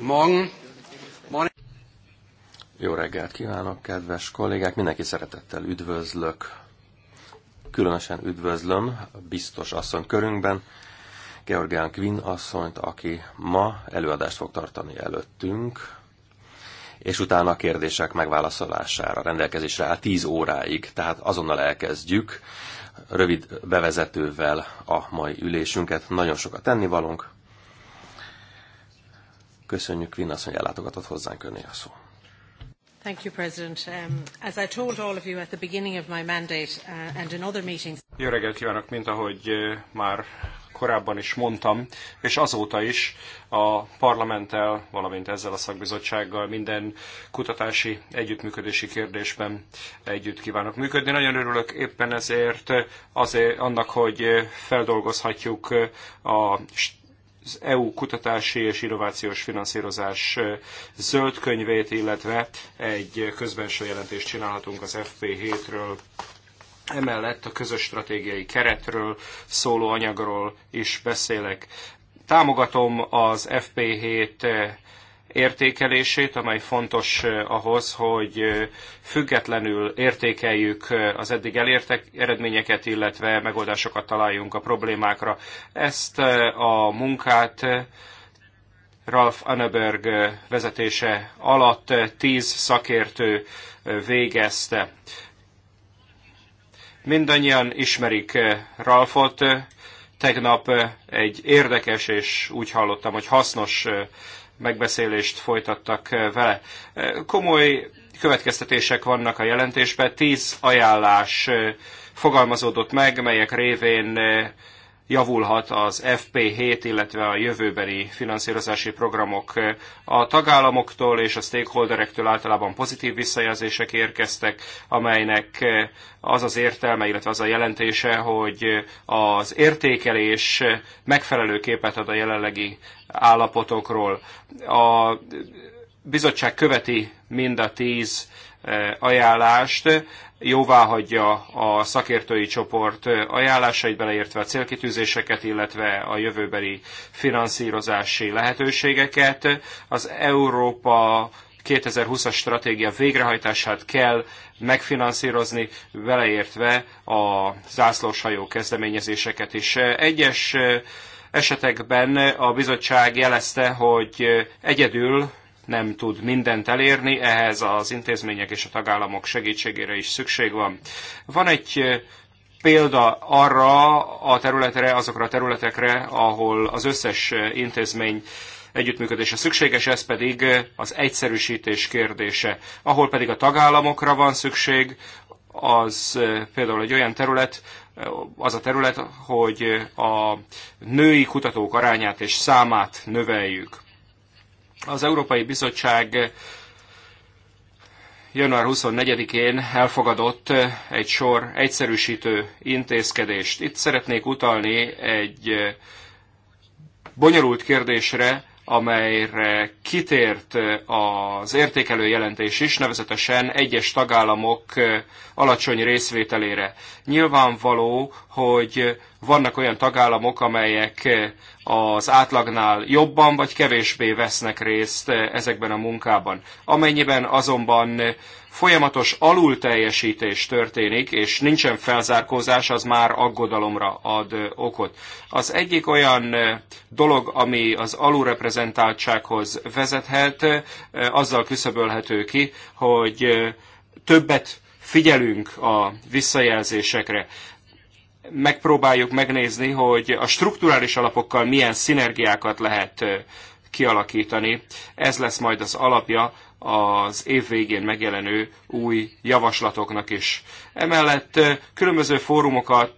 Morgen. Jó reggelt kívánok, kedves kollégák! Mindenki szeretettel üdvözlök. Különösen üdvözlöm biztos asszony körünkben, Georgián Quinn asszonyt, aki ma előadást fog tartani előttünk, és utána a kérdések megválaszolására rendelkezésre áll 10 óráig, tehát azonnal elkezdjük rövid bevezetővel a mai ülésünket. Nagyon sokat tennivalónk, Köszönjük, Quinn asszony, ellátogatott hozzánk önné a szó. Thank you, President. Um, as I told all of you at the beginning of my mandate uh, and in other meetings... Jó reggelt kívánok, mint ahogy uh, már korábban is mondtam, és azóta is a parlamenttel, valamint ezzel a szakbizottsággal minden kutatási együttműködési kérdésben együtt kívánok működni. Nagyon örülök éppen ezért azért annak, hogy uh, feldolgozhatjuk uh, a az EU kutatási és innovációs finanszírozás zöld könyvét, illetve egy közbenső jelentést csinálhatunk az FP7-ről, emellett a közös stratégiai keretről szóló anyagról is beszélek. Támogatom az FP7 értékelését, amely fontos eh, ahhoz, hogy eh, függetlenül értékeljük eh, az eddig elértek eredményeket, illetve megoldásokat találjunk a problémákra. Ezt a munkát Ralph Anneberg vezetése alatt tíz szakértő végezte. Mindannyian ismerik Ralphot, tegnap egy érdekes és úgy hallottam, hogy hasznos megbeszélést folytattak eh, vele. Eh, komoly következtetések vannak a jelentésben, tíz ajánlás eh, fogalmazódott meg, melyek révén javulhat az FP7, illetve a jövőbeli finanszírozási programok a tagállamoktól és a stakeholderektől általában pozitív visszajelzések érkeztek, amelynek az az értelme, illetve az a jelentése, hogy az értékelés megfelelő képet ad a jelenlegi állapotokról. A bizottság követi mind a tíz ajánlást, jóvá hagyja a szakértői csoport ajánlásait, beleértve a célkitűzéseket, illetve a jövőbeli finanszírozási lehetőségeket. Az Európa 2020-as stratégia végrehajtását kell megfinanszírozni, beleértve a zászlóshajó kezdeményezéseket is. Egyes esetekben a bizottság jelezte, hogy egyedül nem tud mindent elérni, ehhez az intézmények és a tagállamok segítségére is szükség van. Van egy példa arra a területre, azokra a területekre, ahol az összes intézmény együttműködése szükséges, ez pedig az egyszerűsítés kérdése. Ahol pedig a tagállamokra van szükség, az például egy olyan terület, az a terület, hogy a női kutatók arányát és számát növeljük. Az Európai Bizottság január 24-én elfogadott egy sor egyszerűsítő intézkedést. Itt szeretnék utalni egy bonyolult kérdésre, amelyre kitért az értékelő jelentés is, nevezetesen egyes tagállamok alacsony részvételére. Nyilvánvaló, hogy vannak olyan tagállamok, amelyek az átlagnál jobban vagy kevésbé vesznek részt ezekben a munkában. Amennyiben azonban folyamatos alulteljesítés történik, és nincsen felzárkózás, az már aggodalomra ad okot. Az egyik olyan dolog, ami az alulreprezentáltsághoz vezethet, azzal küszöbölhető ki, hogy többet figyelünk a visszajelzésekre megpróbáljuk megnézni, hogy a strukturális alapokkal milyen szinergiákat lehet kialakítani. Ez lesz majd az alapja az év végén megjelenő új javaslatoknak is. Emellett különböző fórumokat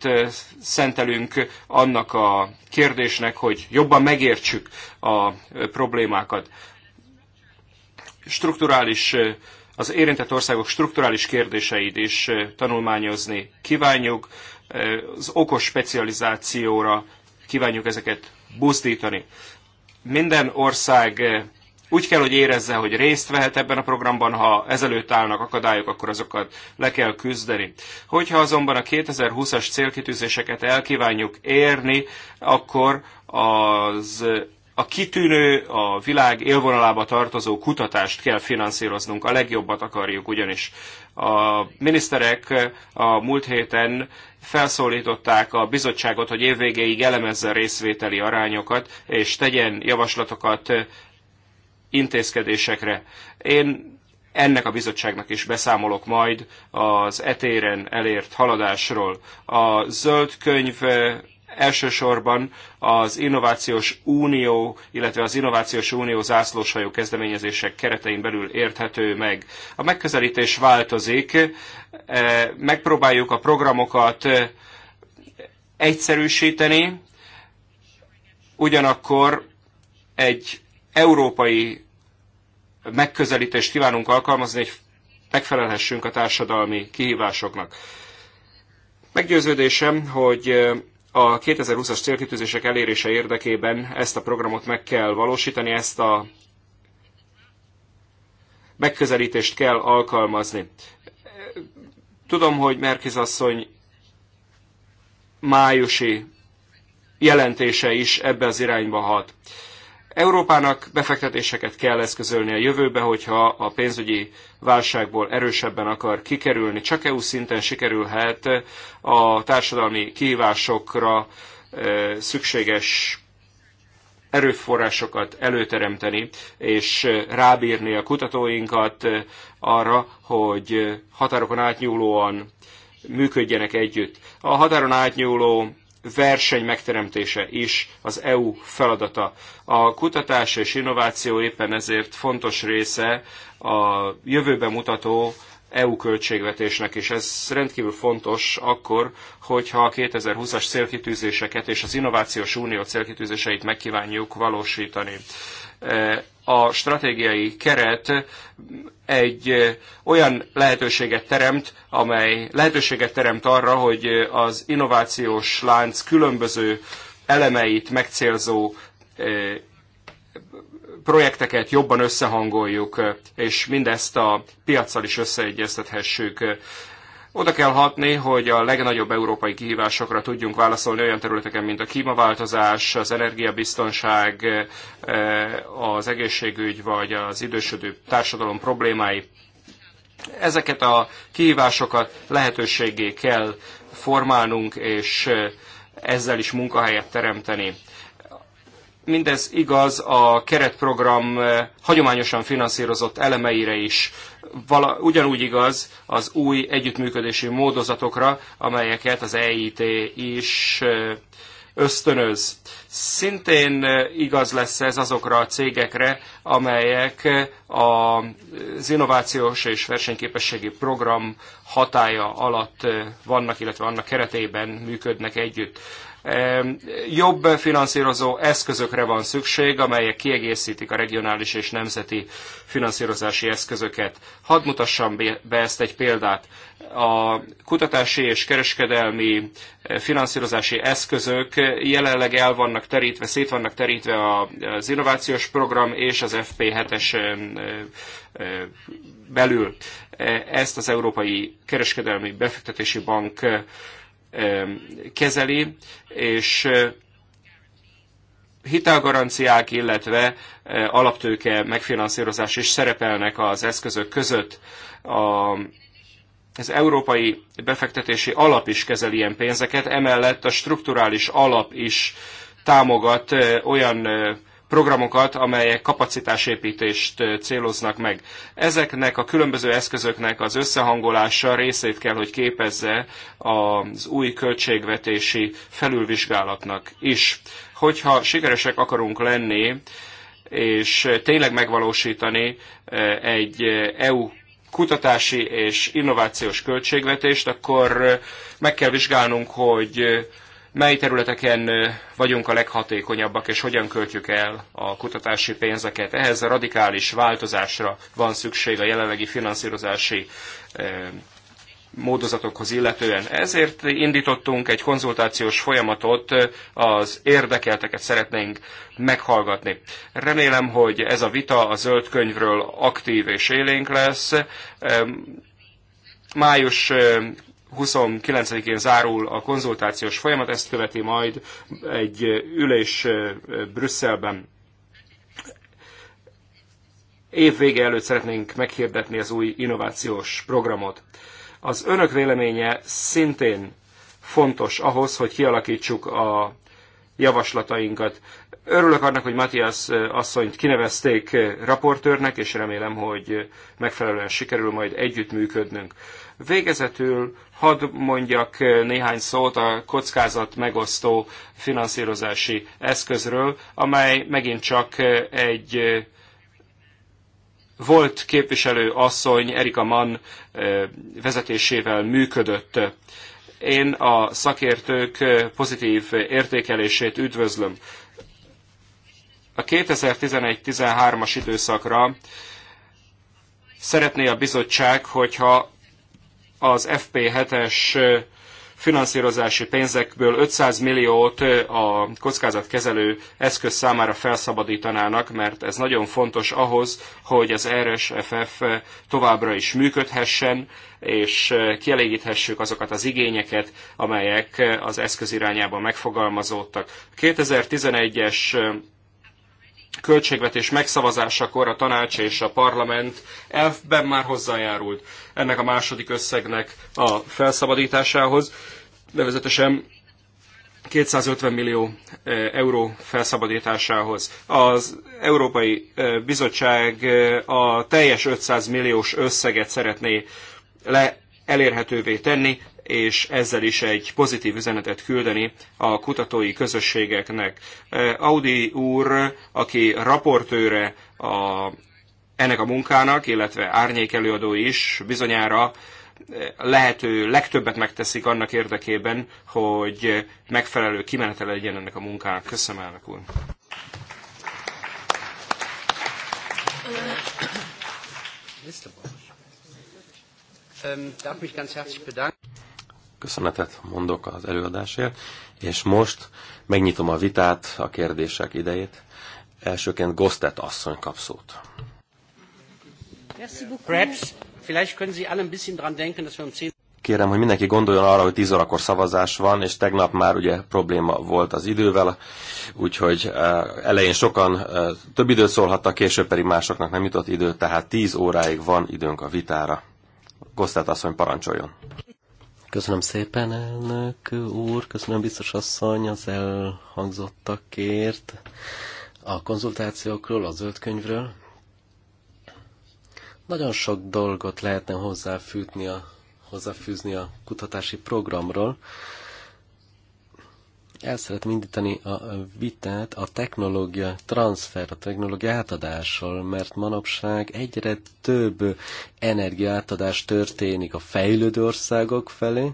szentelünk annak a kérdésnek, hogy jobban megértsük a problémákat. Strukturális az érintett országok strukturális kérdéseit is tanulmányozni kívánjuk, az okos specializációra kívánjuk ezeket buzdítani. Minden ország úgy kell, hogy érezze, hogy részt vehet ebben a programban, ha ezelőtt állnak akadályok, akkor azokat le kell küzdeni. Hogyha azonban a 2020-as célkitűzéseket elkívánjuk érni, akkor az a kitűnő, a világ élvonalába tartozó kutatást kell finanszíroznunk, a legjobbat akarjuk ugyanis. A miniszterek a múlt héten felszólították a bizottságot, hogy évvégéig elemezze a részvételi arányokat, és tegyen javaslatokat intézkedésekre. Én ennek a bizottságnak is beszámolok majd az etéren elért haladásról. A zöld könyv eh, elsősorban az Innovációs Unió, illetve az Innovációs Unió zászlóshajó kezdeményezések keretein belül érthető meg. A megközelítés változik, eh, megpróbáljuk a programokat eh, egyszerűsíteni, ugyanakkor egy európai megközelítést kívánunk alkalmazni, hogy megfelelhessünk a társadalmi kihívásoknak. Meggyőződésem, hogy a 2020-as célkitűzések elérése érdekében ezt a programot meg kell valósítani, ezt a megközelítést kell alkalmazni. Tudom, hogy Merkiz asszony májusi jelentése is ebbe az irányba hat. Európának befektetéseket kell eszközölni a jövőbe, hogyha a pénzügyi válságból erősebben akar kikerülni. Csak EU szinten sikerülhet a társadalmi kihívásokra e, szükséges erőforrásokat előteremteni, és rábírni a kutatóinkat arra, hogy határokon átnyúlóan működjenek együtt. A határon átnyúló verseny megteremtése is az EU feladata. A kutatás és innováció éppen ezért fontos része a jövőbe mutató EU költségvetésnek, és ez rendkívül fontos akkor, hogyha a 2020-as célkitűzéseket és az Innovációs Unió célkitűzéseit megkívánjuk valósítani. Eh, a stratégiai keret egy eh, olyan lehetőséget teremt, amely lehetőséget teremt arra, hogy eh, az innovációs lánc különböző elemeit megcélzó projekteket jobban összehangoljuk, és mindezt a piaccal is összeegyeztethessük. Oda kell hatni, hogy a legnagyobb európai kihívásokra tudjunk válaszolni olyan területeken, mint a klímaváltozás, az energiabiztonság, eh, az egészségügy vagy az idősödő társadalom problémái. Ezeket a kihívásokat lehetőségé kell formálnunk, és eh, ezzel is munkahelyet teremteni. Mindez igaz a keretprogram eh, hagyományosan finanszírozott elemeire is vala, ugyanúgy igaz az új együttműködési módozatokra, amelyeket az EIT is ösztönöz. Szintén igaz lesz ez azokra a cégekre, amelyek az innovációs és versenyképességi program hatája alatt vannak, illetve annak keretében működnek együtt. Jobb finanszírozó eszközökre van szükség, amelyek kiegészítik a regionális és nemzeti finanszírozási eszközöket. Hadd mutassam be ezt egy példát. A kutatási és kereskedelmi eh, finanszírozási eszközök jelenleg el vannak terítve, szét vannak terítve az innovációs program és az FP7-es eh, eh, belül. E, ezt az Európai Kereskedelmi Befektetési Bank kezeli, és hitelgaranciák, illetve alaptőke megfinanszírozás is szerepelnek az eszközök között. A, az Európai Befektetési Alap is kezel ilyen pénzeket, emellett a strukturális alap is támogat olyan programokat, amelyek kapacitásépítést céloznak meg. Ezeknek a különböző eszközöknek az összehangolása részét kell, hogy képezze az új költségvetési felülvizsgálatnak is. Hogyha sikeresek akarunk lenni, és tényleg megvalósítani egy EU kutatási és innovációs költségvetést, akkor meg kell vizsgálnunk, hogy mely területeken vagyunk a leghatékonyabbak, és hogyan költjük el a kutatási pénzeket. Ehhez a radikális változásra van szükség a jelenlegi finanszírozási módozatokhoz illetően. Ezért indítottunk egy konzultációs folyamatot, az érdekelteket szeretnénk meghallgatni. Remélem, hogy ez a vita a zöld könyvről aktív és élénk lesz. Május 29-én zárul a konzultációs folyamat, ezt követi majd egy ülés Brüsszelben. Év vége előtt szeretnénk meghirdetni az új innovációs programot. Az önök véleménye szintén fontos ahhoz, hogy kialakítsuk a javaslatainkat. Örülök annak, hogy Matthias asszonyt kinevezték raportőrnek, és remélem, hogy megfelelően sikerül majd együttműködnünk. Végezetül hadd mondjak néhány szót a kockázat megosztó finanszírozási eszközről, amely megint csak egy volt képviselő asszony Erika Mann vezetésével működött. Én a szakértők pozitív értékelését üdvözlöm. A 2011-13-as időszakra szeretné a bizottság, hogyha az FP7-es finanszírozási pénzekből 500 milliót a kockázatkezelő eszköz számára felszabadítanának, mert ez nagyon fontos ahhoz, hogy az RSFF továbbra is működhessen, és kielégíthessük azokat az igényeket, amelyek az eszköz irányában megfogalmazódtak. 2011-es költségvetés megszavazásakor a tanács és a parlament elfben már hozzájárult ennek a második összegnek a felszabadításához, nevezetesen 250 millió e, euró felszabadításához. Az Európai e, Bizottság e, a teljes 500 milliós összeget szeretné le elérhetővé tenni és ezzel is egy pozitív üzenetet küldeni a kutatói közösségeknek. Audi úr, aki raportőre a, ennek a munkának, illetve árnyékelőadó is bizonyára lehető legtöbbet megteszik annak érdekében, hogy megfelelő kimenetele legyen ennek a munkának. Köszönöm, elnök úr! Um, darf mich ganz herzlich bedanken köszönetet mondok az előadásért, és most megnyitom a vitát, a kérdések idejét. Elsőként Gostet asszony kap szót. Um Kérem, hogy mindenki gondoljon arra, hogy 10 órakor szavazás van, és tegnap már ugye probléma volt az idővel, úgyhogy eh, elején sokan eh, több időt szólhattak, később pedig másoknak nem jutott idő, tehát 10 óráig van időnk a vitára. Gosztát asszony parancsoljon. Köszönöm szépen, elnök úr, köszönöm biztos asszony az elhangzottakért a konzultációkról, a zöld könyvről. Nagyon sok dolgot lehetne hozzáfűzni a, hozzáfűzni a kutatási programról. El szeretném indítani a vitát a technológia transfer, a technológia átadásról, mert manapság egyre több energiaátadás történik a fejlődő országok felé.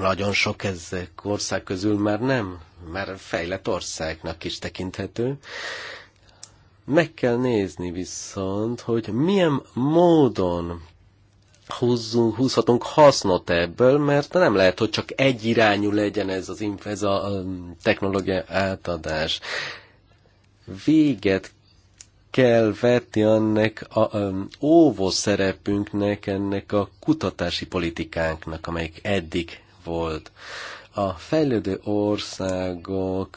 Nagyon sok ezek ország közül már nem, már fejlett országnak is tekinthető. Meg kell nézni viszont, hogy milyen módon húzzunk, húzhatunk hasznot ebből, mert nem lehet, hogy csak egy irányú legyen ez, az, ez a, technológia átadás. Véget kell vetni annak a um, óvó szerepünknek, ennek a kutatási politikánknak, amelyik eddig volt. A fejlődő országok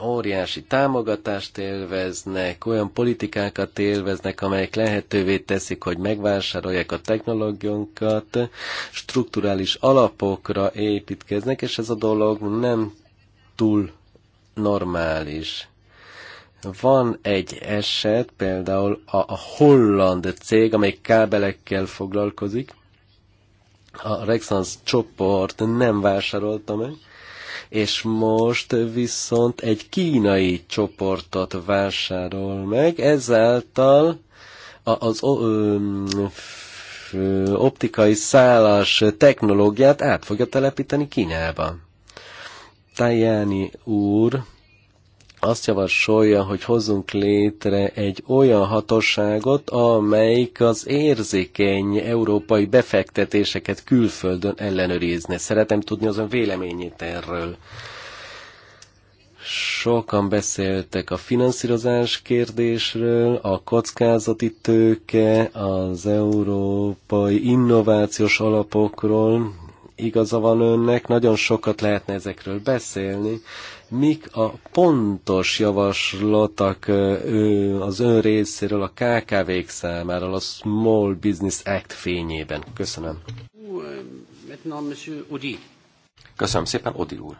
óriási támogatást élveznek, olyan politikákat élveznek, amelyek lehetővé teszik, hogy megvásárolják a technológiunkat, strukturális alapokra építkeznek, és ez a dolog nem túl normális. Van egy eset, például a, a holland cég, amely kábelekkel foglalkozik, a Rexans csoport nem vásárolta meg, és most viszont egy kínai csoportot vásárol meg, ezáltal az optikai szálas technológiát át fogja telepíteni Kínába. Tajani úr azt javasolja, hogy hozzunk létre egy olyan hatóságot, amelyik az érzékeny európai befektetéseket külföldön ellenőrizne. Szeretem tudni azon véleményét erről. Sokan beszéltek a finanszírozás kérdésről, a kockázati tőke, az európai innovációs alapokról. Igaza van önnek, nagyon sokat lehetne ezekről beszélni, mik a pontos javaslatak az ön részéről a KKV-k számára a Small Business Act fényében. Köszönöm. Köszönöm szépen, Odi úr.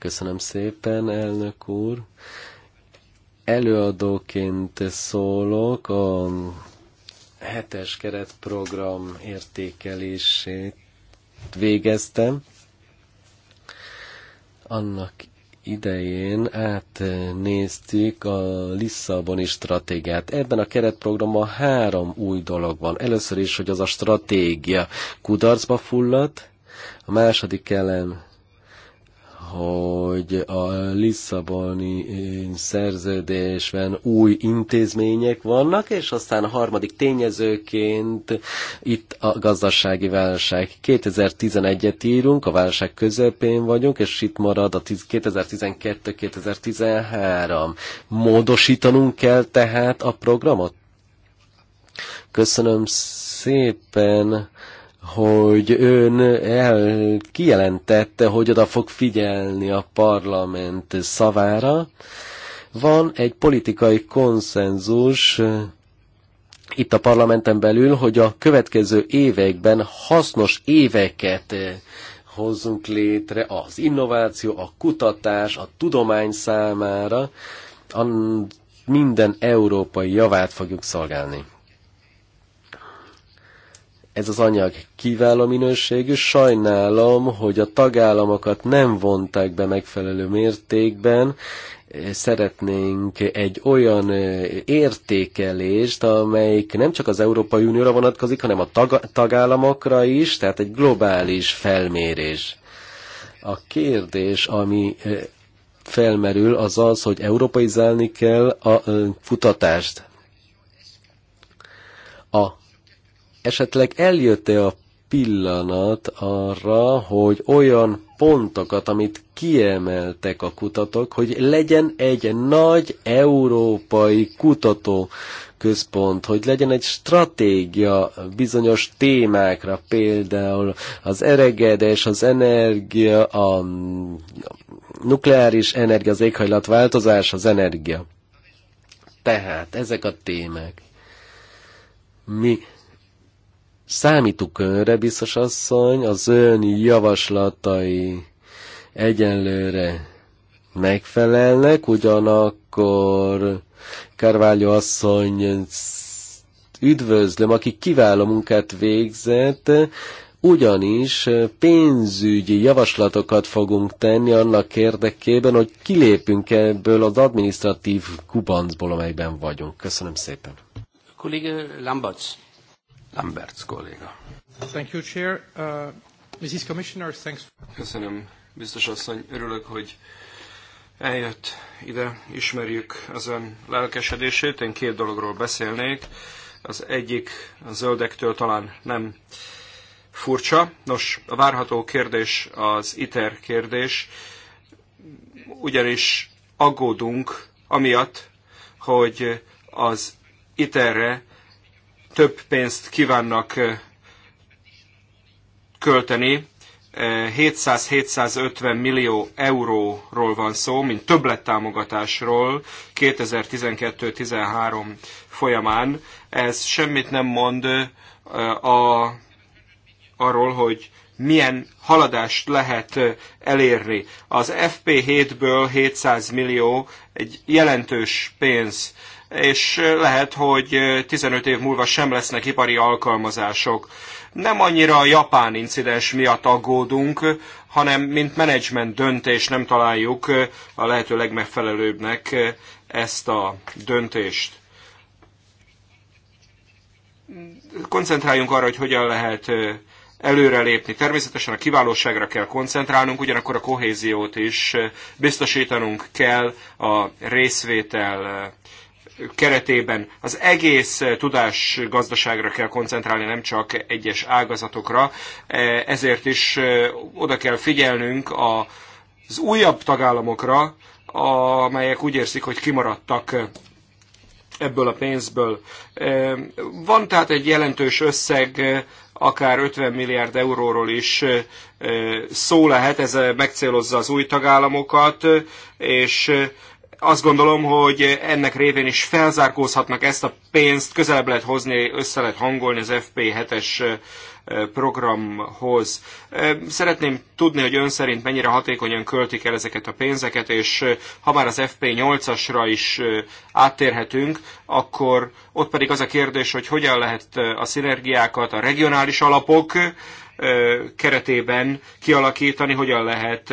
Köszönöm szépen, elnök úr. Előadóként szólok a hetes keretprogram értékelését végeztem annak idején átnéztük a Lisszaboni stratégiát. Ebben a keretprogramban három új dolog van. Először is, hogy az a stratégia kudarcba fulladt, a második elem hogy a Lisszaboni eh, szerződésben új intézmények vannak, és aztán a harmadik tényezőként itt a gazdasági válság. 2011-et írunk, a válság közepén vagyunk, és itt marad a 2012-2013. Módosítanunk kell tehát a programot? Köszönöm szépen! hogy ön el kijelentette, hogy oda fog figyelni a parlament szavára. Van egy politikai konszenzus eh, itt a parlamenten belül, hogy a következő években hasznos éveket eh, hozzunk létre az innováció, a kutatás, a tudomány számára, minden európai javát fogjuk szolgálni ez az anyag kiváló minőségű, sajnálom, hogy a tagállamokat nem vonták be megfelelő mértékben, szeretnénk egy olyan értékelést, amelyik nem csak az Európai Unióra vonatkozik, hanem a tag- tagállamokra is, tehát egy globális felmérés. A kérdés, ami felmerül, az az, hogy európaizálni kell a kutatást. A esetleg eljött-e a pillanat arra, hogy olyan pontokat, amit kiemeltek a kutatók, hogy legyen egy nagy európai kutató központ, hogy legyen egy stratégia bizonyos témákra, például az eregedés, az energia, a nukleáris energia, az éghajlatváltozás, az energia. Tehát ezek a témák. Mi Számítuk önre, biztos asszony, az ön javaslatai egyenlőre megfelelnek, ugyanakkor Kárványó asszony üdvözlöm, aki kiváló munkát végzett, ugyanis pénzügyi javaslatokat fogunk tenni annak érdekében, hogy kilépünk ebből az administratív kubancból, amelyben vagyunk. Köszönöm szépen. Kollége Lambac. Lamberts kolléga. Thank you, Chair. Uh, Mrs. Commissioner, thanks. Köszönöm, biztos asszony. Örülök, hogy eljött ide, ismerjük az ön lelkesedését. Én két dologról beszélnék. Az egyik a zöldektől talán nem furcsa. Nos, a várható kérdés az ITER kérdés, ugyanis aggódunk amiatt, hogy az ITER-re több pénzt kívánnak költeni. 700-750 millió euróról van szó, mint többlettámogatásról 2012-13 folyamán. Ez semmit nem mond a, arról, hogy milyen haladást lehet elérni. Az FP7-ből 700 millió egy jelentős pénz és lehet, hogy 15 év múlva sem lesznek ipari alkalmazások. Nem annyira a japán incidens miatt aggódunk, hanem mint menedzsment döntés nem találjuk a lehető legmegfelelőbbnek ezt a döntést. Koncentráljunk arra, hogy hogyan lehet előrelépni. Természetesen a kiválóságra kell koncentrálnunk, ugyanakkor a kohéziót is biztosítanunk kell a részvétel keretében az egész tudás gazdaságra kell koncentrálni, nem csak egyes ágazatokra. Ezért is oda kell figyelnünk az újabb tagállamokra, amelyek úgy érzik, hogy kimaradtak ebből a pénzből. Van tehát egy jelentős összeg, akár 50 milliárd euróról is szó lehet, ez megcélozza az új tagállamokat, és azt gondolom, hogy ennek révén is felzárkózhatnak ezt a pénzt, közelebb lehet hozni, össze lehet hangolni az FP7-es programhoz. Szeretném tudni, hogy ön szerint mennyire hatékonyan költik el ezeket a pénzeket, és ha már az FP8-asra is áttérhetünk, akkor ott pedig az a kérdés, hogy hogyan lehet a szinergiákat a regionális alapok keretében kialakítani, hogyan lehet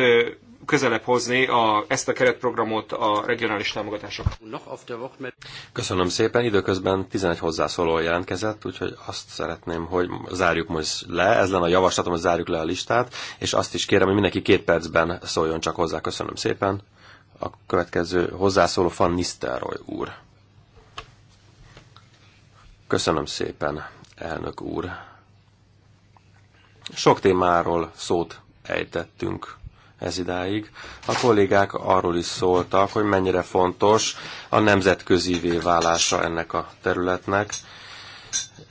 közelebb hozni a, ezt a keretprogramot a regionális támogatások. Köszönöm szépen, időközben 11 hozzászóló jelentkezett, úgyhogy azt szeretném, hogy zárjuk most le, ez lenne a javaslatom, hogy zárjuk le a listát, és azt is kérem, hogy mindenki két percben szóljon csak hozzá. Köszönöm szépen. A következő hozzászóló Van Nisztelroj úr. Köszönöm szépen, elnök úr. Sok témáról szót ejtettünk ez idáig. A kollégák arról is szóltak, hogy mennyire fontos a nemzetközivé válása ennek a területnek,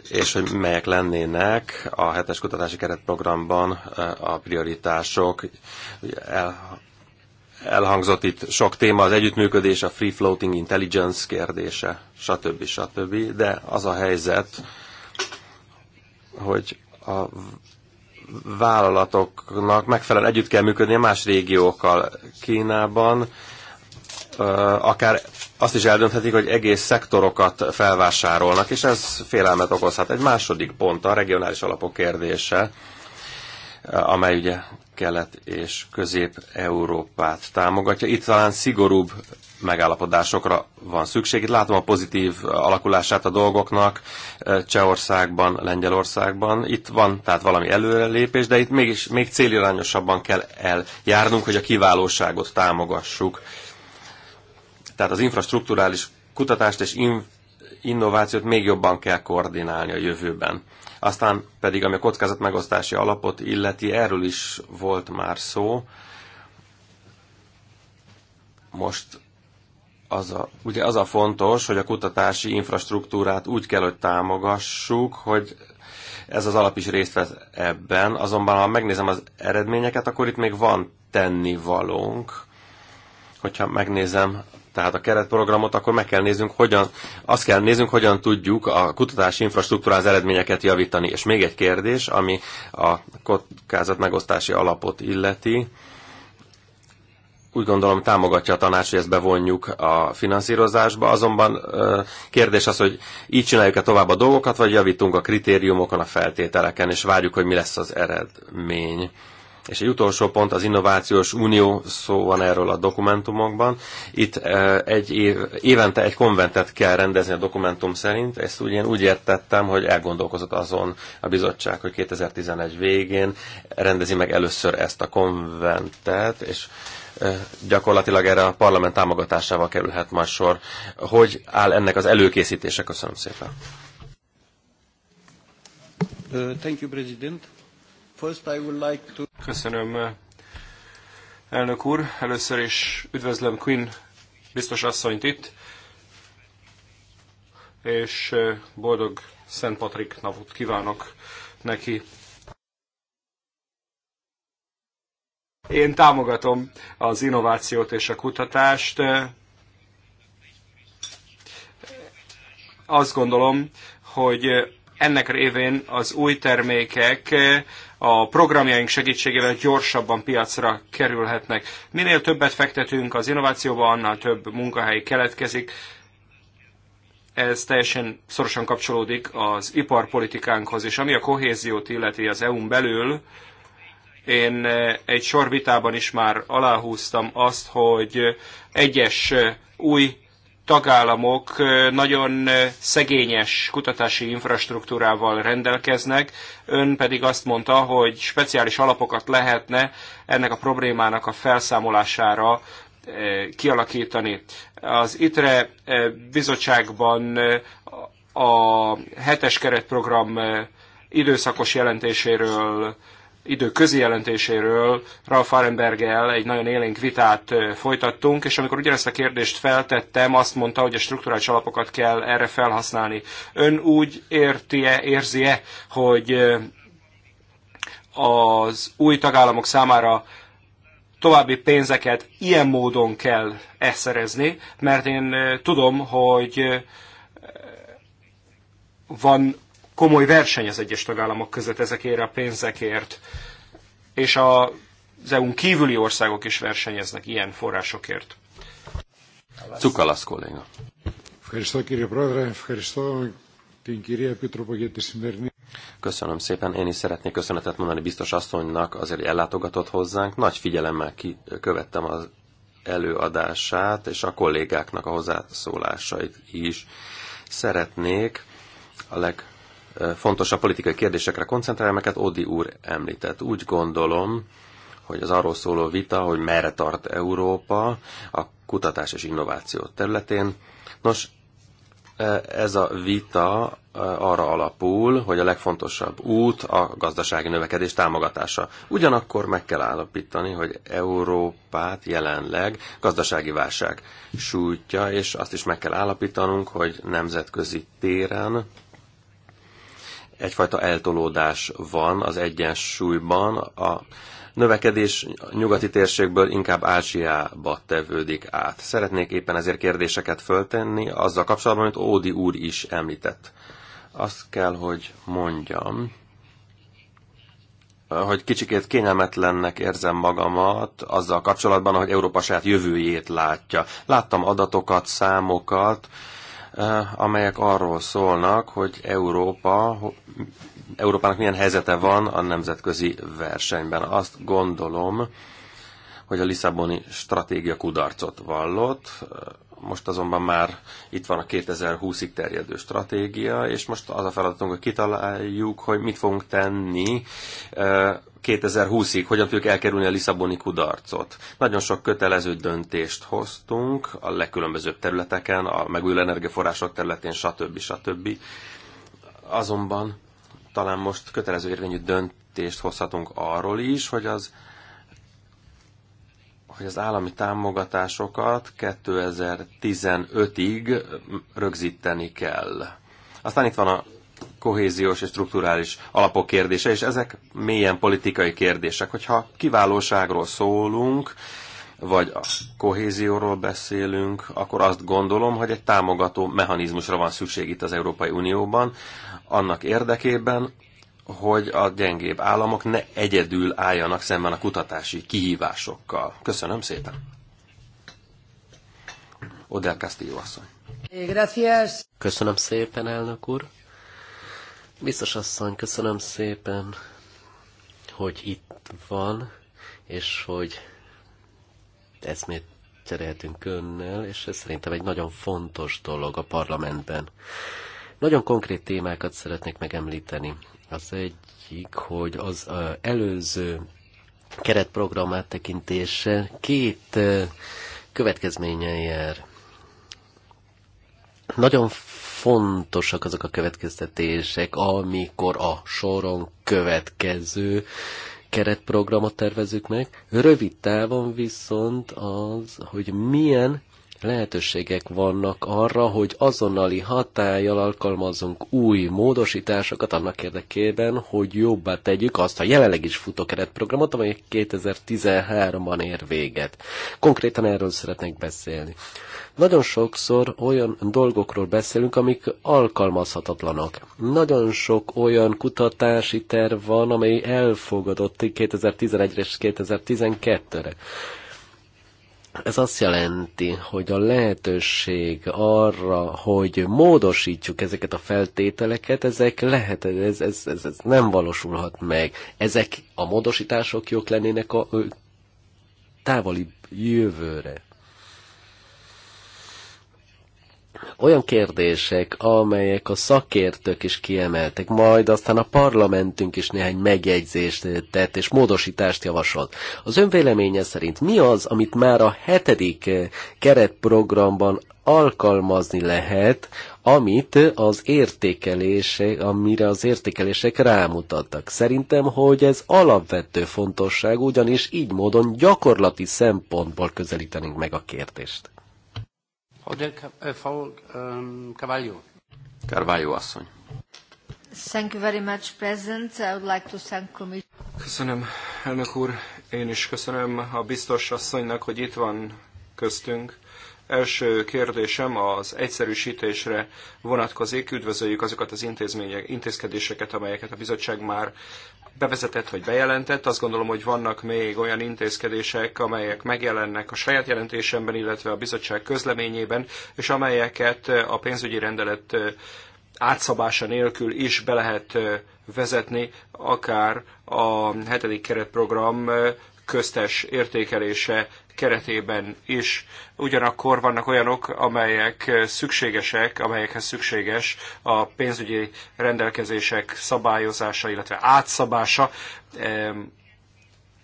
és hogy melyek lennének a hetes kutatási keretprogramban eh, a prioritások. el, elhangzott itt sok téma, az együttműködés, a free floating intelligence kérdése, stb. stb. De az a helyzet, hogy a vállalatoknak megfelelően együtt kell működni a más régiókkal. Kínában akár azt is eldönthetik, hogy egész szektorokat felvásárolnak, és ez félelmet okozhat. Egy második pont a regionális alapok kérdése, amely ugye Kelet és Közép-Európát támogatja. Itt talán szigorúbb megállapodásokra van szükség. Itt látom a pozitív alakulását a dolgoknak eh, Csehországban, Lengyelországban. Itt van tehát valami előrelépés, de itt mégis még célirányosabban kell eljárnunk, hogy a kiválóságot támogassuk. Tehát az infrastruktúrális kutatást és in- innovációt még jobban kell koordinálni a jövőben. Aztán pedig, ami a kockázat alapot illeti, erről is volt már szó. Most az a, ugye az a fontos, hogy a kutatási infrastruktúrát úgy kell, hogy támogassuk, hogy ez az alap is részt vesz ebben, azonban ha megnézem az eredményeket, akkor itt még van tennivalónk. Hogyha megnézem tehát a keretprogramot, akkor meg kell néznünk, hogyan, azt kell néznünk, hogyan tudjuk a kutatási infrastruktúrán az eredményeket javítani. És még egy kérdés, ami a kockázat megosztási alapot illeti úgy gondolom támogatja a tanács, hogy ezt bevonjuk a finanszírozásba, azonban kérdés az, hogy így csináljuk-e tovább a dolgokat, vagy javítunk a kritériumokon, a feltételeken, és várjuk, hogy mi lesz az eredmény. És egy utolsó pont, az Innovációs Unió, szó van erről a dokumentumokban. Itt egy év, évente egy konventet kell rendezni a dokumentum szerint. Ezt úgy, én úgy értettem, hogy elgondolkozott azon a bizottság, hogy 2011 végén rendezi meg először ezt a konventet, és gyakorlatilag erre a parlament támogatásával kerülhet majd sor. Hogy áll ennek az előkészítése? Köszönöm szépen. Köszönöm, elnök úr. Először is üdvözlöm Quinn biztos asszonyt itt, és boldog Szent Patrik napot kívánok neki. Én támogatom az innovációt és a kutatást. Azt gondolom, hogy ennek révén az új termékek a programjaink segítségével gyorsabban piacra kerülhetnek. Minél többet fektetünk az innovációba, annál több munkahely keletkezik. Ez teljesen szorosan kapcsolódik az iparpolitikánkhoz, és ami a kohéziót illeti az EU-n belül, én eh, egy sor vitában is már aláhúztam azt, hogy eh, egyes eh, új tagállamok nagyon szegényes kutatási infrastruktúrával rendelkeznek, ön pedig azt mondta, hogy speciális alapokat lehetne ennek a problémának a felszámolására kialakítani. Az ITRE bizottságban a hetes keretprogram időszakos jelentéséről idő közjelentéséről Ralf Arenberggel egy nagyon élénk vitát folytattunk, és amikor ugyanezt a kérdést feltettem, azt mondta, hogy a strukturális alapokat kell erre felhasználni. Ön úgy érti-e, érzi-e, hogy az új tagállamok számára további pénzeket ilyen módon kell eszerezni, mert én tudom, hogy van komoly verseny az egyes tagállamok között ezekért a pénzekért, és a az EU-n kívüli országok is versenyeznek ilyen forrásokért. Cukalasz kolléga. Köszönöm szépen. Én is szeretnék köszönetet mondani biztos asszonynak, azért, hogy ellátogatott hozzánk. Nagy figyelemmel ki, követtem az előadását, és a kollégáknak a hozzászólásait is. Szeretnék a leg fontos a politikai kérdésekre koncentrálni, amelyeket Odi úr említett. Úgy gondolom, hogy az arról szóló vita, hogy merre tart Európa a kutatás és innováció területén. Nos, ez a vita arra alapul, hogy a legfontosabb út a gazdasági növekedés támogatása. Ugyanakkor meg kell állapítani, hogy Európát jelenleg gazdasági válság sújtja, és azt is meg kell állapítanunk, hogy nemzetközi téren egyfajta eltolódás van az egyensúlyban. A növekedés nyugati térségből inkább Ázsiába tevődik át. Szeretnék éppen ezért kérdéseket föltenni azzal kapcsolatban, amit Ódi úr is említett. Azt kell, hogy mondjam, hogy kicsikét kényelmetlennek érzem magamat azzal kapcsolatban, hogy Európa saját jövőjét látja. Láttam adatokat, számokat, Eh, amelyek arról szólnak, hogy Európa, Európának milyen helyzete van a nemzetközi versenyben. Azt gondolom, hogy a Lisszaboni stratégia kudarcot vallott, eh, most azonban már itt van a 2020-ig terjedő stratégia, és most az a feladatunk, hogy kitaláljuk, hogy mit fogunk tenni 2020-ig, hogyan tudjuk elkerülni a Lisszaboni kudarcot. Nagyon sok kötelező döntést hoztunk a legkülönbözőbb területeken, a megújuló energiaforrások területén, stb. stb. Azonban talán most kötelező érvényű döntést hozhatunk arról is, hogy az hogy az állami támogatásokat 2015-ig rögzíteni kell. Aztán itt van a kohéziós és strukturális alapok kérdése, és ezek mélyen politikai kérdések. Hogyha kiválóságról szólunk, vagy a kohézióról beszélünk, akkor azt gondolom, hogy egy támogató mechanizmusra van szükség itt az Európai Unióban, annak érdekében, hogy a gyengébb államok ne egyedül álljanak szemben a kutatási kihívásokkal. Köszönöm szépen. Odell Castillo asszony. Gracias. Köszönöm szépen, elnök úr. Biztos asszony, köszönöm szépen, hogy itt van, és hogy még cserélhetünk önnel, és ez szerintem egy nagyon fontos dolog a parlamentben. Nagyon konkrét témákat szeretnék megemlíteni. Az egyik, hogy az előző keretprogram áttekintése két következménye jár. Nagyon fontosak azok a következtetések, amikor a soron következő keretprogramot tervezünk meg. Rövid távon viszont az, hogy milyen lehetőségek vannak arra, hogy azonnali hatállyal alkalmazunk új módosításokat annak érdekében, hogy jobbá tegyük azt a jelenleg is futó keretprogramot, amely 2013-ban ér véget. Konkrétan erről szeretnék beszélni. Nagyon sokszor olyan dolgokról beszélünk, amik alkalmazhatatlanok. Nagyon sok olyan kutatási terv van, amely elfogadott 2011-re és 2012-re. Ez azt jelenti, hogy a lehetőség arra, hogy módosítjuk ezeket a feltételeket, ezek lehet, ez, ez, ez, ez nem valósulhat meg. Ezek a módosítások jók lennének a távoli jövőre. olyan kérdések, amelyek a szakértők is kiemeltek, majd aztán a parlamentünk is néhány megjegyzést tett és módosítást javasolt. Az ön véleménye szerint mi az, amit már a hetedik eh, keretprogramban alkalmazni lehet, amit az értékelések, amire az értékelések rámutattak. Szerintem, hogy ez alapvető fontosság, ugyanis így módon gyakorlati szempontból közelítenénk meg a kérdést. Eh, um, Carvalho. Carvalho asszony. Thank you very much, President. I would like to thank Commission. Köszönöm, elnök úr. Én is köszönöm a biztos asszonynak, hogy itt van köztünk. Első kérdésem az egyszerűsítésre vonatkozik. Üdvözöljük azokat az intézmények, intézkedéseket, amelyeket a bizottság már bevezetett vagy bejelentett. Azt gondolom, hogy vannak még olyan intézkedések, amelyek megjelennek a saját jelentésemben, illetve a bizottság közleményében, és amelyeket a pénzügyi rendelet átszabása nélkül is be lehet vezetni, akár a hetedik keretprogram köztes értékelése keretében is. Ugyanakkor vannak olyanok, amelyek szükségesek, amelyekhez szükséges a pénzügyi rendelkezések szabályozása, illetve átszabása.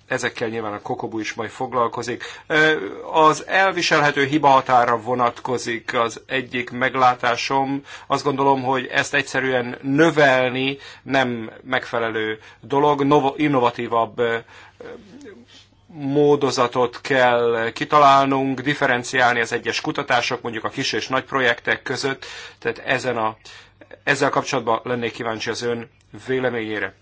Ezekkel nyilván a Kokobu is majd foglalkozik. Az elviselhető hibahatára vonatkozik az egyik meglátásom. Azt gondolom, hogy ezt egyszerűen növelni nem megfelelő dolog, innovatívabb módozatot kell kitalálnunk, differenciálni az egyes kutatások, mondjuk a kis és nagy projektek között, tehát ezen a, ezzel kapcsolatban lennék kíváncsi az ön véleményére.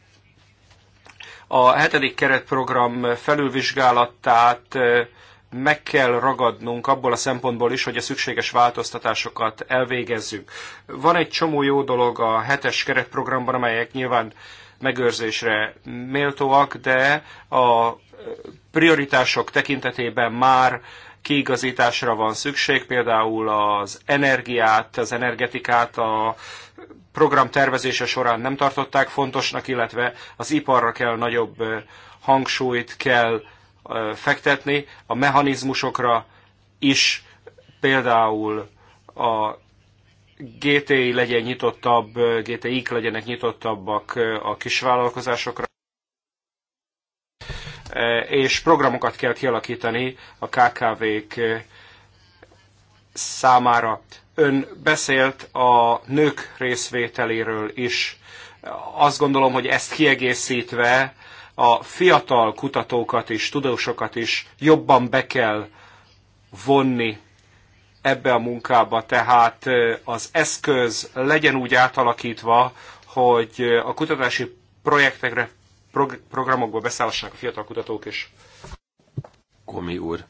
A hetedik keretprogram felülvizsgálatát meg kell ragadnunk abból a szempontból is, hogy a szükséges változtatásokat elvégezzük. Van egy csomó jó dolog a hetes keretprogramban, amelyek nyilván megőrzésre méltóak, de a prioritások tekintetében már kiigazításra van szükség, például az energiát, az energetikát a program tervezése során nem tartották fontosnak, illetve az iparra kell nagyobb hangsúlyt kell fektetni, a mechanizmusokra is, például a GTI legyen nyitottabb, GTI-k legyenek nyitottabbak a kisvállalkozásokra, Eh, és programokat kell kialakítani a KKV-k eh, számára. Ön beszélt a nők részvételéről is. Azt gondolom, hogy ezt kiegészítve a fiatal kutatókat is, tudósokat is jobban be kell vonni ebbe a munkába. Tehát eh, az eszköz legyen úgy átalakítva, hogy a kutatási projektekre prog- programokba beszállhassák a fiatal kutatók és Komi úr.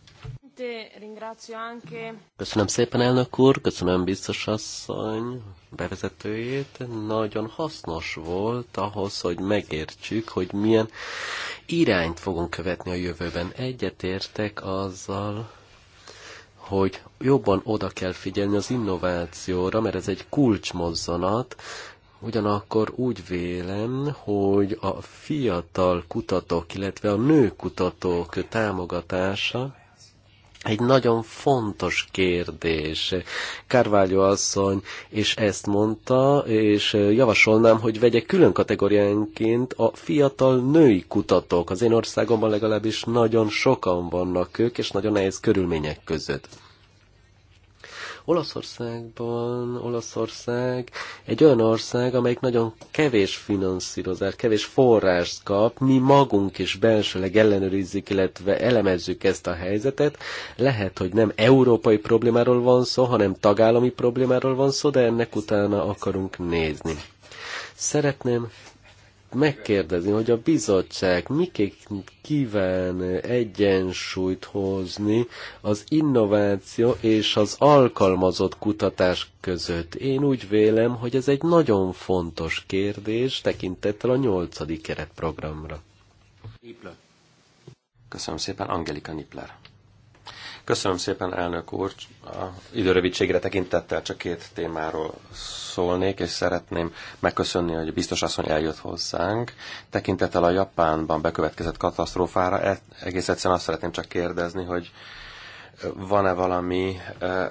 Köszönöm szépen, elnök úr, köszönöm biztos asszony bevezetőjét. Nagyon hasznos volt ahhoz, hogy megértsük, hogy milyen irányt fogunk követni a jövőben. Egyetértek azzal, hogy jobban oda kell figyelni az innovációra, mert ez egy kulcsmozzanat, Ugyanakkor úgy vélem, hogy a fiatal kutatók, illetve a nő kutatók támogatása egy nagyon fontos kérdés. Carvalho asszony és ezt mondta, és javasolnám, hogy vegye külön kategóriánként a fiatal női kutatók. Az én országomban legalábbis nagyon sokan vannak ők, és nagyon nehéz körülmények között. Olaszországban, Olaszország egy olyan ország, amelyik nagyon kevés finanszírozás, kevés forrást kap, mi magunk is belsőleg ellenőrizzük, illetve elemezzük ezt a helyzetet. Lehet, hogy nem európai problémáról van szó, hanem tagállami problémáról van szó, de ennek utána akarunk nézni. Szeretném megkérdezni, hogy a bizottság miként kíván egyensúlyt hozni az innováció és az alkalmazott kutatás között. Én úgy vélem, hogy ez egy nagyon fontos kérdés tekintettel a nyolcadik keretprogramra. Köszönöm szépen, Angelika Nipler. Köszönöm szépen, elnök úr. A időrövidségre tekintettel csak két témáról szólnék, és szeretném megköszönni, hogy biztos asszony eljött hozzánk. Tekintettel a Japánban bekövetkezett katasztrófára, e- egész egyszerűen azt szeretném csak kérdezni, hogy van-e valami e,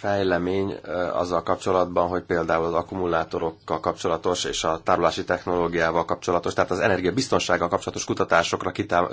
fejlemény azzal kapcsolatban, hogy például az akkumulátorokkal kapcsolatos és a tárolási technológiával kapcsolatos, tehát az energiabiztonsággal kapcsolatos kutatásokra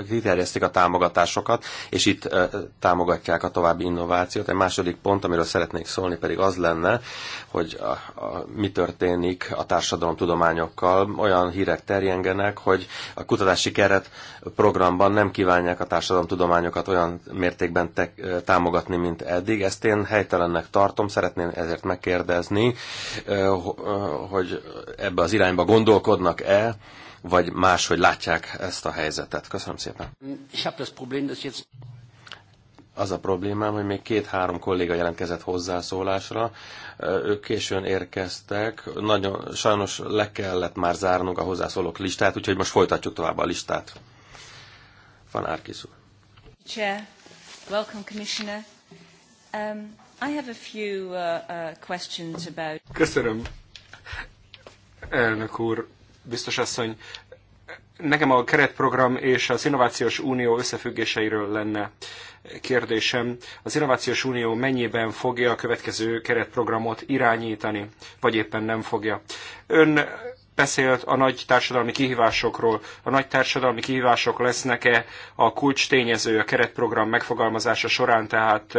kiterjesztik a támogatásokat, és itt támogatják a további innovációt. Egy második pont, amiről szeretnék szólni, pedig az lenne, hogy a, a, mi történik a társadalom tudományokkal, Olyan hírek terjengenek, hogy a kutatási keret programban nem kívánják a társadalom tudományokat olyan mértékben te, támogatni, mint eddig. Ezt én helytelennek tartom. Szeretném ezért megkérdezni, hogy ebbe az irányba gondolkodnak-e, vagy máshogy látják ezt a helyzetet. Köszönöm szépen. Az a problémám, hogy még két-három kolléga jelentkezett hozzászólásra. Ők későn érkeztek. Nagyon sajnos le kellett már zárnunk a hozzászólók listát, úgyhogy most folytatjuk tovább a listát. Van Árkis úr. Chair, welcome, Commissioner. Um, I have a few uh, uh, questions about... Köszönöm. Elnök úr, biztos asszony, nekem a keretprogram és az Innovációs Unió összefüggéseiről lenne kérdésem. Az Innovációs Unió mennyiben fogja a következő keretprogramot irányítani, vagy éppen nem fogja? Ön beszélt a nagy társadalmi kihívásokról. A nagy társadalmi kihívások lesznek-e a kulcs tényező a keretprogram megfogalmazása során, tehát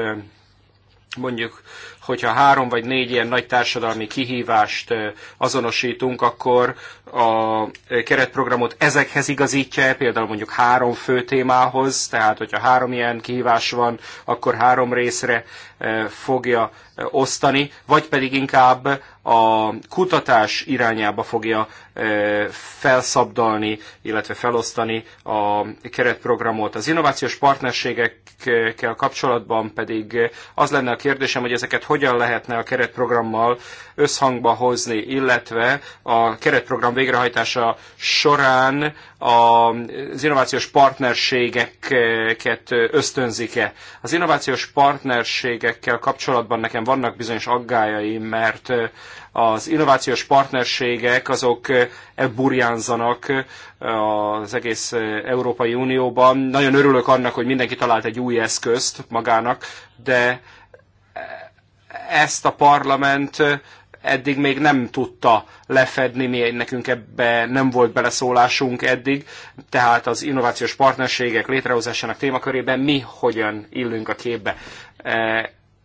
mondjuk hogyha három vagy négy ilyen nagy társadalmi kihívást azonosítunk, akkor a keretprogramot ezekhez igazítja, például mondjuk három fő témához, tehát hogyha három ilyen kihívás van, akkor három részre fogja osztani, vagy pedig inkább a kutatás irányába fogja felszabdalni, illetve felosztani a keretprogramot. Az innovációs partnerségekkel kapcsolatban pedig az lenne a kérdésem, hogy ezeket hogyan lehetne a keretprogrammal összhangba hozni, illetve a keretprogram végrehajtása során az innovációs partnerségeket ösztönzik-e. Az innovációs partnerségekkel kapcsolatban nekem vannak bizonyos aggájaim, mert az innovációs partnerségek azok ebburjánzanak az egész Európai Unióban. Nagyon örülök annak, hogy mindenki talált egy új eszközt magának, de ezt a parlament eddig még nem tudta lefedni, mi nekünk ebbe nem volt beleszólásunk eddig, tehát az innovációs partnerségek létrehozásának témakörében mi hogyan illünk a képbe.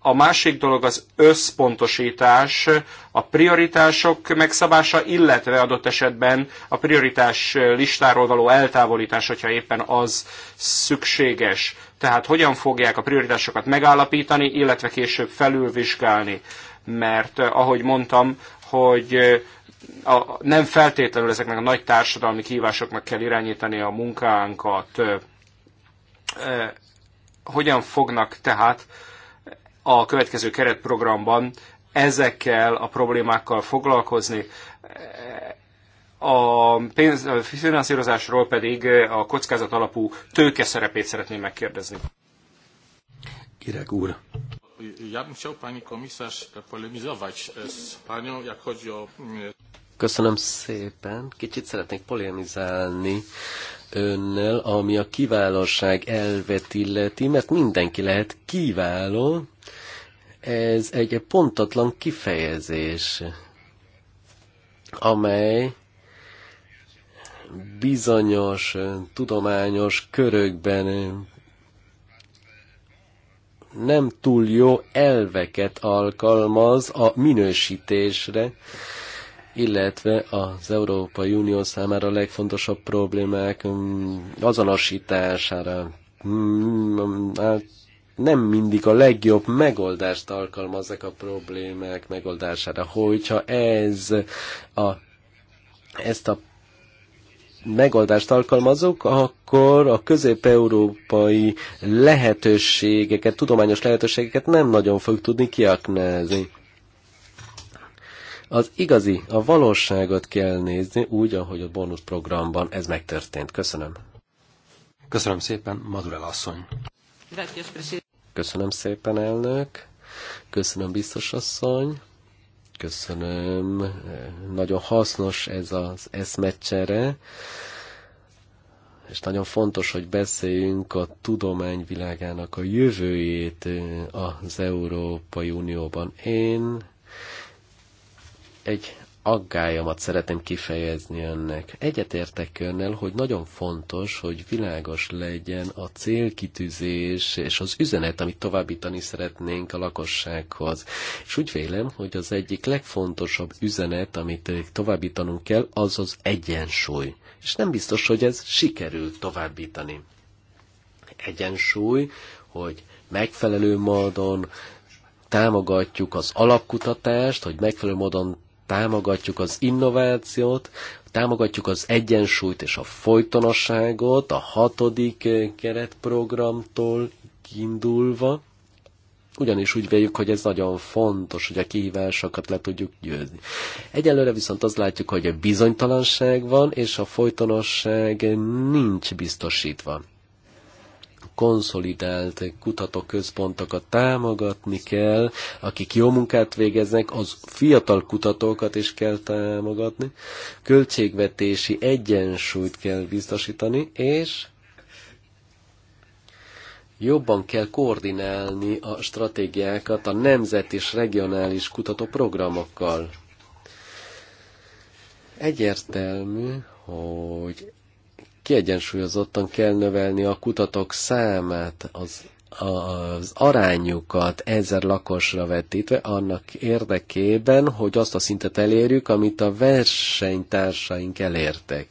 A másik dolog az összpontosítás, a prioritások megszabása, illetve adott esetben a prioritás listáról való eltávolítás, hogyha éppen az szükséges. Tehát hogyan fogják a prioritásokat megállapítani, illetve később felülvizsgálni. Mert eh, ahogy mondtam, hogy eh, a, nem feltétlenül ezeknek a nagy társadalmi kívásoknak kell irányítani a munkánkat. Eh, hogyan fognak tehát a következő keretprogramban ezekkel a problémákkal foglalkozni. A pénz, a finanszírozásról pedig a kockázat alapú tőke szerepét szeretném megkérdezni. Kirek úr. Ja bym chciał pani komisarz polemizować e, z panią, jak chodzi o... E, Köszönöm szépen. Kicsit szeretnék polemizálni önnel, ami a kiválóság elvet illeti, mert mindenki lehet kiváló, ez egy pontatlan kifejezés, amely bizonyos tudományos körökben nem túl jó elveket alkalmaz a minősítésre, illetve az Európai Unió számára a legfontosabb problémák mm, azonosítására mm, mm, nem mindig a legjobb megoldást alkalmazzák a problémák megoldására. Hogyha ez a, ezt a megoldást alkalmazok, akkor a közép-európai lehetőségeket, tudományos lehetőségeket nem nagyon fog tudni kiaknázni. Az igazi, a valóságot kell nézni, úgy, ahogy a bónuszprogramban ez megtörtént. Köszönöm. Köszönöm szépen, Madurel asszony. Köszönöm szépen, elnök. Köszönöm, biztos asszony. Köszönöm. Nagyon hasznos ez az eszmecsere és nagyon fontos, hogy beszéljünk a tudományvilágának a jövőjét az Európai Unióban. Én egy aggályomat szeretném kifejezni önnek. Egyetértek önnel, hogy nagyon fontos, hogy világos legyen a célkitűzés és az üzenet, amit továbbítani szeretnénk a lakossághoz. És úgy vélem, hogy az egyik legfontosabb üzenet, amit továbbítanunk kell, az az egyensúly. És nem biztos, hogy ez sikerül továbbítani. Egyensúly, hogy megfelelő módon támogatjuk az alapkutatást, hogy megfelelő módon támogatjuk az innovációt, támogatjuk az egyensúlyt és a folytonosságot a hatodik eh, keretprogramtól kiindulva, ugyanis úgy véljük, hogy ez nagyon fontos, hogy a kihívásokat le tudjuk győzni. Egyelőre viszont azt látjuk, hogy a bizonytalanság van, és a folytonosság nincs biztosítva konszolidált kutatóközpontokat támogatni kell, akik jó munkát végeznek, az fiatal kutatókat is kell támogatni, költségvetési egyensúlyt kell biztosítani, és jobban kell koordinálni a stratégiákat a nemzet és regionális kutatóprogramokkal. Egyértelmű, hogy kiegyensúlyozottan kell növelni a kutatók számát, az, az arányukat ezer lakosra vetítve annak érdekében, hogy azt a szintet elérjük, amit a versenytársaink elértek.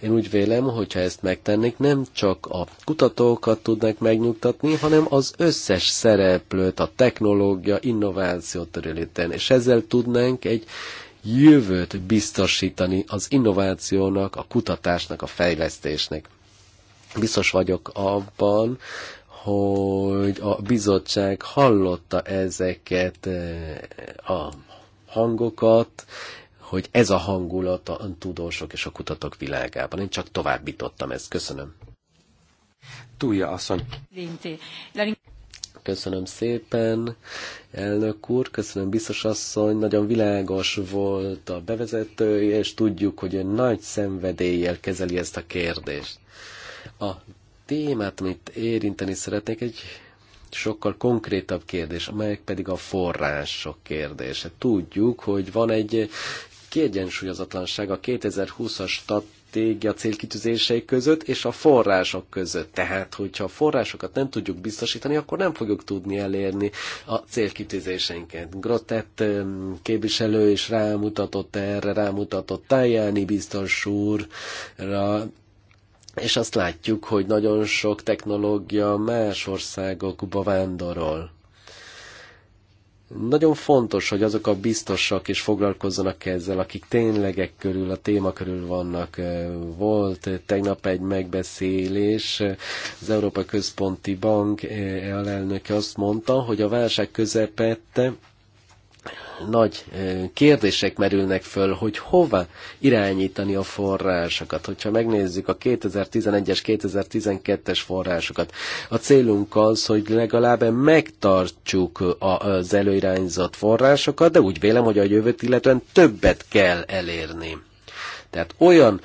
Én úgy vélem, hogyha ezt megtennék, nem csak a kutatókat tudnak megnyugtatni, hanem az összes szereplőt, a technológia, innovációt területen, és ezzel tudnánk egy jövőt biztosítani az innovációnak, a kutatásnak, a fejlesztésnek. Biztos vagyok abban, hogy a bizottság hallotta ezeket eh, a hangokat, hogy ez a hangulat a tudósok és a kutatók világában. Én csak továbbítottam ezt. Köszönöm. Túlja asszony. Köszönöm szépen, elnök úr, köszönöm biztos asszony, nagyon világos volt a bevezetője, és tudjuk, hogy ön nagy szenvedéllyel kezeli ezt a kérdést. A témát, amit érinteni szeretnék, egy sokkal konkrétabb kérdés, amelyek pedig a források kérdése. Tudjuk, hogy van egy kiegyensúlyozatlanság a 2020-as stat stratégia célkitűzései között és a források között. Tehát, hogyha a forrásokat nem tudjuk biztosítani, akkor nem fogjuk tudni elérni a célkitűzéseinket. Grotett képviselő is rámutatott erre, rámutatott Tajani biztos úrra, és azt látjuk, hogy nagyon sok technológia más országokba vándorol. Nagyon fontos, hogy azok a biztosak is foglalkozzanak ezzel, akik ténylegek körül, a téma körül vannak. Volt tegnap egy megbeszélés, az Európa Központi Bank elnöke azt mondta, hogy a válság közepette nagy kérdések merülnek föl, hogy hova irányítani a forrásokat. Hogyha megnézzük a 2011-es, 2012-es forrásokat, a célunk az, hogy legalább megtartsuk az előirányzott forrásokat, de úgy vélem, hogy a jövőt illetően többet kell elérni. Tehát olyan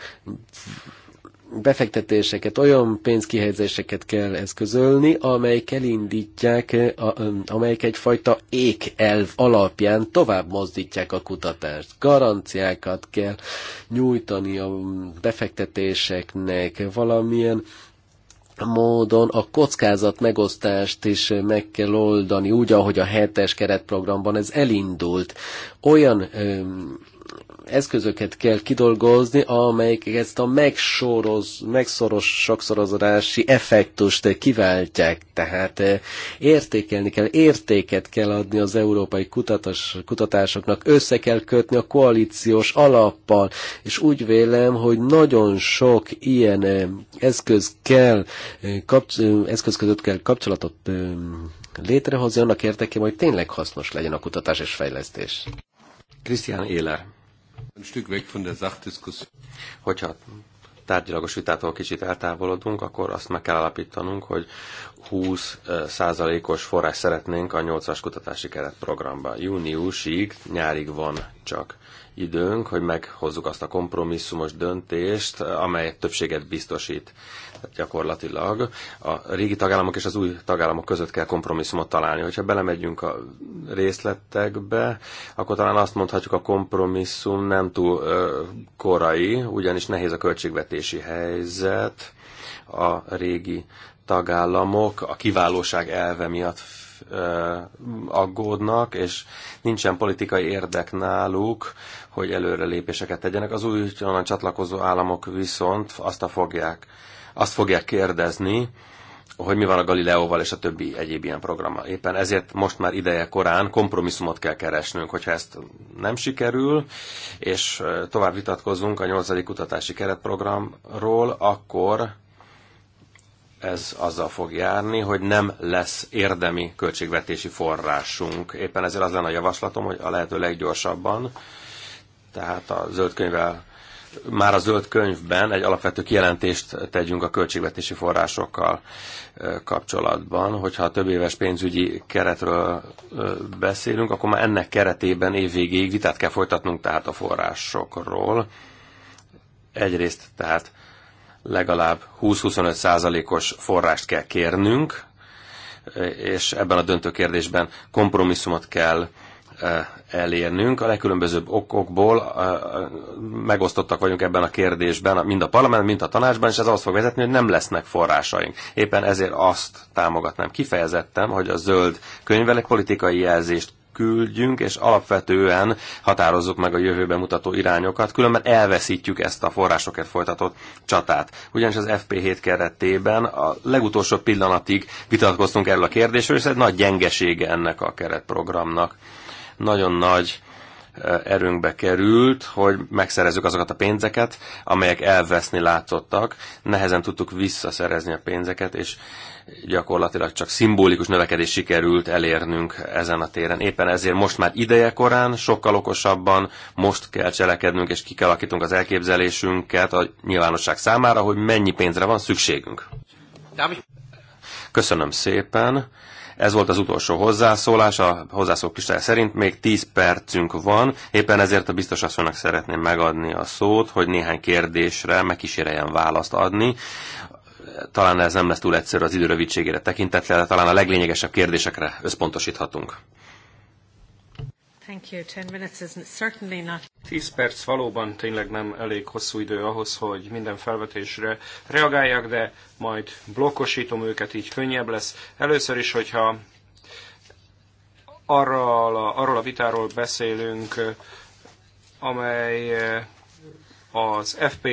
befektetéseket, olyan pénzkihelyezéseket kell eszközölni, amelyek elindítják, amelyek egyfajta ékelv alapján tovább mozdítják a kutatást. Garanciákat kell nyújtani a befektetéseknek, valamilyen módon a kockázat megosztást is meg kell oldani, úgy, ahogy a hetes keretprogramban ez elindult. Olyan öm, eszközöket kell kidolgozni, amelyik ezt a megsoroz, megszoros sokszorozási effektust kiváltják. Tehát eh, értékelni kell, értéket kell adni az európai kutatás, kutatásoknak, össze kell kötni a koalíciós alappal, és úgy vélem, hogy nagyon sok ilyen eh, eszköz kell, eh, eszköz között kell kapcsolatot létrehozni annak érdekében, hogy tényleg hasznos legyen a kutatás és fejlesztés. Krisztián Éler. Hogyha tárgyalagos vitától kicsit eltávolodunk, akkor azt meg kell alapítanunk, hogy 20 százalékos forrás szeretnénk a 8-as kutatási keretprogramba. Júniusig, nyárig van csak időnk, hogy meghozzuk azt a kompromisszumos döntést, amely többséget biztosít. Tehát gyakorlatilag a régi tagállamok és az új tagállamok között kell kompromisszumot találni. Hogyha belemegyünk a részletekbe, akkor talán azt mondhatjuk, a kompromisszum nem túl korai, ugyanis nehéz a költségvetési helyzet a régi tagállamok a kiválóság elve miatt Eh, aggódnak, és nincsen politikai érdek náluk, hogy előre lépéseket tegyenek. Az új, a csatlakozó államok viszont azt, a fogják, azt fogják kérdezni, hogy mi van a Galileóval és a többi egyéb ilyen programmal. Éppen ezért most már ideje korán kompromisszumot kell keresnünk, hogyha ezt nem sikerül, és eh, tovább vitatkozunk a nyolcadik kutatási keretprogramról, akkor ez azzal fog járni, hogy nem lesz érdemi költségvetési forrásunk. Éppen ezért az lenne a javaslatom, hogy a lehető leggyorsabban, tehát a zöld könyvvel, már a zöld könyvben egy alapvető kijelentést tegyünk a költségvetési forrásokkal kapcsolatban, hogyha a több éves pénzügyi keretről beszélünk, akkor már ennek keretében évvégéig vitát kell folytatnunk tehát a forrásokról. Egyrészt tehát legalább 20-25 százalékos forrást kell kérnünk, és ebben a döntő kérdésben kompromisszumot kell e, elérnünk. A legkülönbözőbb okokból e, megosztottak vagyunk ebben a kérdésben, mind a parlament, mind a tanácsban, és ez az, fog vezetni, hogy nem lesznek forrásaink. Éppen ezért azt támogatnám kifejezetten, hogy a zöld könyvelek politikai jelzést küldjünk, és alapvetően határozzuk meg a jövőben mutató irányokat, különben elveszítjük ezt a forrásokért folytatott csatát. Ugyanis az FP7 keretében a legutolsó pillanatig vitatkoztunk erről a kérdésről, és ez egy nagy gyengesége ennek a keretprogramnak. Nagyon nagy erőnkbe került, hogy megszerezzük azokat a pénzeket, amelyek elveszni látszottak, nehezen tudtuk visszaszerezni a pénzeket, és gyakorlatilag csak szimbolikus növekedés sikerült elérnünk ezen a téren. Éppen ezért most már ideje korán, sokkal okosabban most kell cselekednünk, és ki kell alakítunk az elképzelésünket a nyilvánosság számára, hogy mennyi pénzre van szükségünk. Köszönöm szépen. Ez volt az utolsó hozzászólás, a hozzászók listája szerint még 10 percünk van, éppen ezért a biztos asszonynak szeretném megadni a szót, hogy néhány kérdésre megkíséreljen választ adni talán ez nem lesz túl egyszerű az idő rövidségére tekintettel, de talán a leglényegesebb kérdésekre összpontosíthatunk. 10 Tíz perc valóban tényleg nem elég hosszú idő ahhoz, hogy minden felvetésre reagáljak, de majd blokkosítom őket, így könnyebb lesz. Először is, hogyha arról a, arról a vitáról beszélünk, amely eh, az FP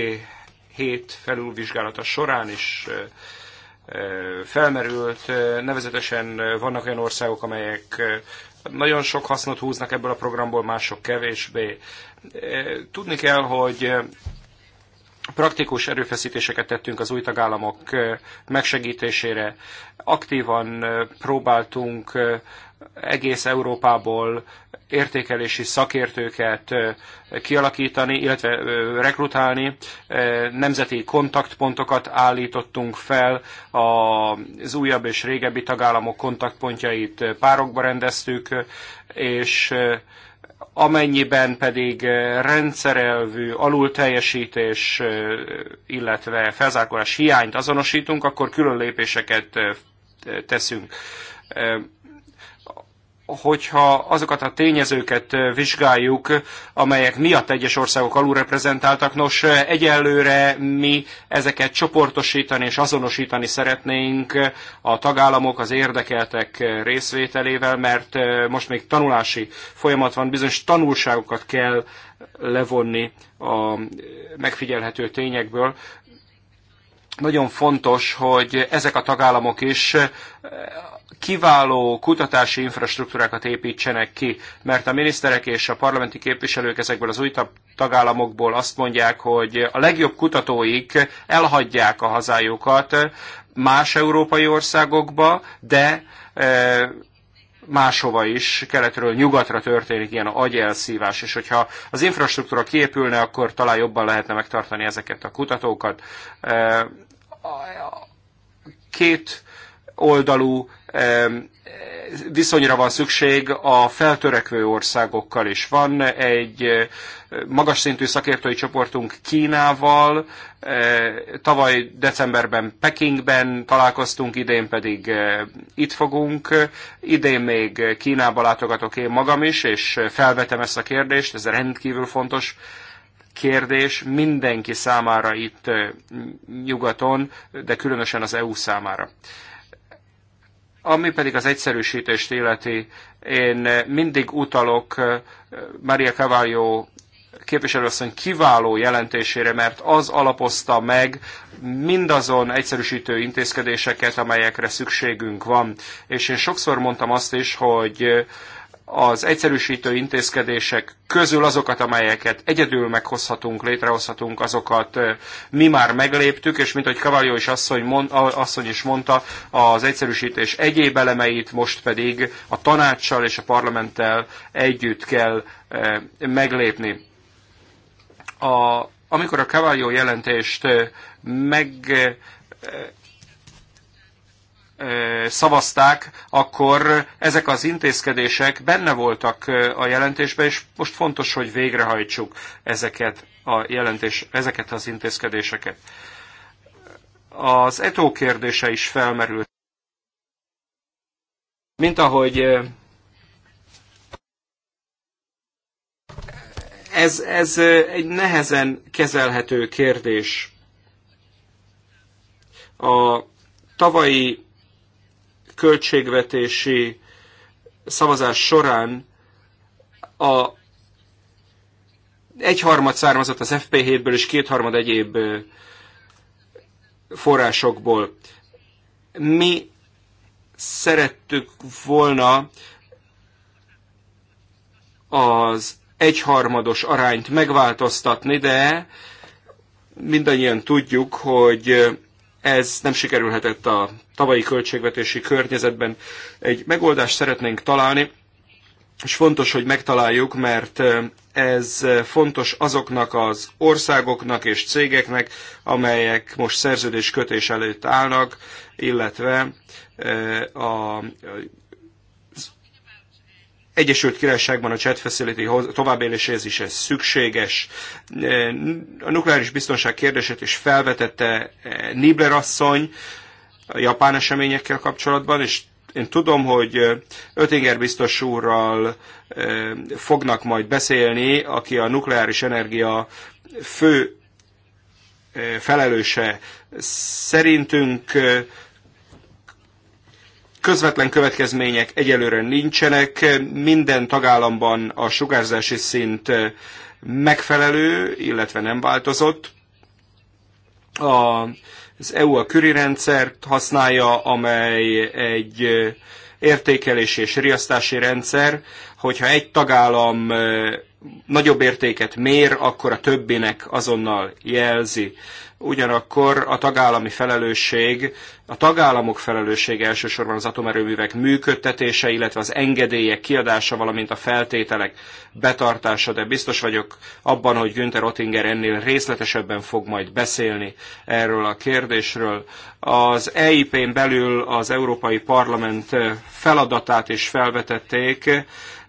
hét felülvizsgálata során is felmerült. Nevezetesen vannak olyan országok, amelyek nagyon sok hasznot húznak ebből a programból, mások kevésbé. Tudni kell, hogy praktikus erőfeszítéseket tettünk az új tagállamok megsegítésére. Aktívan próbáltunk egész Európából értékelési szakértőket kialakítani, illetve rekrutálni. Nemzeti kontaktpontokat állítottunk fel, az újabb és régebbi tagállamok kontaktpontjait párokba rendeztük, és amennyiben pedig rendszerelvű alulteljesítés, illetve felzárkolás hiányt azonosítunk, akkor külön lépéseket teszünk hogyha azokat a tényezőket vizsgáljuk, amelyek miatt egyes országok alulreprezentáltak, nos, egyelőre mi ezeket csoportosítani és azonosítani szeretnénk a tagállamok, az érdekeltek részvételével, mert most még tanulási folyamat van, bizonyos tanulságokat kell levonni a megfigyelhető tényekből, nagyon fontos, hogy ezek a tagállamok is kiváló kutatási infrastruktúrákat építsenek ki, mert a miniszterek és a parlamenti képviselők ezekből az új tagállamokból azt mondják, hogy a legjobb kutatóik elhagyják a hazájukat más európai országokba, de e, máshova is, keletről nyugatra történik ilyen agyelszívás, és hogyha az infrastruktúra kiépülne, akkor talán jobban lehetne megtartani ezeket a kutatókat. E, két oldalú viszonyra van szükség a feltörekvő országokkal is. Van egy eh, magas szintű szakértői csoportunk Kínával, eh, tavaly decemberben Pekingben találkoztunk, idén pedig eh, itt fogunk. Idén még Kínába látogatok én magam is, és felvetem ezt a kérdést, ez rendkívül fontos kérdés mindenki számára itt nyugaton, de különösen az EU számára. Ami pedig az egyszerűsítést illeti, én mindig utalok eh, Maria Cavallo képviselőasszony kiváló jelentésére, mert az alapozta meg mindazon egyszerűsítő intézkedéseket, amelyekre szükségünk van. És én sokszor mondtam azt is, hogy az egyszerűsítő intézkedések közül azokat, amelyeket egyedül meghozhatunk, létrehozhatunk, azokat mi már megléptük, és mint ahogy Kavaljó is asszony, mond, asszony is mondta, az egyszerűsítés egyéb elemeit most pedig a tanácssal és a parlamenttel együtt kell meglépni. A, amikor a Kavaljó jelentést meg szavazták, akkor ezek az intézkedések benne voltak a jelentésben, és most fontos, hogy végrehajtsuk ezeket, a jelentés, ezeket az intézkedéseket. Az etó kérdése is felmerült. Mint ahogy ez, ez egy nehezen kezelhető kérdés. A tavalyi költségvetési szavazás során a egyharmad származott az FP7-ből és kétharmad egyéb forrásokból. Mi szerettük volna az egyharmados arányt megváltoztatni, de mindannyian tudjuk, hogy ez nem sikerülhetett a tavalyi költségvetési környezetben. Egy megoldást szeretnénk találni, és fontos, hogy megtaláljuk, mert ez fontos azoknak az országoknak és cégeknek, amelyek most szerződéskötés előtt állnak, illetve a Egyesült Királyságban a chat facility továbbéléséhez is ez szükséges. E, a nukleáris biztonság kérdését is felvetette e, Nibler asszony a japán eseményekkel kapcsolatban, és én tudom, hogy Ötinger e, biztos úrral fognak majd beszélni, aki a nukleáris energia fő felelőse. Szerintünk Közvetlen következmények egyelőre nincsenek. Minden tagállamban a sugárzási szint eh, megfelelő, illetve nem változott. A, az EU a küri rendszert használja, amely egy eh, értékelési és riasztási rendszer, hogyha egy tagállam eh, nagyobb értéket mér, akkor a többinek azonnal jelzi. Ugyanakkor a tagállami felelősség, a tagállamok felelőssége elsősorban az atomerőművek működtetése, illetve az engedélyek kiadása, valamint a feltételek betartása, de biztos vagyok abban, hogy Günther Ottinger ennél részletesebben fog majd beszélni erről a kérdésről. Az EIP-n belül az Európai Parlament feladatát is felvetették,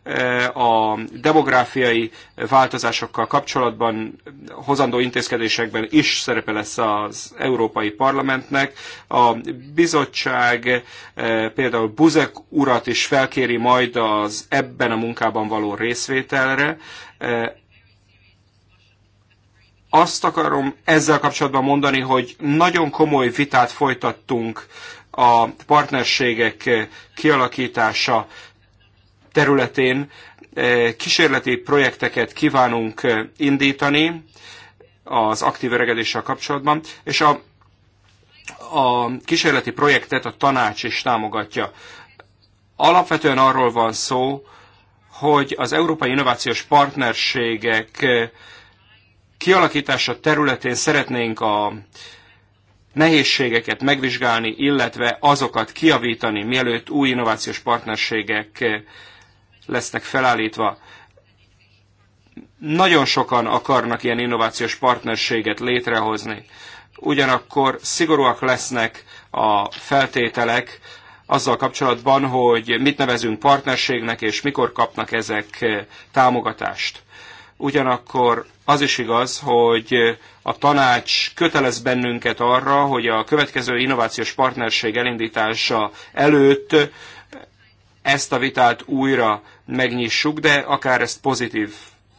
Eh, a demográfiai változásokkal kapcsolatban hozandó intézkedésekben is szerepe lesz az Európai Parlamentnek. A bizottság eh, például Buzek urat is felkéri majd az ebben a munkában való részvételre eh, azt akarom ezzel kapcsolatban mondani, hogy nagyon komoly vitát folytattunk a partnerségek kialakítása területén eh, kísérleti projekteket kívánunk eh, indítani az aktív öregedéssel kapcsolatban, és a, a kísérleti projektet a tanács is támogatja. Alapvetően arról van szó, hogy az Európai Innovációs Partnerségek eh, kialakítása területén szeretnénk a nehézségeket megvizsgálni, illetve azokat kiavítani, mielőtt új innovációs partnerségek lesznek felállítva. Nagyon sokan akarnak ilyen innovációs partnerséget létrehozni. Ugyanakkor szigorúak lesznek a feltételek azzal kapcsolatban, hogy mit nevezünk partnerségnek, és mikor kapnak ezek eh, támogatást. Ugyanakkor az is igaz, hogy eh, a tanács kötelez bennünket arra, hogy a következő innovációs partnerség elindítása előtt eh, ezt a vitát újra megnyissuk, de akár ezt pozitív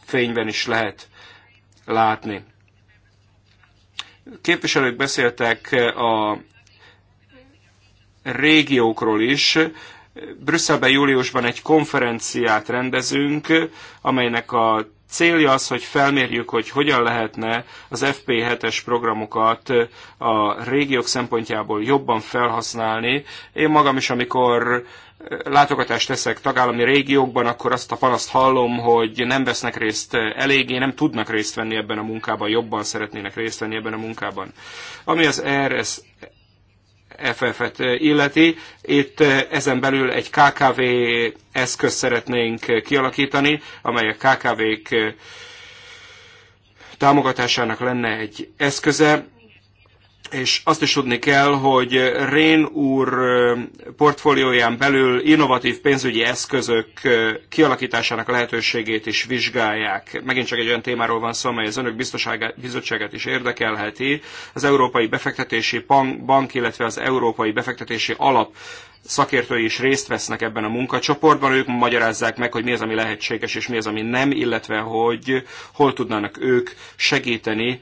fényben is lehet látni. Képviselők beszéltek eh, a régiókról is. Brüsszelben júliusban egy konferenciát rendezünk, amelynek a célja az, hogy felmérjük, hogy hogyan lehetne az FP7-es programokat eh, a régiók szempontjából jobban felhasználni. Én magam is, amikor látogatást teszek tagállami régiókban, akkor azt a panaszt hallom, hogy nem vesznek részt eléggé, nem tudnak részt venni ebben a munkában, jobban szeretnének részt venni ebben a munkában. Ami az ERS FF-et illeti. Itt ezen belül egy KKV eszközt szeretnénk kialakítani, amely a KKV-k támogatásának lenne egy eszköze és azt is tudni kell, hogy Rén úr portfólióján belül innovatív pénzügyi eszközök kialakításának lehetőségét is vizsgálják. Megint csak egy olyan témáról van szó, amely az önök bizottságát is érdekelheti. Az Európai Befektetési Bank, illetve az Európai Befektetési Alap szakértői is részt vesznek ebben a munkacsoportban, ők magyarázzák meg, hogy mi az, ami lehetséges, és mi az, ami nem, illetve hogy hol tudnának ők segíteni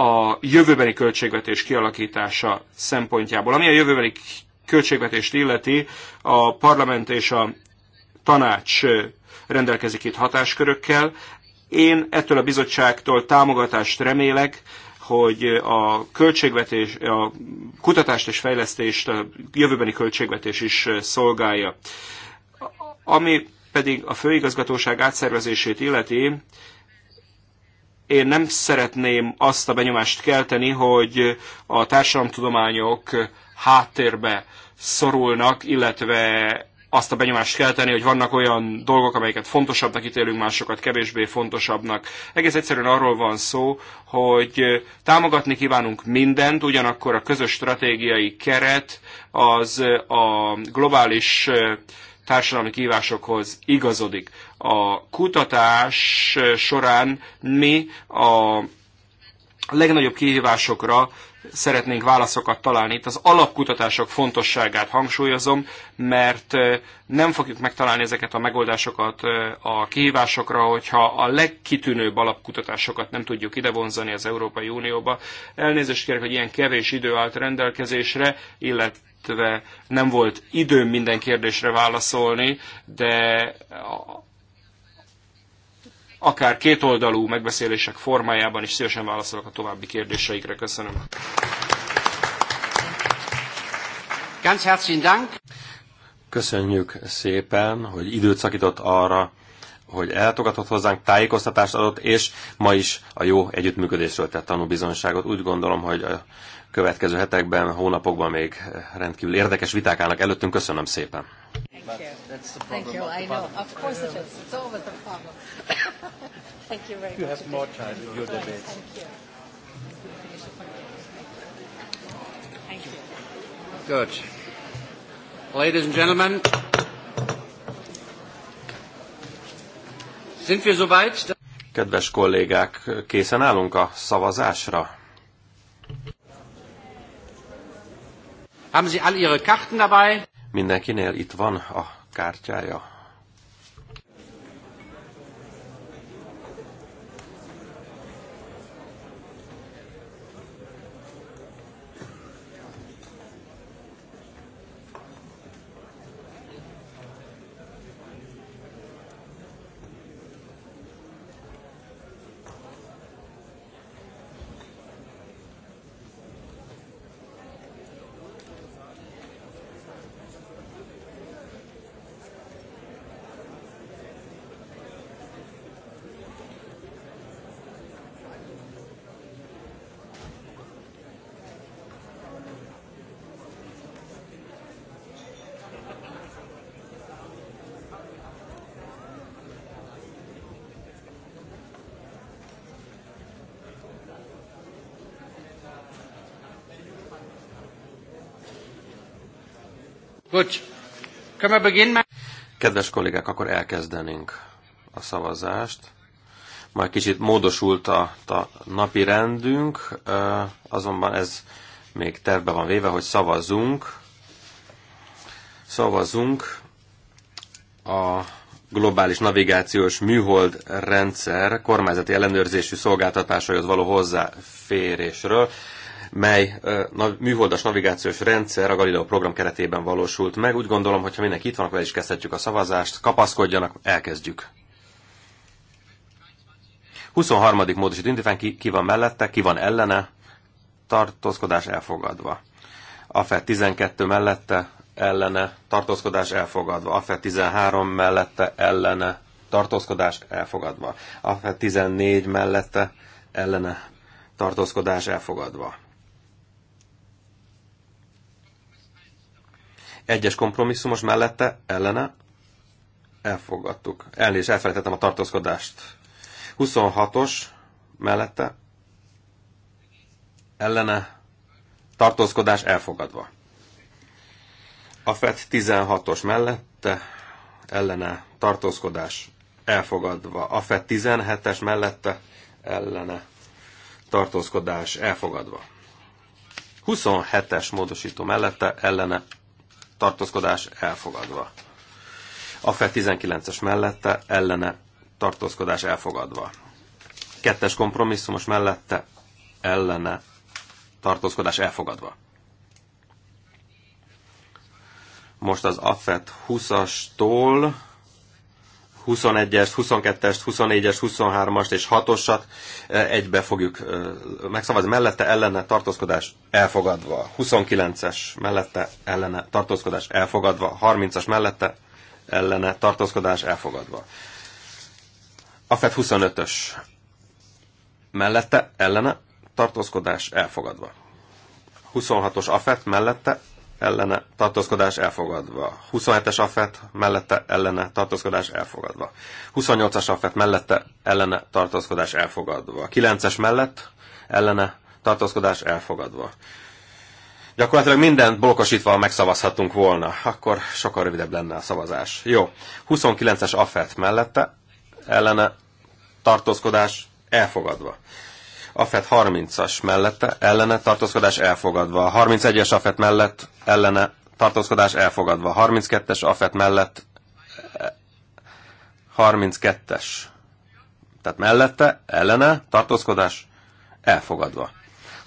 a jövőbeni költségvetés kialakítása szempontjából. Ami a jövőbeni költségvetést illeti, a parlament és a tanács rendelkezik itt hatáskörökkel. Én ettől a bizottságtól támogatást remélek, hogy a költségvetés, a kutatást és fejlesztést a jövőbeni költségvetés is szolgálja. Ami pedig a főigazgatóság átszervezését illeti, én nem szeretném azt a benyomást kelteni, hogy a társadalomtudományok háttérbe szorulnak, illetve azt a benyomást kelteni, hogy vannak olyan dolgok, amelyeket fontosabbnak ítélünk, másokat kevésbé fontosabbnak. Egész egyszerűen arról van szó, hogy támogatni kívánunk mindent, ugyanakkor a közös stratégiai keret az a globális társadalmi kívásokhoz igazodik a kutatás során mi a legnagyobb kihívásokra szeretnénk válaszokat találni. Itt az alapkutatások fontosságát hangsúlyozom, mert nem fogjuk megtalálni ezeket a megoldásokat a kihívásokra, hogyha a legkitűnőbb alapkutatásokat nem tudjuk idevonzani az Európai Unióba. Elnézést kérek, hogy ilyen kevés idő állt rendelkezésre, illetve nem volt időm minden kérdésre válaszolni, de akár kétoldalú megbeszélések formájában is szívesen válaszolok a további kérdéseikre. Köszönöm. Ganz herzlichen Dank. Köszönjük szépen, hogy időt szakított arra, hogy eltogatott hozzánk, tájékoztatást adott, és ma is a jó együttműködésről tett tanúbizonyságot. Úgy gondolom, hogy a következő hetekben, hónapokban még rendkívül érdekes viták állnak előttünk. Köszönöm szépen! Thank you. Thank you. I know. Of course it is. It's always problem. Thank you very much. Thank you. Thank you. Good. Ladies and gentlemen, sind wir soweit? Kedves kollégák, készen állunk a szavazásra? Haben Sie all Ihre Karten dabei? Mindenkinél itt van a kártyája. Can we begin, beginnen? Kedves kollégák, akkor elkezdenénk a szavazást. Majd kicsit módosult a, a napi rendünk, azonban ez még terve van véve, hogy szavazunk. Szavazunk a globális navigációs műhold rendszer kormányzati ellenőrzésű szolgáltatásaihoz való hozzáférésről mely műholdas navigációs rendszer a Galileo program keretében valósult meg. Úgy gondolom, hogy ha mindenki itt van, akkor el is kezdhetjük a szavazást. Kapaszkodjanak, elkezdjük. 23. módosít indítvány, ki, ki van mellette, ki van ellene, tartózkodás elfogadva. AFET 12 mellette, ellene, tartózkodás elfogadva. AFET 13 mellette, ellene, tartózkodás elfogadva. AFET 14 mellette, ellene, tartózkodás elfogadva. Egyes kompromisszumos mellette ellene elfogadtuk. Elnézést, elfelejtettem a tartózkodást. 26-os mellette ellene tartózkodás elfogadva. A FED 16-os mellette ellene tartózkodás elfogadva. A FED 17-es mellette ellene tartózkodás elfogadva. 27-es módosító mellette ellene tartózkodás elfogadva. A FE 19-es mellette ellene tartózkodás elfogadva. Kettes kompromisszumos mellette ellene tartózkodás elfogadva. Most az AFET 20-astól 21-est, 22-est, 24-est, 23-ast és 6-osat e, egybe fogjuk e, megszavazni. Mellette ellene tartózkodás elfogadva. 29-es mellette ellene tartózkodás elfogadva. 30-as mellette ellene tartózkodás elfogadva. A FED 25-ös mellette ellene tartózkodás elfogadva. 26-os AFET mellette ellene tartózkodás elfogadva. 27-es affet mellette ellene tartózkodás elfogadva. 28-as affet mellette ellene tartózkodás elfogadva. 9-es mellett ellene tartózkodás elfogadva. Gyakorlatilag mindent blokkosítva megszavazhatunk volna, akkor sokkal rövidebb lenne a szavazás. Jó, 29-es affet mellette ellene tartózkodás elfogadva. AFET 30-as mellette ellene tartózkodás elfogadva. 31-es AFET mellett ellene tartózkodás elfogadva. 32-es AFET mellett 32-es. Tehát mellette ellene tartózkodás elfogadva.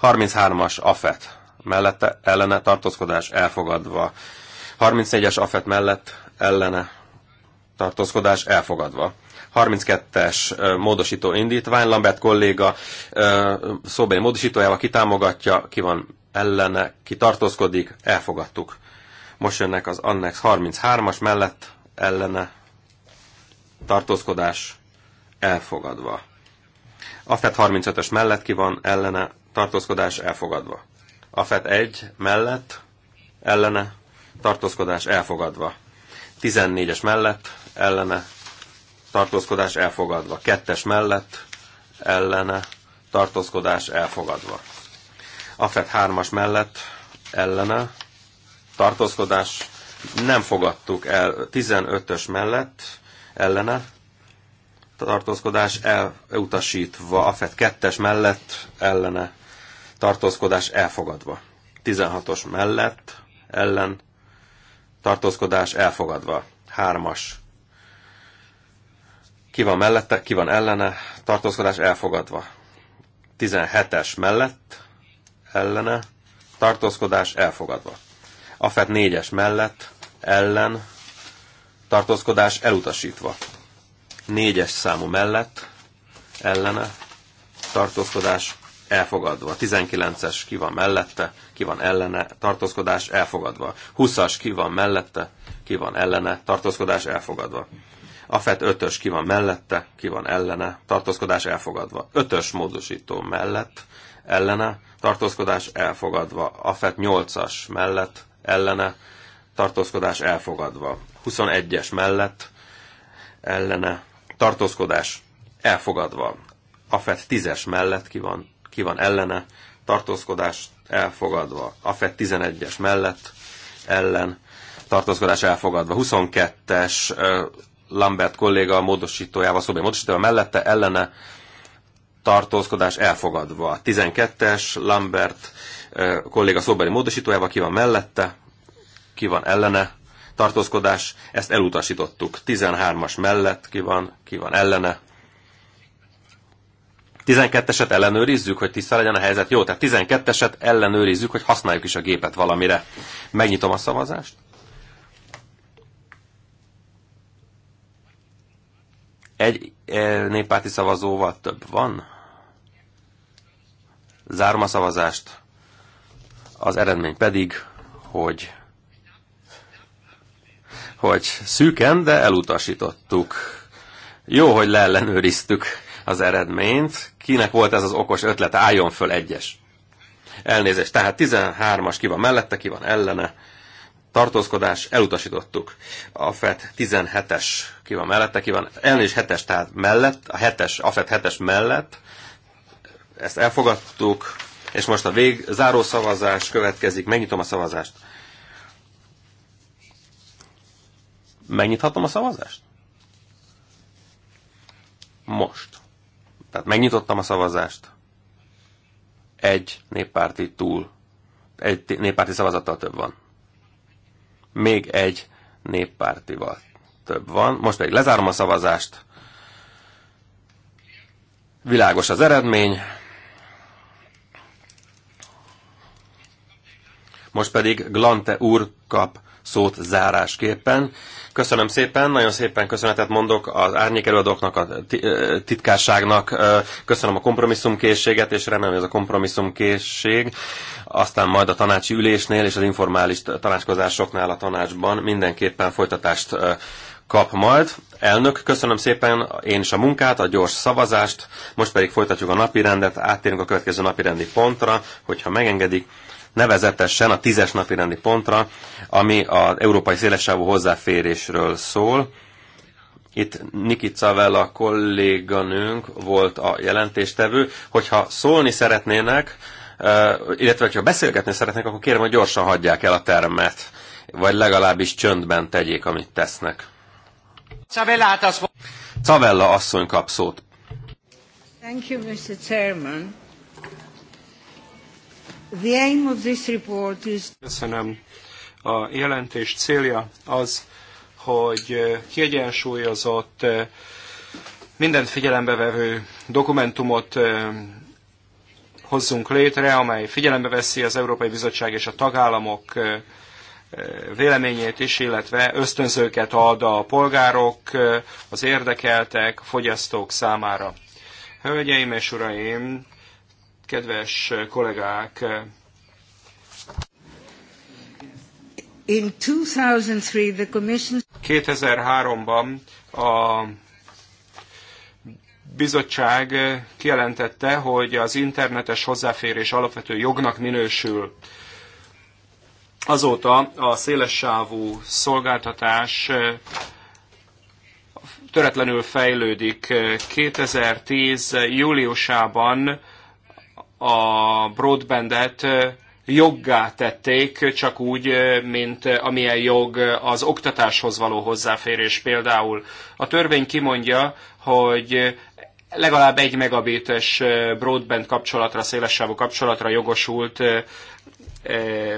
33-as AFET mellette ellene tartózkodás elfogadva. 34-es AFET mellett ellene tartózkodás elfogadva. 32-es módosító indítvány, Lambert kolléga szóbeli módosítójával kitámogatja, ki van ellene, ki tartózkodik, elfogadtuk. Most jönnek az Annex 33-as mellett ellene tartózkodás elfogadva. AFET 35-ös mellett ki van ellene tartózkodás elfogadva. AFET 1 mellett ellene tartózkodás elfogadva. 14-es mellett ellene tartózkodás elfogadva. Kettes mellett ellene tartózkodás elfogadva. AFET 3-as mellett ellene tartózkodás nem fogadtuk el. 15-ös mellett ellene tartózkodás elutasítva. AFET 2-es mellett ellene tartózkodás elfogadva. 16-os mellett ellen tartózkodás elfogadva. 3-as ki van mellette, ki van ellene, tartózkodás elfogadva. 17-es mellett, ellene, tartózkodás elfogadva. AFET 4-es mellett, ellen, tartózkodás elutasítva. 4-es számú mellett, ellene, tartózkodás elfogadva. 19-es ki van mellette, ki van ellene, tartózkodás elfogadva. 20-as ki van mellette, ki van ellene, tartózkodás elfogadva. A FET 5-ös ki van mellette, ki van ellene, tartózkodás elfogadva. 5-ös módosító mellett, ellene, tartózkodás elfogadva. A FET 8-as mellett, ellene, tartózkodás elfogadva. 21-es mellett, ellene, tartózkodás elfogadva. A FET 10-es mellett ki van, ki van ellene, tartózkodás elfogadva. A FET 11-es mellett, ellen, tartózkodás elfogadva. 22-es Lambert kolléga a módosítójával, szobai módosítójával mellette ellene tartózkodás elfogadva. 12-es Lambert kolléga szóbeli módosítójával ki van mellette, ki van ellene tartózkodás, ezt elutasítottuk. 13-as mellett ki van, ki van ellene. 12-eset ellenőrizzük, hogy tiszta legyen a helyzet. Jó, tehát 12-eset ellenőrizzük, hogy használjuk is a gépet valamire. Megnyitom a szavazást. Egy e, néppárti szavazóval több van. Zárom a szavazást. Az eredmény pedig, hogy hogy szűken, de elutasítottuk. Jó, hogy leellenőriztük az eredményt. Kinek volt ez az okos ötlet? Álljon föl egyes. Elnézést, tehát 13-as ki van mellette, ki van ellene tartózkodás, elutasítottuk. A FET 17-es ki van mellette, ki van elnézés 7-es, tehát mellett, a 7 a FET 7-es mellett, ezt elfogadtuk, és most a vég, záró szavazás következik, megnyitom a szavazást. Megnyithatom a szavazást? Most. Tehát megnyitottam a szavazást. Egy néppárti túl, egy néppárti szavazattal több van még egy néppártival több van. Most pedig lezárom a szavazást. Világos az eredmény. Most pedig Glante úr kap szót zárásképpen. Köszönöm szépen, nagyon szépen köszönetet mondok az árnyékelőadóknak, a titkárságnak, köszönöm a kompromisszumkészséget, és remélem, hogy ez a kompromisszumkészség aztán majd a tanácsi ülésnél és az informális tanácskozásoknál a tanácsban mindenképpen folytatást kap majd. Elnök, köszönöm szépen én is a munkát, a gyors szavazást, most pedig folytatjuk a napirendet, áttérünk a következő napirendi pontra, hogyha megengedik nevezetesen a tízes napi rendi pontra, ami az európai szélesávú hozzáférésről szól. Itt Niki Cavella kolléganőnk volt a jelentéstevő. Hogyha szólni szeretnének, illetve ha beszélgetni szeretnék, akkor kérem, hogy gyorsan hagyják el a termet, vagy legalábbis csöndben tegyék, amit tesznek. Cavella hát asszony kap szót. Thank you, Mr. Chairman. Köszönöm. A jelentés célja az, hogy kiegyensúlyozott, mindent figyelembe vevő dokumentumot hozzunk létre, amely figyelembe veszi az Európai Bizottság és a tagállamok véleményét is, illetve ösztönzőket ad a polgárok, az érdekeltek, a fogyasztók számára. Hölgyeim és uraim, kedves kollégák! In 2003 2003-ban a bizottság kijelentette, hogy az internetes hozzáférés alapvető jognak minősül. Azóta a szélessávú szolgáltatás töretlenül fejlődik. 2010 júliusában a broadbandet joggá tették, csak úgy, mint amilyen jog az oktatáshoz való hozzáférés például. A törvény kimondja, hogy legalább egy megabites broadband kapcsolatra, szélessávú kapcsolatra jogosult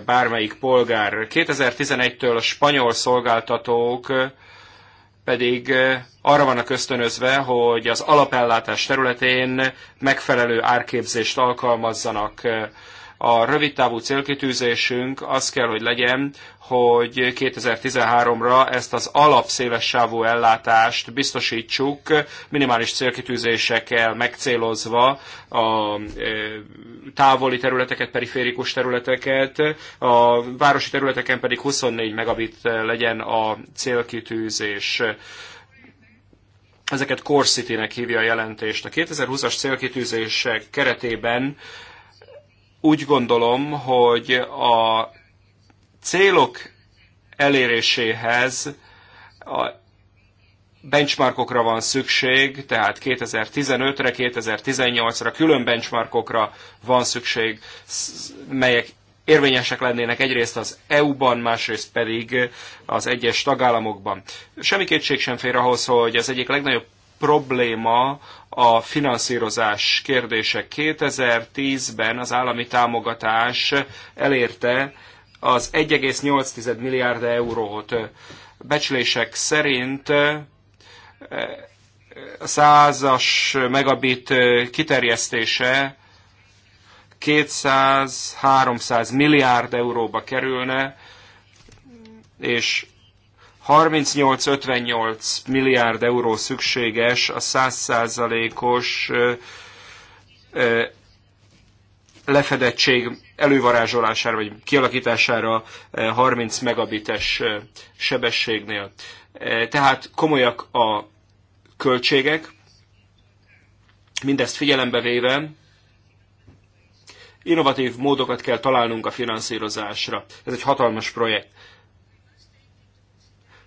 bármelyik polgár. 2011-től a spanyol szolgáltatók pedig arra vannak ösztönözve, hogy az alapellátás területén megfelelő árképzést alkalmazzanak a rövidtávú célkitűzésünk az kell, hogy legyen, hogy 2013-ra ezt az sávú ellátást biztosítsuk, minimális célkitűzésekkel megcélozva a távoli területeket, periférikus területeket, a városi területeken pedig 24 megabit legyen a célkitűzés. Ezeket Core City-nek hívja a jelentést. A 2020-as célkitűzések keretében úgy gondolom, hogy a célok eléréséhez a benchmarkokra van szükség, tehát 2015-re, 2018-ra külön benchmarkokra van szükség, melyek érvényesek lennének egyrészt az EU-ban, másrészt pedig az egyes tagállamokban. Semmi kétség sem fér ahhoz, hogy az egyik legnagyobb probléma a finanszírozás kérdése. 2010-ben az állami támogatás elérte az 1,8 milliárd eurót. Becslések szerint a eh, eh, százas megabit eh, kiterjesztése 200-300 milliárd euróba kerülne, és 38-58 milliárd euró szükséges a 100%-os lefedettség elővarázsolására vagy kialakítására 30 megabites sebességnél. Tehát komolyak a költségek, mindezt figyelembe véve innovatív módokat kell találnunk a finanszírozásra. Ez egy hatalmas projekt.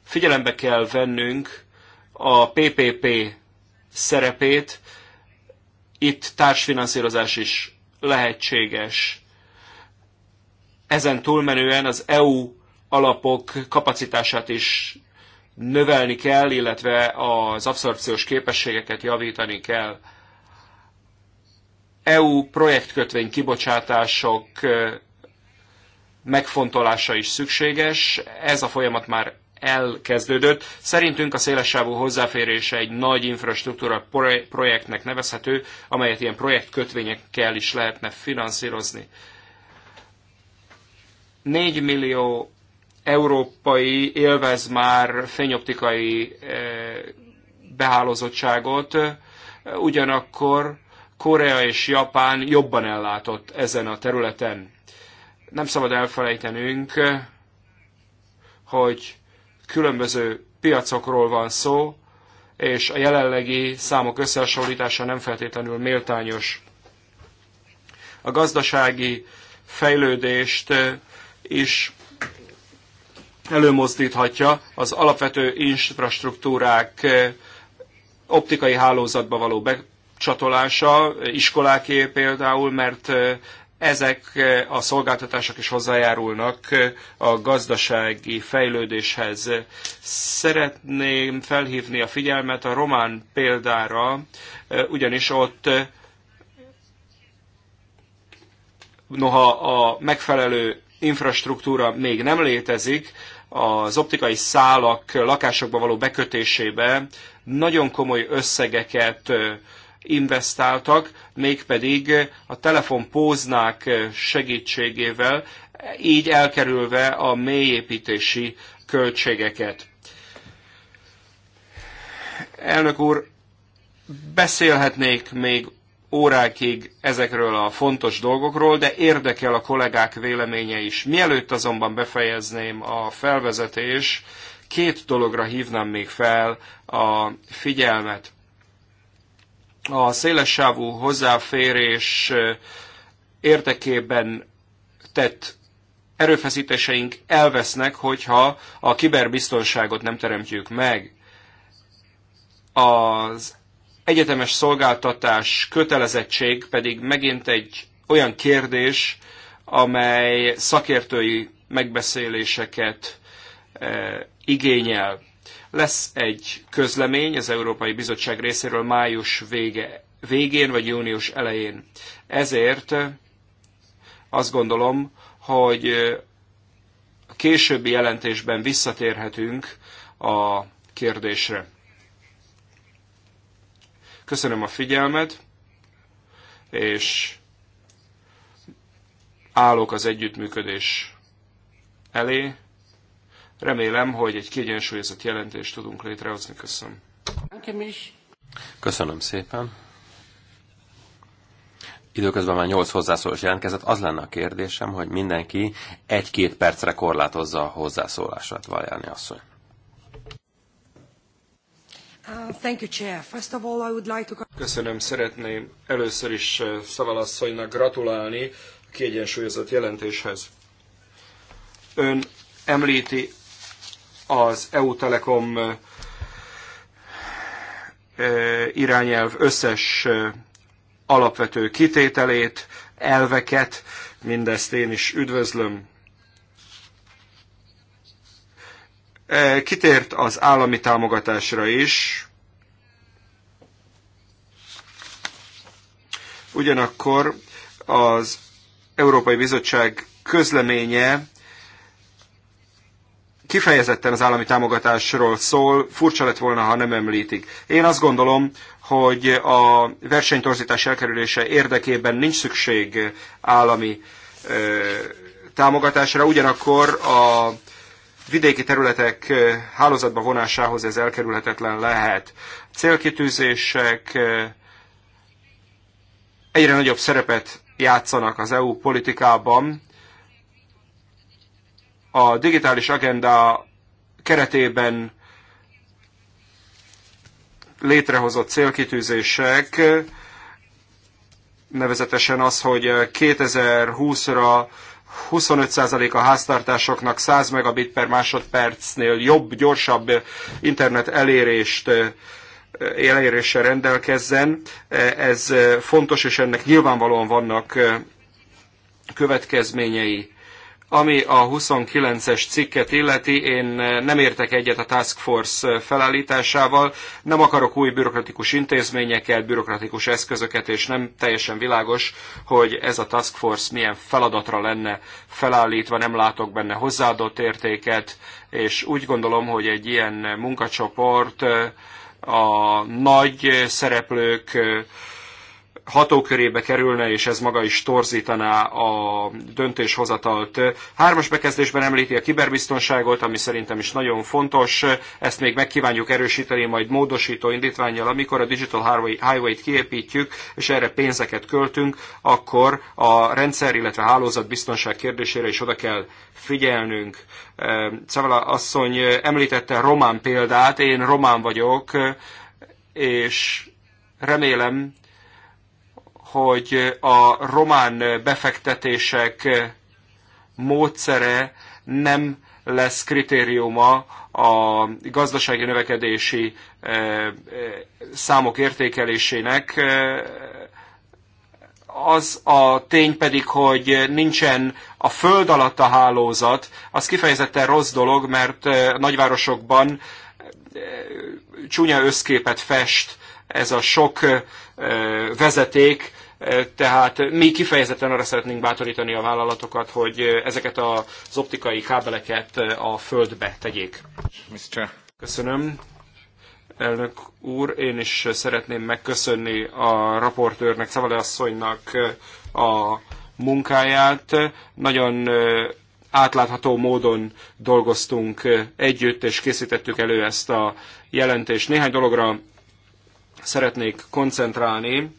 Figyelembe kell vennünk a PPP szerepét, itt társfinanszírozás is lehetséges. Ezen túlmenően az EU alapok kapacitását is növelni kell, illetve az abszorpciós képességeket javítani kell. EU projektkötvény kibocsátások megfontolása is szükséges. Ez a folyamat már elkezdődött. Szerintünk a szélessávú hozzáférése egy nagy infrastruktúra projektnek nevezhető, amelyet ilyen projektkötvényekkel is lehetne finanszírozni. 4 millió európai élvez már fényoptikai eh, behálozottságot, ugyanakkor Korea és Japán jobban ellátott ezen a területen. Nem szabad elfelejtenünk, hogy különböző piacokról van szó, és a jelenlegi számok összehasonlítása nem feltétlenül méltányos. A gazdasági fejlődést eh, is előmozdíthatja az alapvető infrastruktúrák eh, optikai hálózatba való becsatolása, iskoláké például, mert eh, ezek eh, a szolgáltatások is hozzájárulnak eh, a gazdasági fejlődéshez. Szeretném felhívni a figyelmet a román példára, eh, ugyanis ott noha a megfelelő infrastruktúra még nem létezik, az optikai szálak lakásokba való bekötésébe nagyon komoly összegeket investáltak, mégpedig a telefonpóznák segítségével, így elkerülve a mélyépítési költségeket. Elnök úr, beszélhetnék még órákig ezekről a fontos dolgokról, de érdekel a kollégák véleménye is. Mielőtt azonban befejezném a felvezetés, két dologra hívnám még fel a figyelmet a szélessávú hozzáférés érdekében tett erőfeszítéseink elvesznek, hogyha a kiberbiztonságot nem teremtjük meg. Az egyetemes szolgáltatás kötelezettség pedig megint egy olyan kérdés, amely szakértői megbeszéléseket igényel. Lesz egy közlemény az Európai Bizottság részéről május vége, végén vagy június elején. Ezért eh, azt gondolom, hogy eh, a későbbi jelentésben visszatérhetünk a kérdésre. Köszönöm a figyelmet, és állok az együttműködés elé, Remélem, hogy egy kiegyensúlyozott jelentést tudunk létrehozni. Köszönöm. Köszönöm szépen. Időközben már 8 hozzászólás jelentkezett. Az lenne a kérdésem, hogy mindenki egy-két percre korlátozza a hozzászólását, Valjáni asszony. Uh, Köszönöm, szeretném először is uh, Szavalasszonynak gratulálni a kiegyensúlyozott jelentéshez. Ön említi az EU Telekom irányelv összes alapvető kitételét, elveket, mindezt én is üdvözlöm. Kitért az állami támogatásra is, ugyanakkor az Európai Bizottság közleménye kifejezetten az állami támogatásról szól, furcsa lett volna, ha nem említik. Én azt gondolom, hogy a versenytorzítás elkerülése érdekében nincs szükség állami ö, támogatásra, ugyanakkor a vidéki területek hálózatba vonásához ez elkerülhetetlen lehet. Célkitűzések egyre nagyobb szerepet játszanak az EU politikában, a digitális agenda keretében létrehozott célkitűzések, nevezetesen az, hogy 2020-ra 25% a háztartásoknak 100 megabit per másodpercnél jobb, gyorsabb internet elérést eléréssel rendelkezzen. Ez fontos, és ennek nyilvánvalóan vannak következményei. Ami a 29-es cikket illeti, én eh, nem értek egyet a Task Force eh, felállításával, nem akarok új bürokratikus intézményeket, bürokratikus eszközöket, és nem teljesen világos, hogy ez a Task Force milyen feladatra lenne felállítva, nem látok benne hozzáadott értéket, és úgy gondolom, hogy egy ilyen munkacsoport eh, a nagy szereplők hatókörébe kerülne, és ez maga is torzítaná a döntéshozatalt. Hármas bekezdésben említi a kiberbiztonságot, ami szerintem is nagyon fontos. Ezt még megkívánjuk erősíteni majd módosító indítványjal, amikor a Digital Highway-t kiépítjük, és erre pénzeket költünk, akkor a rendszer, illetve biztonság kérdésére is oda kell figyelnünk. Szóval asszony említette román példát, én román vagyok, és remélem, hogy a román befektetések módszere nem lesz kritériuma a gazdasági növekedési eh, eh, számok értékelésének. Eh, az a tény pedig, hogy nincsen a föld alatt a hálózat, az kifejezetten rossz dolog, mert nagyvárosokban csúnya összképet fest ez a sok vezeték, tehát mi kifejezetten arra szeretnénk bátorítani a vállalatokat, hogy ezeket az optikai kábeleket a földbe tegyék. Mr. Köszönöm. Elnök úr, én is szeretném megköszönni a raportőrnek, Szavale asszonynak a munkáját. Nagyon átlátható módon dolgoztunk együtt, és készítettük elő ezt a jelentést. Néhány dologra szeretnék koncentrálni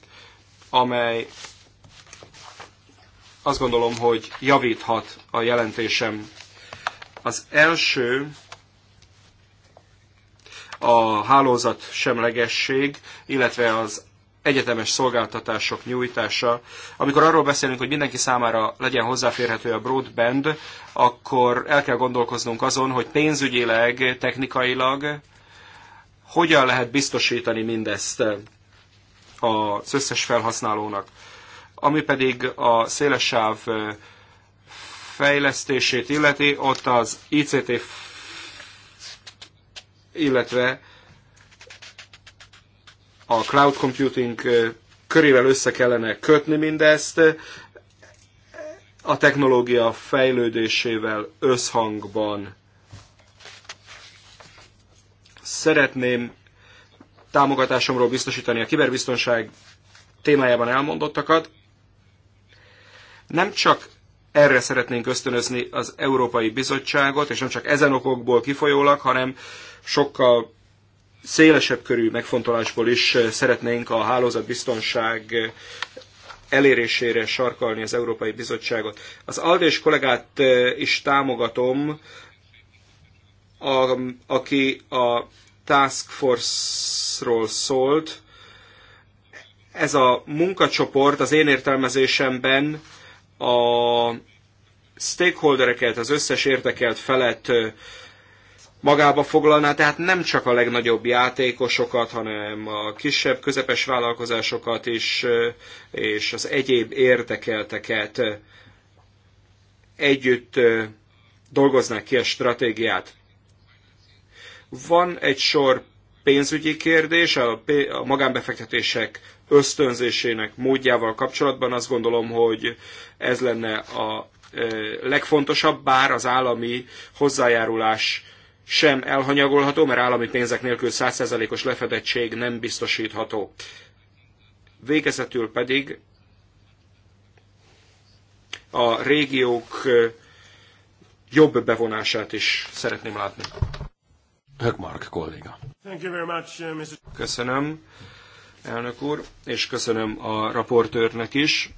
amely azt gondolom, hogy javíthat a jelentésem. Az első a hálózat semlegesség, illetve az egyetemes szolgáltatások nyújtása. Amikor arról beszélünk, hogy mindenki számára legyen hozzáférhető a broadband, akkor el kell gondolkoznunk azon, hogy pénzügyileg, technikailag hogyan lehet biztosítani mindezt az összes felhasználónak. Ami pedig a széles sáv fejlesztését illeti, ott az ICT, illetve a cloud computing körével össze kellene kötni mindezt, a technológia fejlődésével összhangban szeretném támogatásomról biztosítani a kiberbiztonság témájában elmondottakat. Nem csak erre szeretnénk ösztönözni az Európai Bizottságot, és nem csak ezen okokból kifolyólag, hanem sokkal szélesebb körű megfontolásból is szeretnénk a hálózatbiztonság elérésére sarkalni az Európai Bizottságot. Az Aldés kollégát eh, is támogatom, a, aki a Task Force-ról szólt. Ez a munkacsoport az én értelmezésemben a stakeholdereket, az összes érdekelt felett magába foglalná, tehát nem csak a legnagyobb játékosokat, hanem a kisebb, közepes vállalkozásokat is, és az egyéb érdekelteket együtt dolgoznák ki a stratégiát. Van egy sor pénzügyi kérdés, a, a magánbefektetések ösztönzésének módjával kapcsolatban azt gondolom, hogy ez lenne a e, legfontosabb, bár az állami hozzájárulás sem elhanyagolható, mert állami pénzek nélkül 100%-os lefedettség nem biztosítható. Végezetül pedig a régiók e, jobb bevonását is szeretném látni. Högmark kolléga. Uh, köszönöm, elnök úr, és köszönöm a raportőrnek is.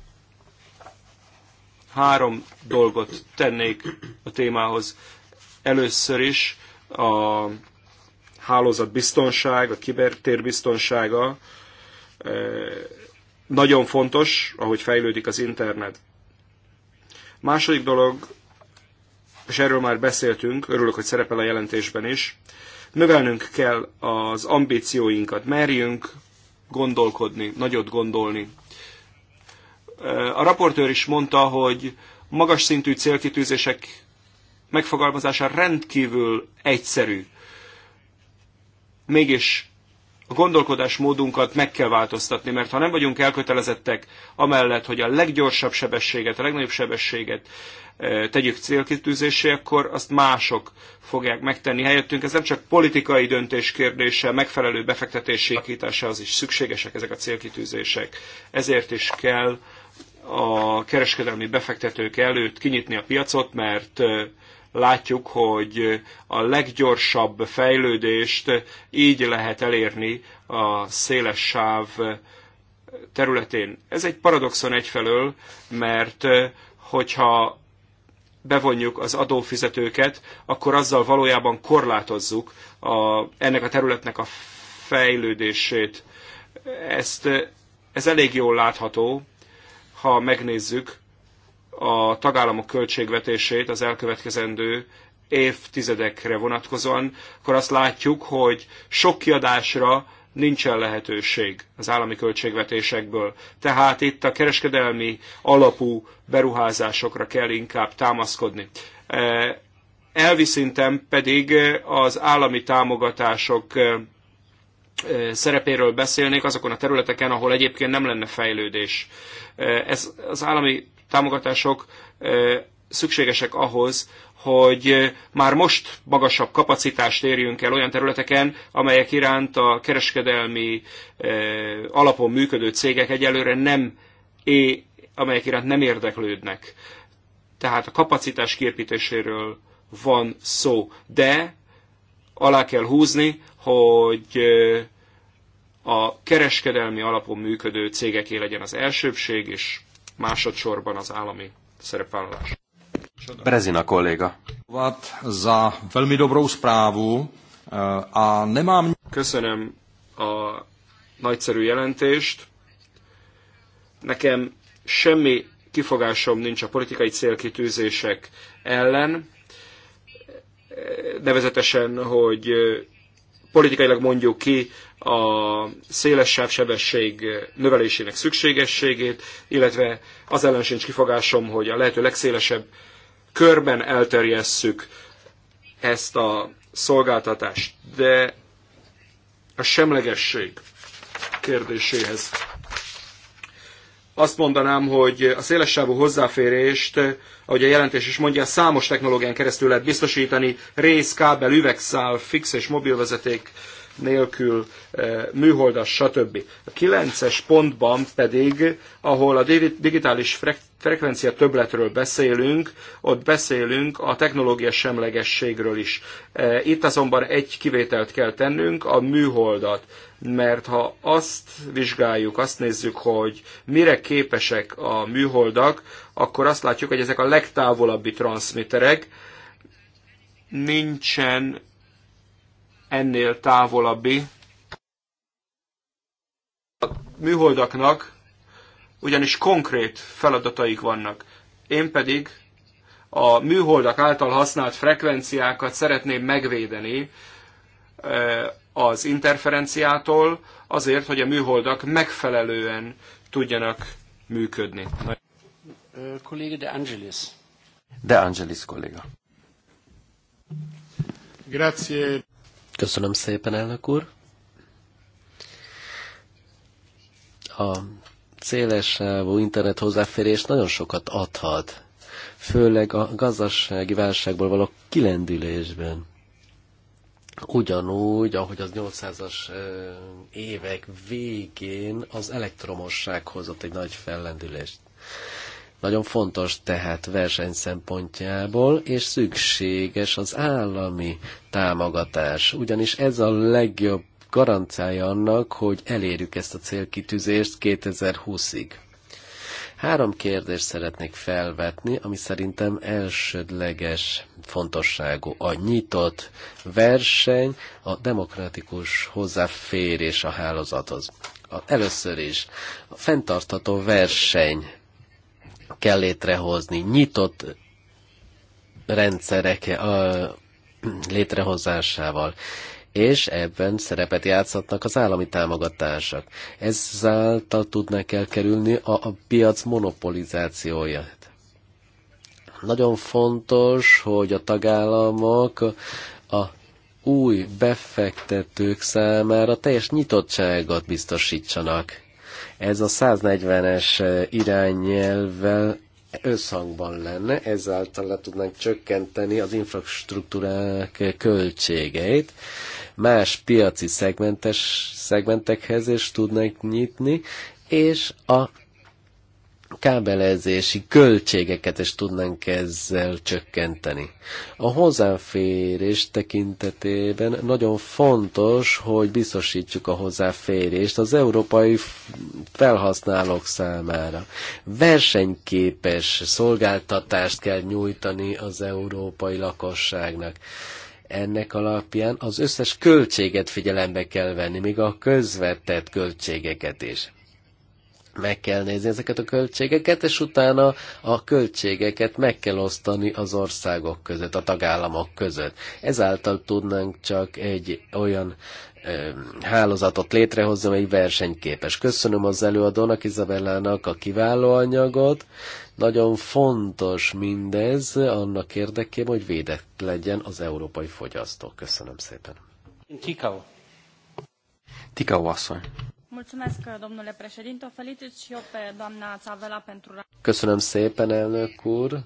Három dolgot tennék a témához. Először is a hálózat a kibertér biztonsága eh, nagyon fontos, ahogy fejlődik az internet. Második dolog, és erről már beszéltünk, örülök, hogy szerepel a jelentésben is, Növelnünk kell az ambícióinkat, merjünk gondolkodni, nagyot gondolni. A raportőr is mondta, hogy magas szintű célkitűzések megfogalmazása rendkívül egyszerű. Mégis a gondolkodásmódunkat meg kell változtatni, mert ha nem vagyunk elkötelezettek amellett, hogy a leggyorsabb sebességet, a legnagyobb sebességet tegyük célkitűzésé, akkor azt mások fogják megtenni helyettünk. Ez nem csak politikai döntés kérdése, megfelelő befektetési az is szükségesek ezek a célkitűzések. Ezért is kell a kereskedelmi befektetők előtt kinyitni a piacot, mert látjuk, hogy a leggyorsabb fejlődést így lehet elérni a széles sáv területén. Ez egy paradoxon egyfelől, mert hogyha bevonjuk az adófizetőket, akkor azzal valójában korlátozzuk a, ennek a területnek a fejlődését. Ezt, ez elég jól látható, ha megnézzük a tagállamok költségvetését az elkövetkezendő évtizedekre vonatkozóan, akkor azt látjuk, hogy sok kiadásra nincsen lehetőség az állami költségvetésekből. Tehát itt a kereskedelmi alapú beruházásokra kell inkább támaszkodni. E, elvi szinten pedig az állami támogatások e, e, szerepéről beszélnék azokon a területeken, ahol egyébként nem lenne fejlődés. Ez az állami támogatások szükségesek ahhoz, hogy eh, már most magasabb kapacitást érjünk el olyan területeken, amelyek iránt a kereskedelmi eh, alapon működő cégek egyelőre nem, é, amelyek iránt nem érdeklődnek. Tehát a kapacitás kiépítéséről van szó, de alá kell húzni, hogy eh, a kereskedelmi alapon működő cégeké legyen az elsőbség, és másodszorban az állami szerepvállalás. Brezina kolléga. Za velmi dobrou zprávu eh, a nemám... Köszönöm a nagyszerű jelentést. Nekem semmi kifogásom nincs a politikai célkitűzések ellen, nevezetesen, hogy politikailag mondjuk ki a széles sávsebesség növelésének szükségességét, illetve az ellen sincs kifogásom, hogy a lehető legszélesebb körben elterjesszük ezt a szolgáltatást. De a semlegesség kérdéséhez azt mondanám, hogy a szélessávú hozzáférést, ahogy a jelentés is mondja, számos technológián keresztül lehet biztosítani, rész, kábel, üvegszál, fix és mobilvezeték nélkül, eh, műholdas, stb. A kilences pontban pedig, ahol a digitális frekvencia töbletről beszélünk, ott beszélünk a technológia semlegességről is. Eh, itt azonban egy kivételt kell tennünk, a műholdat mert ha azt vizsgáljuk, azt nézzük, hogy mire képesek a műholdak, akkor azt látjuk, hogy ezek a legtávolabbi transmitterek, nincsen ennél távolabbi a műholdaknak ugyanis konkrét feladataik vannak. Én pedig a műholdak által használt frekvenciákat szeretném megvédeni az interferenciától, azért, hogy a műholdak megfelelően tudjanak működni. Kolléga De Angelis. De Angelis kolléga. Grazie. Köszönöm szépen, elnök úr. A széles internet hozzáférés nagyon sokat adhat, főleg a gazdasági válságból való kilendülésben. Ugyanúgy, ahogy az 800-as évek végén az elektromosság hozott egy nagy fellendülést. Nagyon fontos tehát verseny szempontjából, és szükséges az állami támogatás, ugyanis ez a legjobb garantája annak, hogy elérjük ezt a célkitűzést 2020-ig. Három kérdést szeretnék felvetni, ami szerintem elsődleges fontosságú. A nyitott verseny, a demokratikus hozzáférés a hálózathoz. először is a fenntartható verseny kell létrehozni. Nyitott rendszerek a létrehozásával és ebben szerepet játszhatnak az állami támogatások. Ezáltal tudnak elkerülni a, a piac monopolizációját. Nagyon fontos, hogy a tagállamok a új befektetők számára teljes nyitottságot biztosítsanak. Ez a 140-es eh, irányelvvel összhangban lenne, ezáltal le tudnánk csökkenteni az infrastruktúrák költségeit, más piaci szegmentes, szegmentekhez is tudnánk nyitni, és a kábelezési költségeket is tudnánk ezzel csökkenteni. A hozzáférés tekintetében nagyon fontos, hogy biztosítsuk a hozzáférést az európai felhasználók számára. Versenyképes szolgáltatást kell nyújtani az európai lakosságnak ennek alapján az összes költséget figyelembe kell venni, még a közvetett költségeket is meg kell nézni ezeket a költségeket, és utána a költségeket meg kell osztani az országok között, a tagállamok között. Ezáltal tudnánk csak egy olyan hálózatot létrehozni, amely versenyképes. Köszönöm az előadónak, Izabellának a kiváló anyagot. Nagyon fontos mindez annak érdekében, hogy védett legyen az európai fogyasztó. Köszönöm szépen. Tikau. Tikau asszony. Mulțumesc, domnule președinte. O felicit și eu pe doamna Țavela pentru... Köszönöm szépen, elnök úr.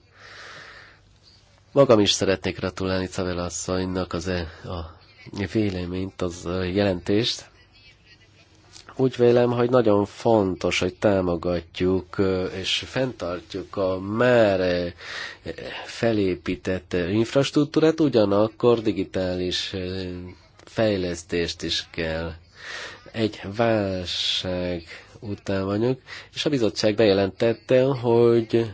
Magam is szeretnék gratulálni Cavela asszonynak az e, a véleményt, az jelentést. Úgy vélem, hogy nagyon fontos, hogy támogatjuk és fenntartjuk a már felépített infrastruktúrát, ugyanakkor digitális fejlesztést is kell egy válság után vagyunk, és a bizottság bejelentette, hogy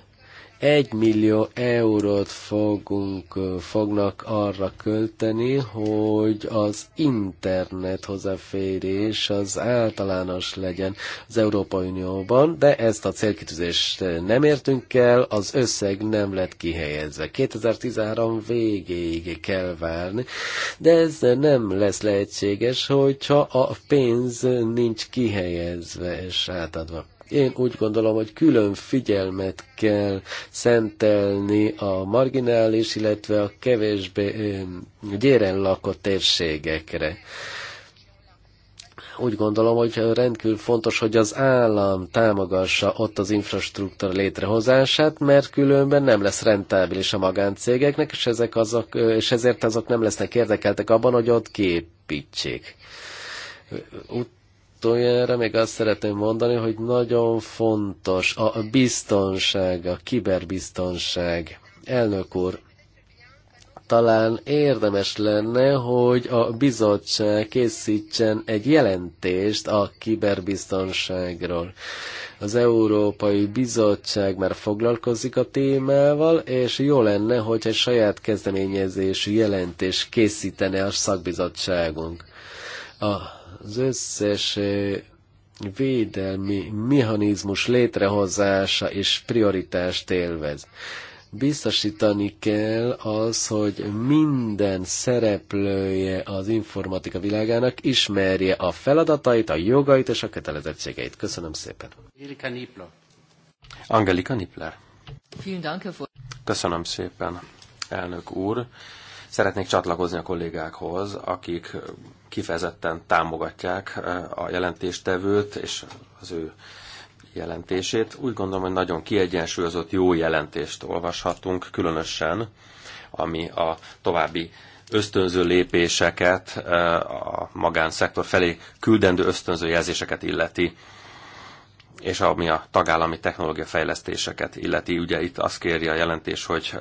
1 millió eurót fogunk, fognak arra költeni, hogy az internet hozzáférés az általános legyen az Európai Unióban, de ezt a célkitűzést nem értünk el, az összeg nem lett kihelyezve. 2013 végéig kell várni, de ez nem lesz lehetséges, hogyha a pénz nincs kihelyezve és átadva. Én úgy gondolom, hogy külön figyelmet kell szentelni a marginális, illetve a kevésbé gyéren lakott térségekre úgy gondolom, hogy rendkívül fontos, hogy az állam támogassa ott az infrastruktúra létrehozását, mert különben nem lesz rentábilis a magáncégeknek, és, ezek azok, és ezért azok nem lesznek érdekeltek abban, hogy ott képítsék. Ut- utoljára még azt szeretném mondani, hogy nagyon fontos a biztonság, a kiberbiztonság. Elnök úr, talán érdemes lenne, hogy a bizottság készítsen egy jelentést a kiberbiztonságról. Az Európai Bizottság már foglalkozik a témával, és jó lenne, hogy egy saját kezdeményezésű jelentés készítene a szakbizottságunk. A az összes védelmi mechanizmus létrehozása és prioritást élvez. Biztosítani kell az, hogy minden szereplője az informatika világának ismerje a feladatait, a jogait és a kötelezettségeit. Köszönöm szépen. Angelika Nipler. Angelika Köszönöm szépen, elnök úr. Szeretnék csatlakozni a kollégákhoz, akik kifejezetten támogatják eh, a jelentéstevőt és az ő jelentését. Úgy gondolom, hogy nagyon kiegyensúlyozott jó jelentést olvashatunk, különösen ami a további ösztönző lépéseket, eh, a magánszektor felé küldendő ösztönző jelzéseket illeti és ami a tagállami technológiafejlesztéseket illeti, ugye itt azt kéri a jelentés, hogy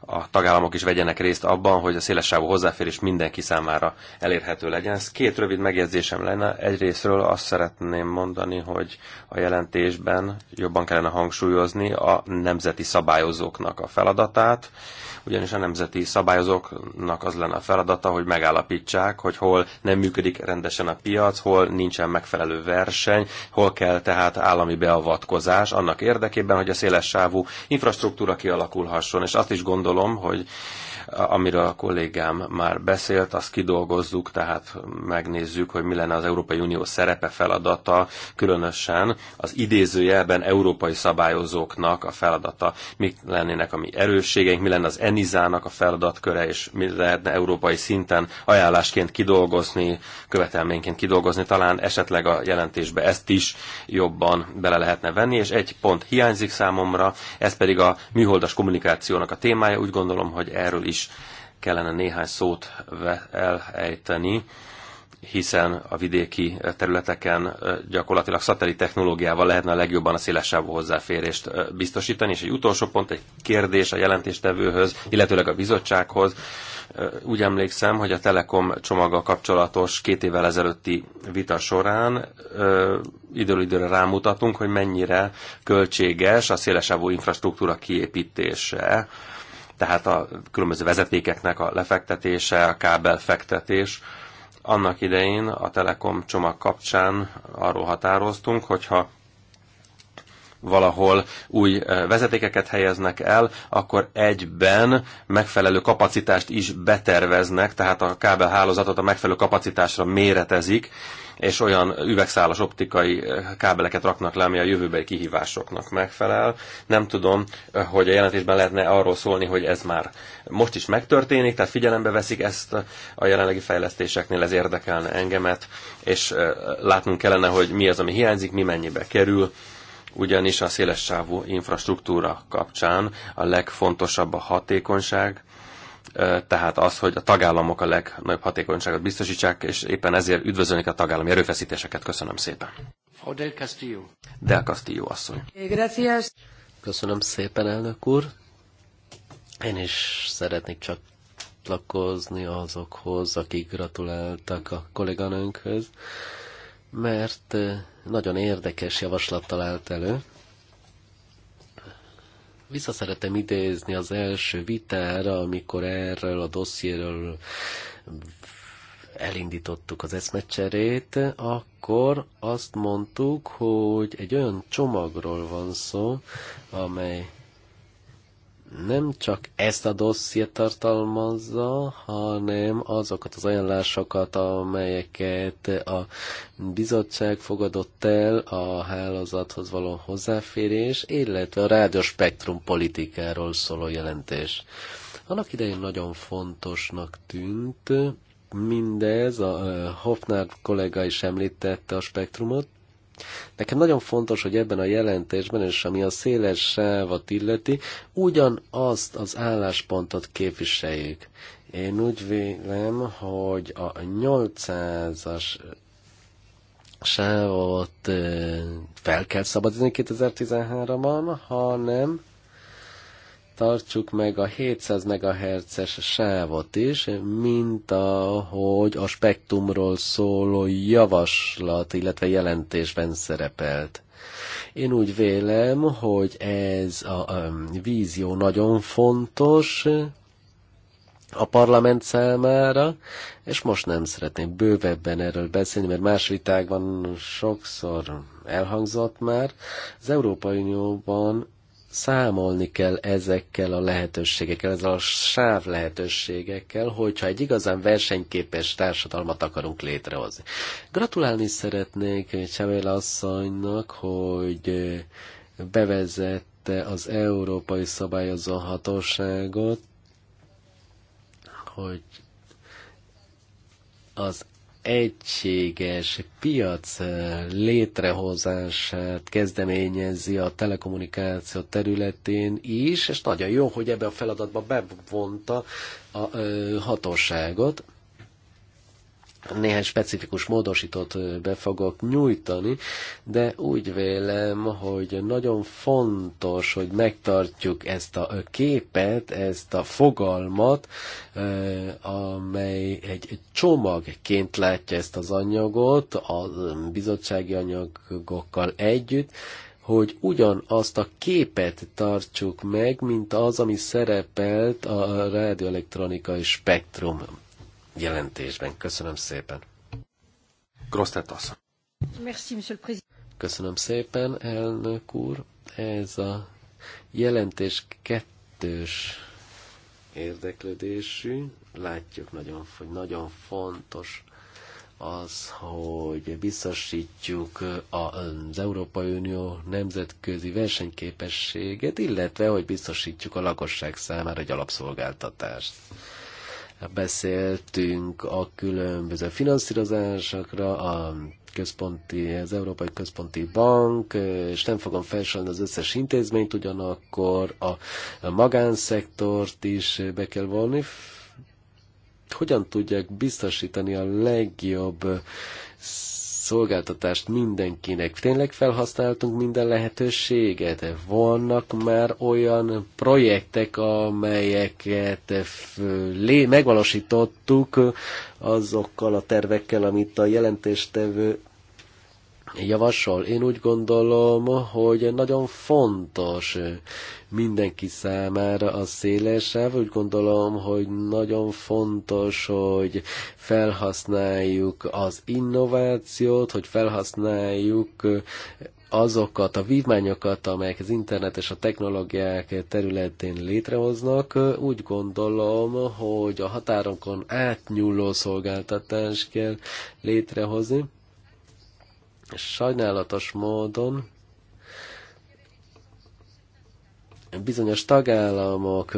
a tagállamok is vegyenek részt abban, hogy a szélesávú hozzáférés mindenki számára elérhető legyen. Ez két rövid megjegyzésem lenne. Egyrésztről azt szeretném mondani, hogy a jelentésben jobban kellene hangsúlyozni a nemzeti szabályozóknak a feladatát, ugyanis a nemzeti szabályozóknak az lenne a feladata, hogy megállapítsák, hogy hol nem működik rendesen a piac, hol nincsen megfelelő verseny, hol kell tehát állami beavatkozás annak érdekében, hogy a széles sávú infrastruktúra kialakulhasson. És azt is gondolom, hogy amiről a kollégám már beszélt, azt kidolgozzuk, tehát megnézzük, hogy mi lenne az Európai Unió szerepe, feladata, különösen az idézőjelben európai szabályozóknak a feladata, mik lennének a mi erősségeink, mi lenne az Enizának a feladatköre, és mi lehetne európai szinten ajánlásként kidolgozni, követelményként kidolgozni, talán esetleg a jelentésbe ezt is jobban bele lehetne venni, és egy pont hiányzik számomra, ez pedig a műholdas kommunikációnak a témája, úgy gondolom, hogy erről is is kellene néhány szót elejteni, hiszen a vidéki területeken gyakorlatilag szatellit technológiával lehetne a legjobban a szélesávú hozzáférést biztosítani. És egy utolsó pont, egy kérdés a jelentéstevőhöz, illetőleg a bizottsághoz. Úgy emlékszem, hogy a Telekom csomaga kapcsolatos két évvel ezelőtti vita során időről időre rámutatunk, hogy mennyire költséges a szélesávú infrastruktúra kiépítése tehát a különböző vezetékeknek a lefektetése, a kábelfektetés. Annak idején a Telekom csomag kapcsán arról határoztunk, hogyha valahol új vezetékeket helyeznek el, akkor egyben megfelelő kapacitást is beterveznek, tehát a kábelhálózatot a megfelelő kapacitásra méretezik, és olyan üvegszálas optikai eh, kábeleket raknak le, ami a jövőbeli kihívásoknak megfelel. Nem tudom, eh, hogy a jelentésben lehetne arról szólni, hogy ez már most is megtörténik, tehát figyelembe veszik ezt a jelenlegi fejlesztéseknél, ez érdekelne engemet, és eh, látnunk kellene, hogy mi az, ami hiányzik, mi mennyibe kerül, ugyanis a szélessávú infrastruktúra kapcsán a legfontosabb a hatékonyság, tehát az, hogy a tagállamok a legnagyobb hatékonyságot biztosítsák, és éppen ezért üdvözölnék a tagállami erőfeszítéseket. Köszönöm szépen. Frau del Castillo. Del Castillo asszony. Gracias. Köszönöm szépen, elnök úr. Én is szeretnék csak lakozni azokhoz, akik gratuláltak a kolléganőnkhöz, mert nagyon érdekes javaslattal állt elő. Vissza szeretem idézni az első vitára, amikor erről a dossziéről elindítottuk az eszmecserét, akkor azt mondtuk, hogy egy olyan csomagról van szó, amely nem csak ezt a dossziét tartalmazza, hanem azokat az ajánlásokat, amelyeket a bizottság fogadott el a hálózathoz való hozzáférés, illetve a rádióspektrum politikáról szóló jelentés. Annak idején nagyon fontosnak tűnt mindez, a eh, Hofnár kollega is említette a spektrumot, Nekem nagyon fontos, hogy ebben a jelentésben, és ami a széles sávat illeti, ugyanazt az álláspontot képviseljük. Én úgy vélem, hogy a 800-as sávot fel kell szabadítani 2013-ban, hanem tartsuk meg a 700 MHz-es sávot is, mint ahogy a spektrumról szóló javaslat, illetve jelentésben szerepelt. Én úgy vélem, hogy ez a, a vízió nagyon fontos, a parlament számára, és most nem szeretnék bővebben erről beszélni, mert más vitákban sokszor elhangzott már. Az Európai Unióban számolni kell ezekkel a lehetőségekkel, ezzel a sáv lehetőségekkel, hogyha egy igazán versenyképes társadalmat akarunk létrehozni. Gratulálni szeretnék Csemél asszonynak, hogy bevezette az Európai Szabályozó Hatóságot, hogy az egységes piac eh, létrehozását kezdeményezi a telekommunikáció területén is, és nagyon jó, hogy ebbe a feladatba bevonta a eh, hatóságot néhány specifikus módosítót be fogok nyújtani, de úgy vélem, hogy nagyon fontos, hogy megtartjuk ezt a képet, ezt a fogalmat, amely egy csomagként látja ezt az anyagot, a bizottsági anyagokkal együtt, hogy ugyanazt a képet tartsuk meg, mint az, ami szerepelt a radioelektronikai spektrum jelentésben. Köszönöm szépen. Köszönöm szépen, elnök úr. Ez a jelentés kettős érdeklődésű. Látjuk, nagyon, hogy nagyon fontos az, hogy biztosítjuk az Európai Unió nemzetközi versenyképességet, illetve hogy biztosítjuk a lakosság számára egy alapszolgáltatást. Beszéltünk a különböző finanszírozásokra, a központi, az Európai Központi Bank, és nem fogom felsorolni az összes intézményt, ugyanakkor a, a magánszektort is be kell volni. Hogyan tudják biztosítani a legjobb szolgáltatást mindenkinek. Tényleg felhasználtunk minden lehetőséget? Vannak már olyan projektek, amelyeket lé megvalósítottuk azokkal a tervekkel, amit a jelentéstevő javasol. Én úgy gondolom, hogy nagyon fontos mindenki számára a szélesebb. Úgy gondolom, hogy nagyon fontos, hogy felhasználjuk az innovációt, hogy felhasználjuk azokat a vívmányokat, amelyek az internet és a technológiák területén létrehoznak, úgy gondolom, hogy a határokon átnyúló szolgáltatást kell létrehozni és Sajnálatos módon bizonyos tagállamok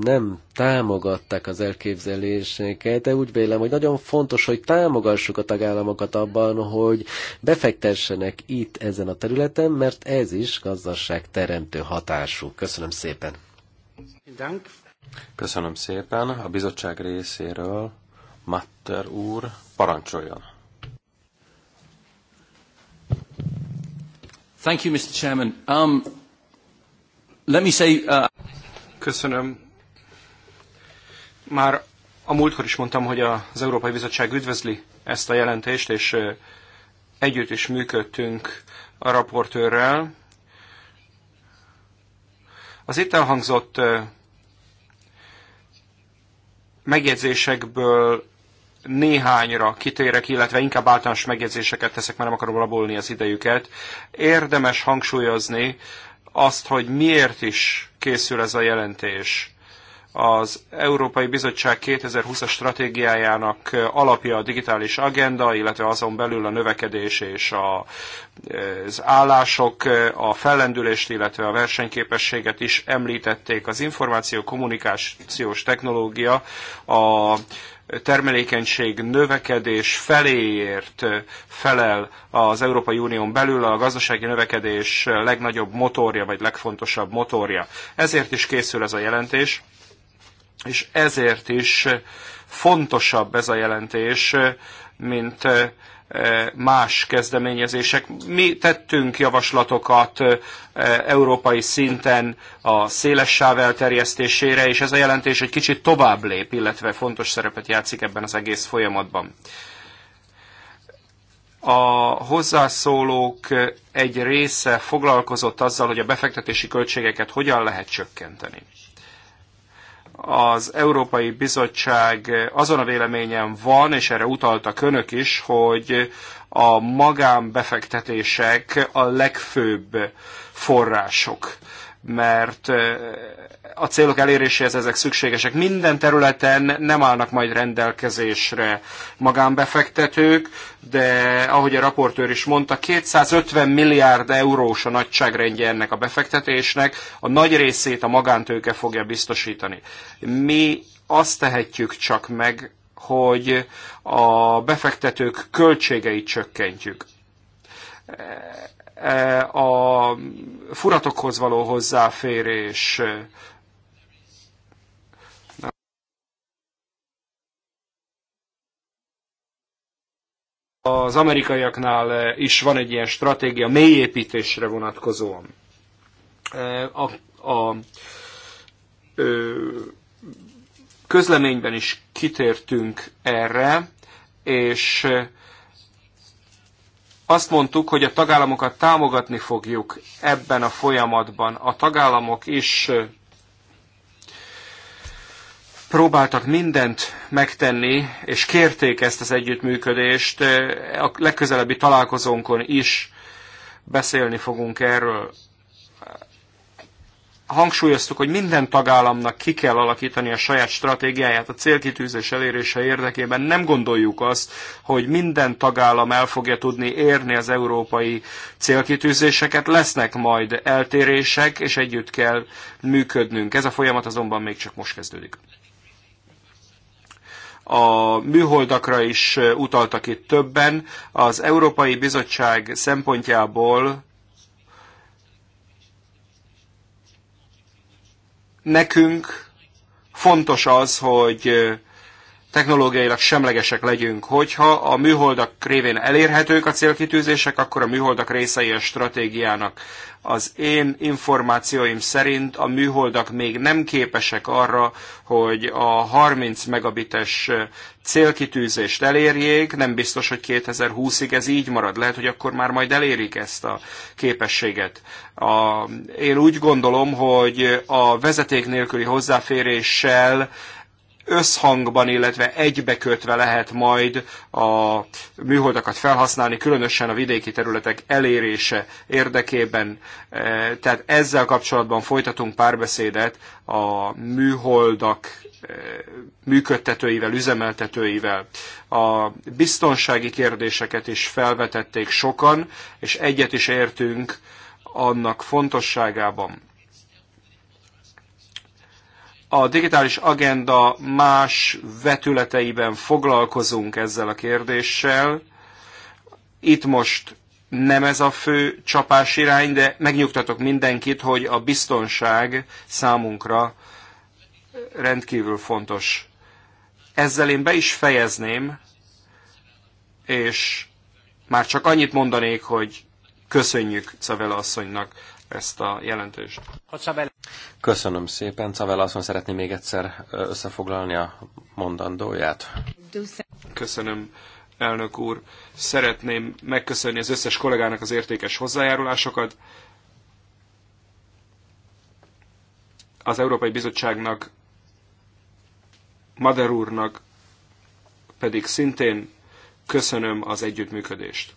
nem támogatták az elképzeléseket, de úgy vélem, hogy nagyon fontos, hogy támogassuk a tagállamokat abban, hogy befektessenek itt ezen a területen, mert ez is gazdaság teremtő hatású. Köszönöm szépen! Köszönöm szépen. A bizottság részéről Matter úr parancsoljon. Thank you, Mr. Chairman. Um, let me say... Uh... Köszönöm. Már a múltkor is mondtam, hogy az Európai Bizottság üdvözli ezt a jelentést, és uh, együtt is működtünk a raportőrrel. Az itt elhangzott uh, megjegyzésekből néhányra kitérek, illetve inkább általános megjegyzéseket teszek, mert nem akarom rabolni az idejüket. Érdemes hangsúlyozni azt, hogy miért is készül ez a jelentés az Európai Bizottság 2020-as stratégiájának alapja a digitális agenda, illetve azon belül a növekedés és a, az állások, a fellendülést, illetve a versenyképességet is említették. Az információ kommunikációs technológia a termelékenység növekedés feléért felel az Európai Unión belül a gazdasági növekedés legnagyobb motorja, vagy legfontosabb motorja. Ezért is készül ez a jelentés, és ezért is fontosabb ez a jelentés, mint más kezdeményezések. Mi tettünk javaslatokat európai szinten a széles sáv elterjesztésére, és ez a jelentés egy kicsit tovább lép, illetve fontos szerepet játszik ebben az egész folyamatban. A hozzászólók egy része foglalkozott azzal, hogy a befektetési költségeket hogyan lehet csökkenteni az Európai Bizottság azon a véleményen van, és erre utaltak önök is, hogy a magánbefektetések a legfőbb források mert a célok eléréséhez ezek szükségesek. Minden területen nem állnak majd rendelkezésre magánbefektetők, de ahogy a raportőr is mondta, 250 milliárd eurós a nagyságrendje ennek a befektetésnek, a nagy részét a magántőke fogja biztosítani. Mi azt tehetjük csak meg, hogy a befektetők költségeit csökkentjük a furatokhoz való hozzáférés, az amerikaiaknál is van egy ilyen stratégia mélyépítésre vonatkozóan. A, a ö, közleményben is kitértünk erre, és azt mondtuk, hogy a tagállamokat támogatni fogjuk ebben a folyamatban. A tagállamok is próbáltak mindent megtenni, és kérték ezt az együttműködést. A legközelebbi találkozónkon is beszélni fogunk erről hangsúlyoztuk, hogy minden tagállamnak ki kell alakítani a saját stratégiáját a célkitűzés elérése érdekében. Nem gondoljuk azt, hogy minden tagállam el fogja tudni érni az európai célkitűzéseket. Lesznek majd eltérések, és együtt kell működnünk. Ez a folyamat azonban még csak most kezdődik. A műholdakra is utaltak itt többen. Az Európai Bizottság szempontjából Nekünk fontos az, hogy technológiailag semlegesek legyünk. Hogyha a műholdak révén elérhetők a célkitűzések, akkor a műholdak részei a stratégiának. Az én információim szerint a műholdak még nem képesek arra, hogy a 30 megabites célkitűzést elérjék, nem biztos, hogy 2020-ig ez így marad. Lehet, hogy akkor már majd elérik ezt a képességet. A, én úgy gondolom, hogy a vezeték nélküli hozzáféréssel összhangban, illetve egybekötve lehet majd a műholdakat felhasználni, különösen a vidéki területek elérése érdekében. E, tehát ezzel kapcsolatban folytatunk párbeszédet a műholdak e, működtetőivel, üzemeltetőivel. A biztonsági kérdéseket is felvetették sokan, és egyet is értünk annak fontosságában a digitális agenda más vetületeiben foglalkozunk ezzel a kérdéssel. Itt most nem ez a fő csapás irány, de megnyugtatok mindenkit, hogy a biztonság számunkra rendkívül fontos. Ezzel én be is fejezném, és már csak annyit mondanék, hogy köszönjük Cavella asszonynak ezt a jelentést. Köszönöm szépen. Cavella asszony szeretné még egyszer összefoglalni a mondandóját. Köszönöm, elnök úr. Szeretném megköszönni az összes kollégának az értékes hozzájárulásokat. Az Európai Bizottságnak, Mader úrnak pedig szintén köszönöm az együttműködést.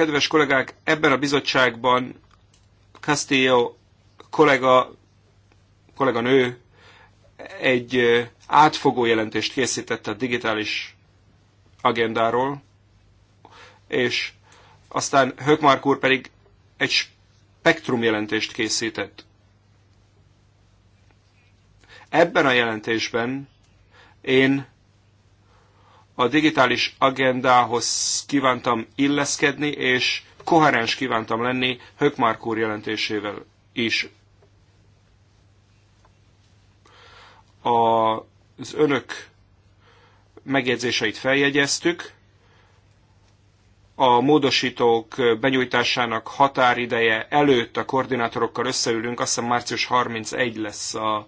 kedves kollégák, ebben a bizottságban Castillo kollega, kollega nő egy átfogó jelentést készített a digitális agendáról, és aztán Hökmark úr pedig egy spektrum jelentést készített. Ebben a jelentésben én a digitális agendához kívántam illeszkedni, és koherens kívántam lenni Hökmark úr jelentésével is. A, az önök megjegyzéseit feljegyeztük, a módosítók benyújtásának határideje előtt a koordinátorokkal összeülünk, azt hiszem március 31 lesz a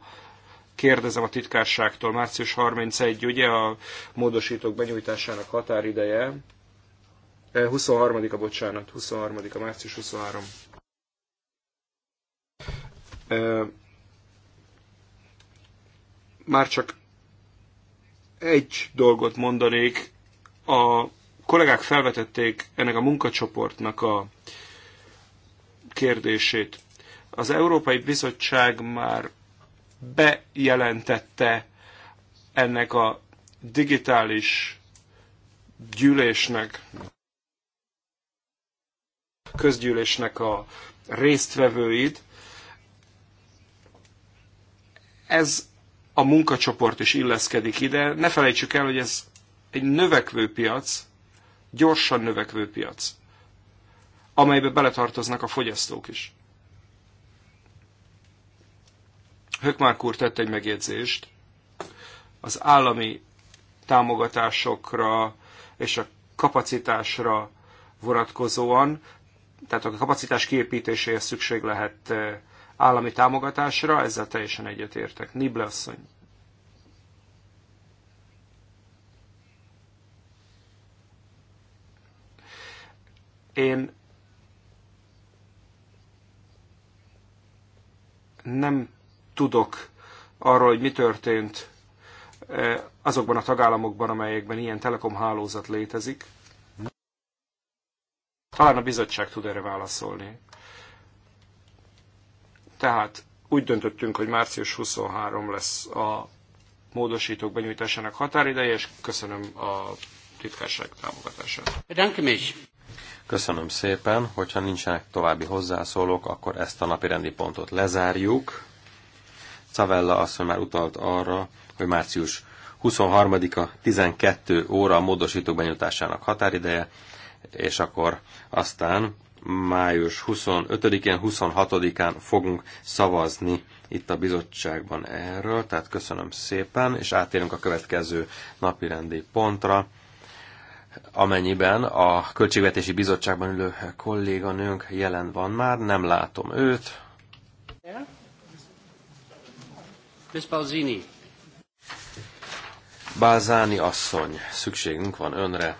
kérdezem a titkárságtól, március 31, ugye a módosítók benyújtásának határideje, 23-a, bocsánat, 23-a, március 23. Már csak egy dolgot mondanék. A kollégák felvetették ennek a munkacsoportnak a kérdését. Az Európai Bizottság már bejelentette ennek a digitális gyűlésnek, közgyűlésnek a résztvevőit. Ez a munkacsoport is illeszkedik ide. Ne felejtsük el, hogy ez egy növekvő piac, gyorsan növekvő piac, amelybe beletartoznak a fogyasztók is. Hökmárk úr tett egy megjegyzést az állami támogatásokra és a kapacitásra vonatkozóan, tehát a kapacitás kiépítéséhez szükség lehet eh, állami támogatásra, ezzel teljesen egyetértek. Nible asszony. Én nem tudok arról, hogy mi történt eh, azokban a tagállamokban, amelyekben ilyen telekomhálózat létezik. Talán a bizottság tud erre válaszolni. Tehát úgy döntöttünk, hogy március 23 lesz a módosítók benyújtásának határideje, és köszönöm a titkárság támogatását. Köszönöm szépen, hogyha nincsenek további hozzászólók, akkor ezt a napi rendi pontot lezárjuk. Cavella asszony már utalt arra, hogy március 23-a 12 óra a módosítók benyújtásának határideje, és akkor aztán május 25-én, 26-án fogunk szavazni itt a bizottságban erről, tehát köszönöm szépen, és átérünk a következő napirendi pontra, amennyiben a Költségvetési Bizottságban ülő kolléganőnk jelen van már, nem látom őt, Miss Balzini. Balzani asszony, szükségünk van önre.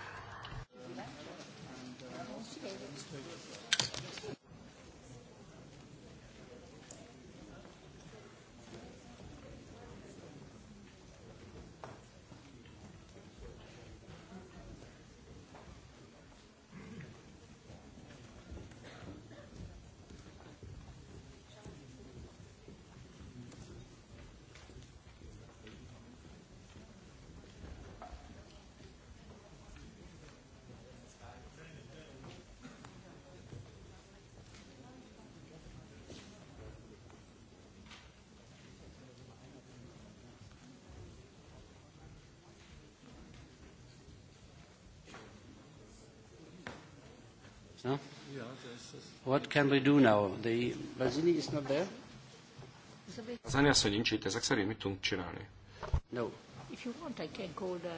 What can we do now? The Basini is not there? Az anya asszony nincs itt, ezek szerint mit tudunk csinálni? No. If you want, I can call the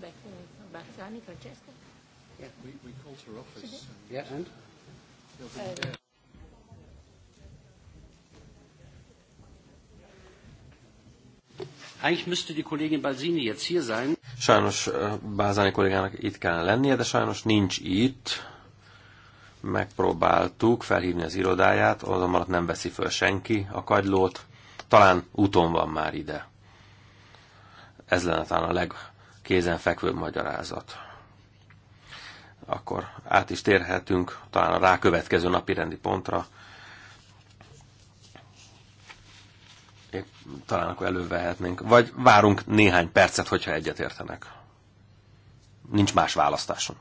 back, uh, for Yeah. We, we called her office. Yeah, and? Uh, Eigentlich müsste die Kollegin Balzini jetzt hier sein. Sajnos uh, Bázani kollégának itt kellene lennie, de sajnos nincs itt. Megpróbáltuk felhívni az irodáját, azonban nem veszi föl senki a kagylót. Talán úton van már ide. Ez lenne talán a legkézenfekvőbb magyarázat. Akkor át is térhetünk talán a rákövetkező napi rendi pontra. Épp, talán akkor elővehetnénk. Vagy várunk néhány percet, hogyha egyetértenek. Nincs más választásunk.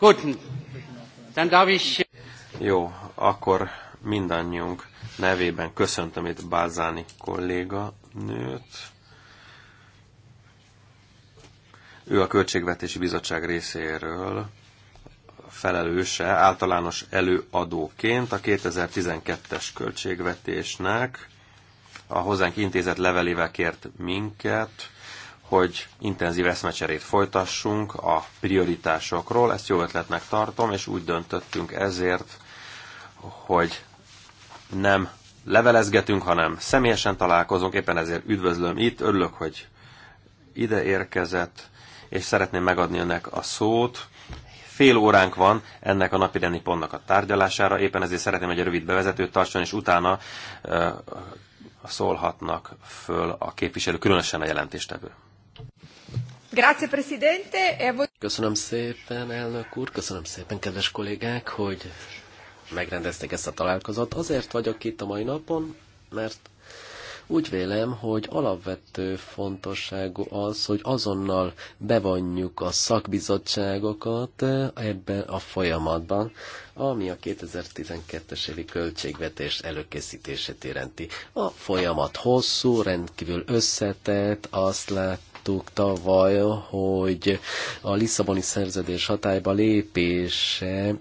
Guten. Dann darf ich... Jó, akkor mindannyiunk nevében köszöntöm itt Bázáni kolléga nőt. Ő a Költségvetési Bizottság részéről felelőse általános előadóként a 2012-es költségvetésnek. A hozzánk intézet levelével kért minket, hogy intenzív eszmecserét folytassunk a prioritásokról. Ezt jó ötletnek tartom, és úgy döntöttünk ezért, hogy nem levelezgetünk, hanem személyesen találkozunk. Éppen ezért üdvözlöm itt, örülök, hogy ide érkezett, és szeretném megadni önnek a szót. Fél óránk van ennek a napirendi pontnak a tárgyalására, éppen ezért szeretném, hogy egy rövid bevezetőt tartson, és utána szólhatnak föl a képviselő, különösen a jelentéstevő. Grazie, Presidente, e Köszönöm szépen, elnök úr, köszönöm szépen, kedves kollégák, hogy megrendezték ezt a találkozót. Azért vagyok itt a mai napon, mert úgy vélem, hogy alapvető fontosságú az, hogy azonnal bevonjuk a szakbizottságokat ebben a folyamatban, ami a 2012-es évi költségvetés előkészítését érinti. A folyamat hosszú, rendkívül összetett, azt lát, láttuk tavaly, hogy a Lisszaboni szerződés hatályba lépése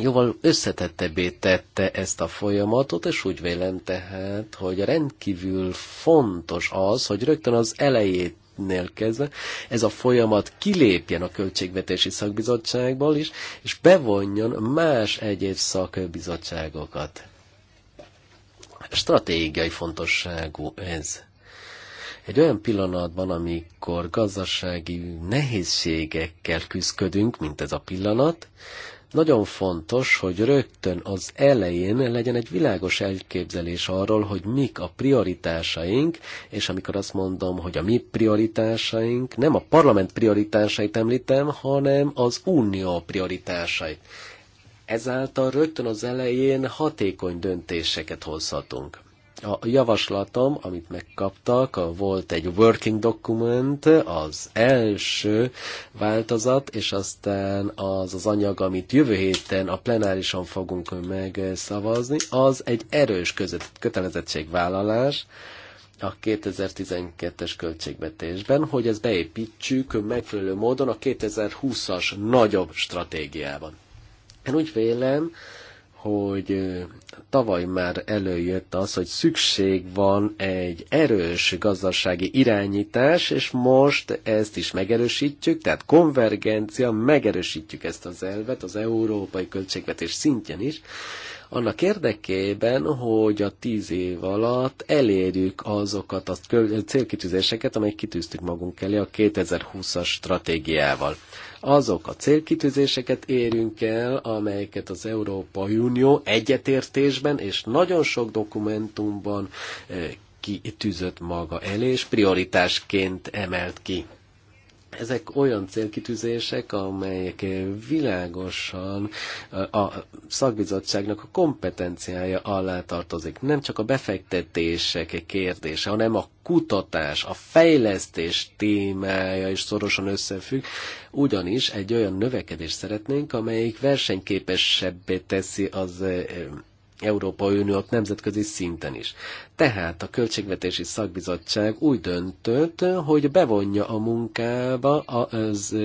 jóval összetettebbé tette ezt a folyamatot, és úgy vélem tehát, hogy rendkívül fontos az, hogy rögtön az elejét kezdve, ez a folyamat kilépjen a Költségvetési Szakbizottságból is, és bevonjon más egyéb szakbizottságokat. Stratégiai fontosságú ez. Egy olyan pillanatban, amikor gazdasági nehézségekkel küzdködünk, mint ez a pillanat, nagyon fontos, hogy rögtön az elején legyen egy világos elképzelés arról, hogy mik a prioritásaink, és amikor azt mondom, hogy a mi prioritásaink, nem a parlament prioritásait említem, hanem az unió prioritásait. Ezáltal rögtön az elején hatékony döntéseket hozhatunk. A javaslatom, amit megkaptak, volt egy working document, az első változat, és aztán az az anyag, amit jövő héten a plenárison fogunk megszavazni, az egy erős között, kötelezettségvállalás, a 2012-es költségvetésben, hogy ezt beépítsük megfelelő módon a 2020-as nagyobb stratégiában. Én úgy vélem, hogy tavaly már előjött az, hogy szükség van egy erős gazdasági irányítás, és most ezt is megerősítjük, tehát konvergencia, megerősítjük ezt az elvet az európai költségvetés szintjén is, annak érdekében, hogy a tíz év alatt elérjük azokat a célkitűzéseket, amelyek kitűztük magunk elé a 2020-as stratégiával azok a célkitűzéseket érünk el, amelyeket az Európai Unió egyetértésben és nagyon sok dokumentumban eh, kitűzött maga elé, és prioritásként emelt ki. Ezek olyan célkitűzések, amelyek világosan a szakbizottságnak a kompetenciája alá tartozik. Nem csak a befektetések kérdése, hanem a kutatás, a fejlesztés témája is szorosan összefügg, ugyanis egy olyan növekedést szeretnénk, amelyik versenyképesebbé teszi az Európai uniót nemzetközi szinten is. Tehát a Költségvetési Szakbizottság úgy döntött, hogy bevonja a munkába az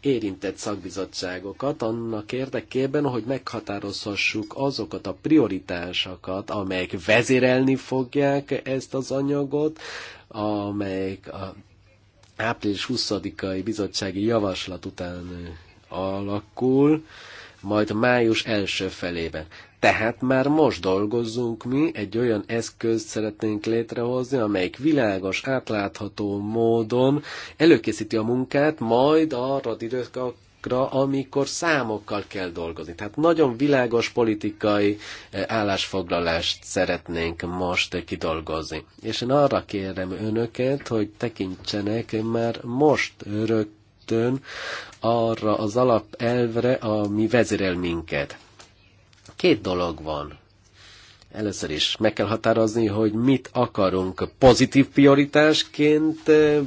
érintett szakbizottságokat annak érdekében, hogy meghatározhassuk azokat a prioritásokat, amelyek vezérelni fogják ezt az anyagot, amelyek a április 20-ai bizottsági javaslat után alakul, majd május első felében. Tehát már most dolgozzunk mi, egy olyan eszközt szeretnénk létrehozni, amelyik világos, átlátható módon előkészíti a munkát, majd arra időszakra, amikor számokkal kell dolgozni. Tehát nagyon világos politikai eh, állásfoglalást szeretnénk most kidolgozni. És én arra kérem önöket, hogy tekintsenek már most rögtön arra az alapelvre, ami vezérel minket. Két dolog van. Először is meg kell határozni, hogy mit akarunk pozitív prioritásként eh,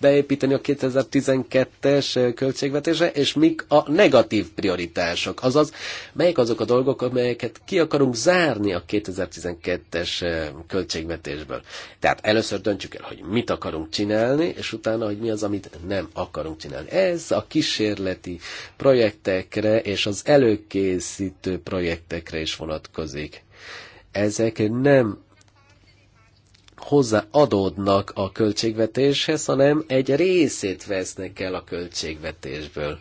beépíteni a 2012-es költségvetésre, és mik a negatív prioritások, azaz melyik azok a dolgok, amelyeket ki akarunk zárni a 2012-es költségvetésből. Tehát először döntjük el, hogy mit akarunk csinálni, és utána, hogy mi az, amit nem akarunk csinálni. Ez a kísérleti projektekre és az előkészítő projektekre is vonatkozik ezek nem hozzáadódnak a költségvetéshez, hanem egy részét vesznek el a költségvetésből.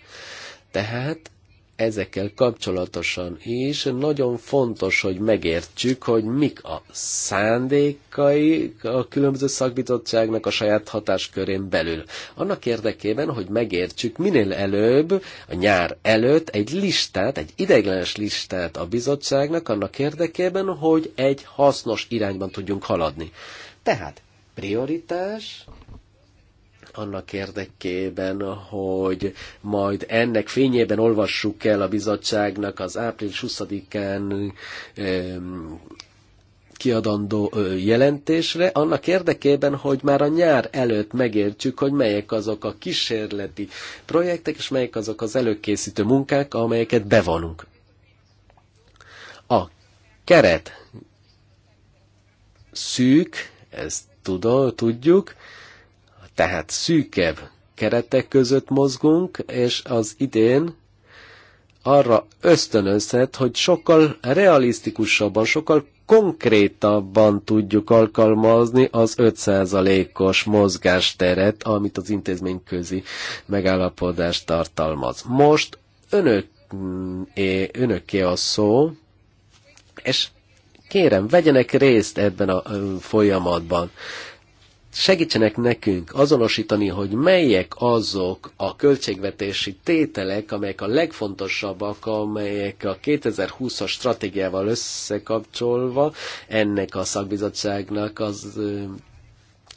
Tehát ezekkel kapcsolatosan is nagyon fontos, hogy megértsük, hogy mik a szándékai a különböző szakbizottságnak a saját hatáskörén belül. Annak érdekében, hogy megértsük minél előbb, a nyár előtt egy listát, egy ideiglenes listát a bizottságnak annak érdekében, hogy egy hasznos irányban tudjunk haladni. Tehát prioritás annak érdekében, hogy majd ennek fényében olvassuk el a bizottságnak az április 20-án kiadandó jelentésre, annak érdekében, hogy már a nyár előtt megértsük, hogy melyek azok a kísérleti projektek, és melyek azok az előkészítő munkák, amelyeket bevonunk. A keret szűk, ezt tudó, tudjuk, tehát szűkebb keretek között mozgunk, és az idén arra ösztönözhet, hogy sokkal realisztikusabban, sokkal konkrétabban tudjuk alkalmazni az 5%-os mozgásteret, amit az intézményközi megállapodás tartalmaz. Most önök, mm, önöké a szó, és Kérem, vegyenek részt ebben a folyamatban. Segítsenek nekünk azonosítani, hogy melyek azok a költségvetési tételek, amelyek a legfontosabbak, amelyek a 2020-as stratégiával összekapcsolva ennek a szakbizottságnak az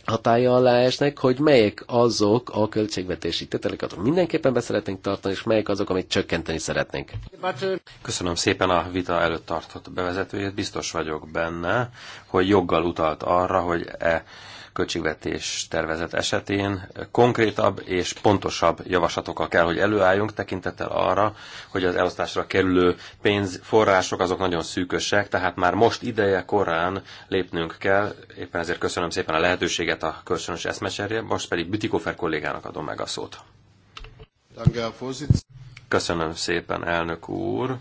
hatája alá esnek, hogy melyek azok a költségvetési tételek, amit mindenképpen beszeretnénk tartani, és melyek azok, amit csökkenteni szeretnénk. Köszönöm szépen a vita előtt tartott bevezetőjét, biztos vagyok benne, hogy joggal utalt arra, hogy e költségvetés tervezet esetén konkrétabb és pontosabb javaslatokkal kell, hogy előálljunk, tekintettel arra, hogy az elosztásra kerülő pénzforrások azok nagyon szűkösek, tehát már most ideje korán lépnünk kell, éppen ezért köszönöm szépen a lehetőséget a kölcsönös eszmeserje, most pedig Bütikofer kollégának adom meg a szót. Köszönöm szépen, elnök úr.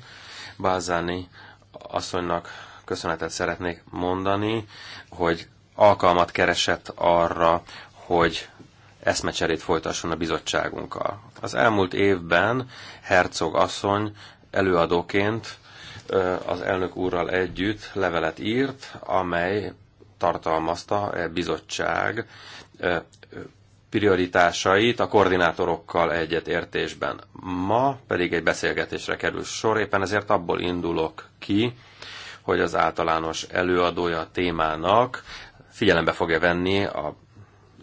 Bázáni asszonynak köszönetet szeretnék mondani, hogy alkalmat keresett arra, hogy eszmecserét folytasson a bizottságunkkal. Az elmúlt évben Herzog asszony előadóként az elnök úrral együtt levelet írt, amely tartalmazta a e bizottság prioritásait a koordinátorokkal egyetértésben. Ma pedig egy beszélgetésre kerül sor, éppen ezért abból indulok ki, hogy az általános előadója a témának figyelembe fogja venni a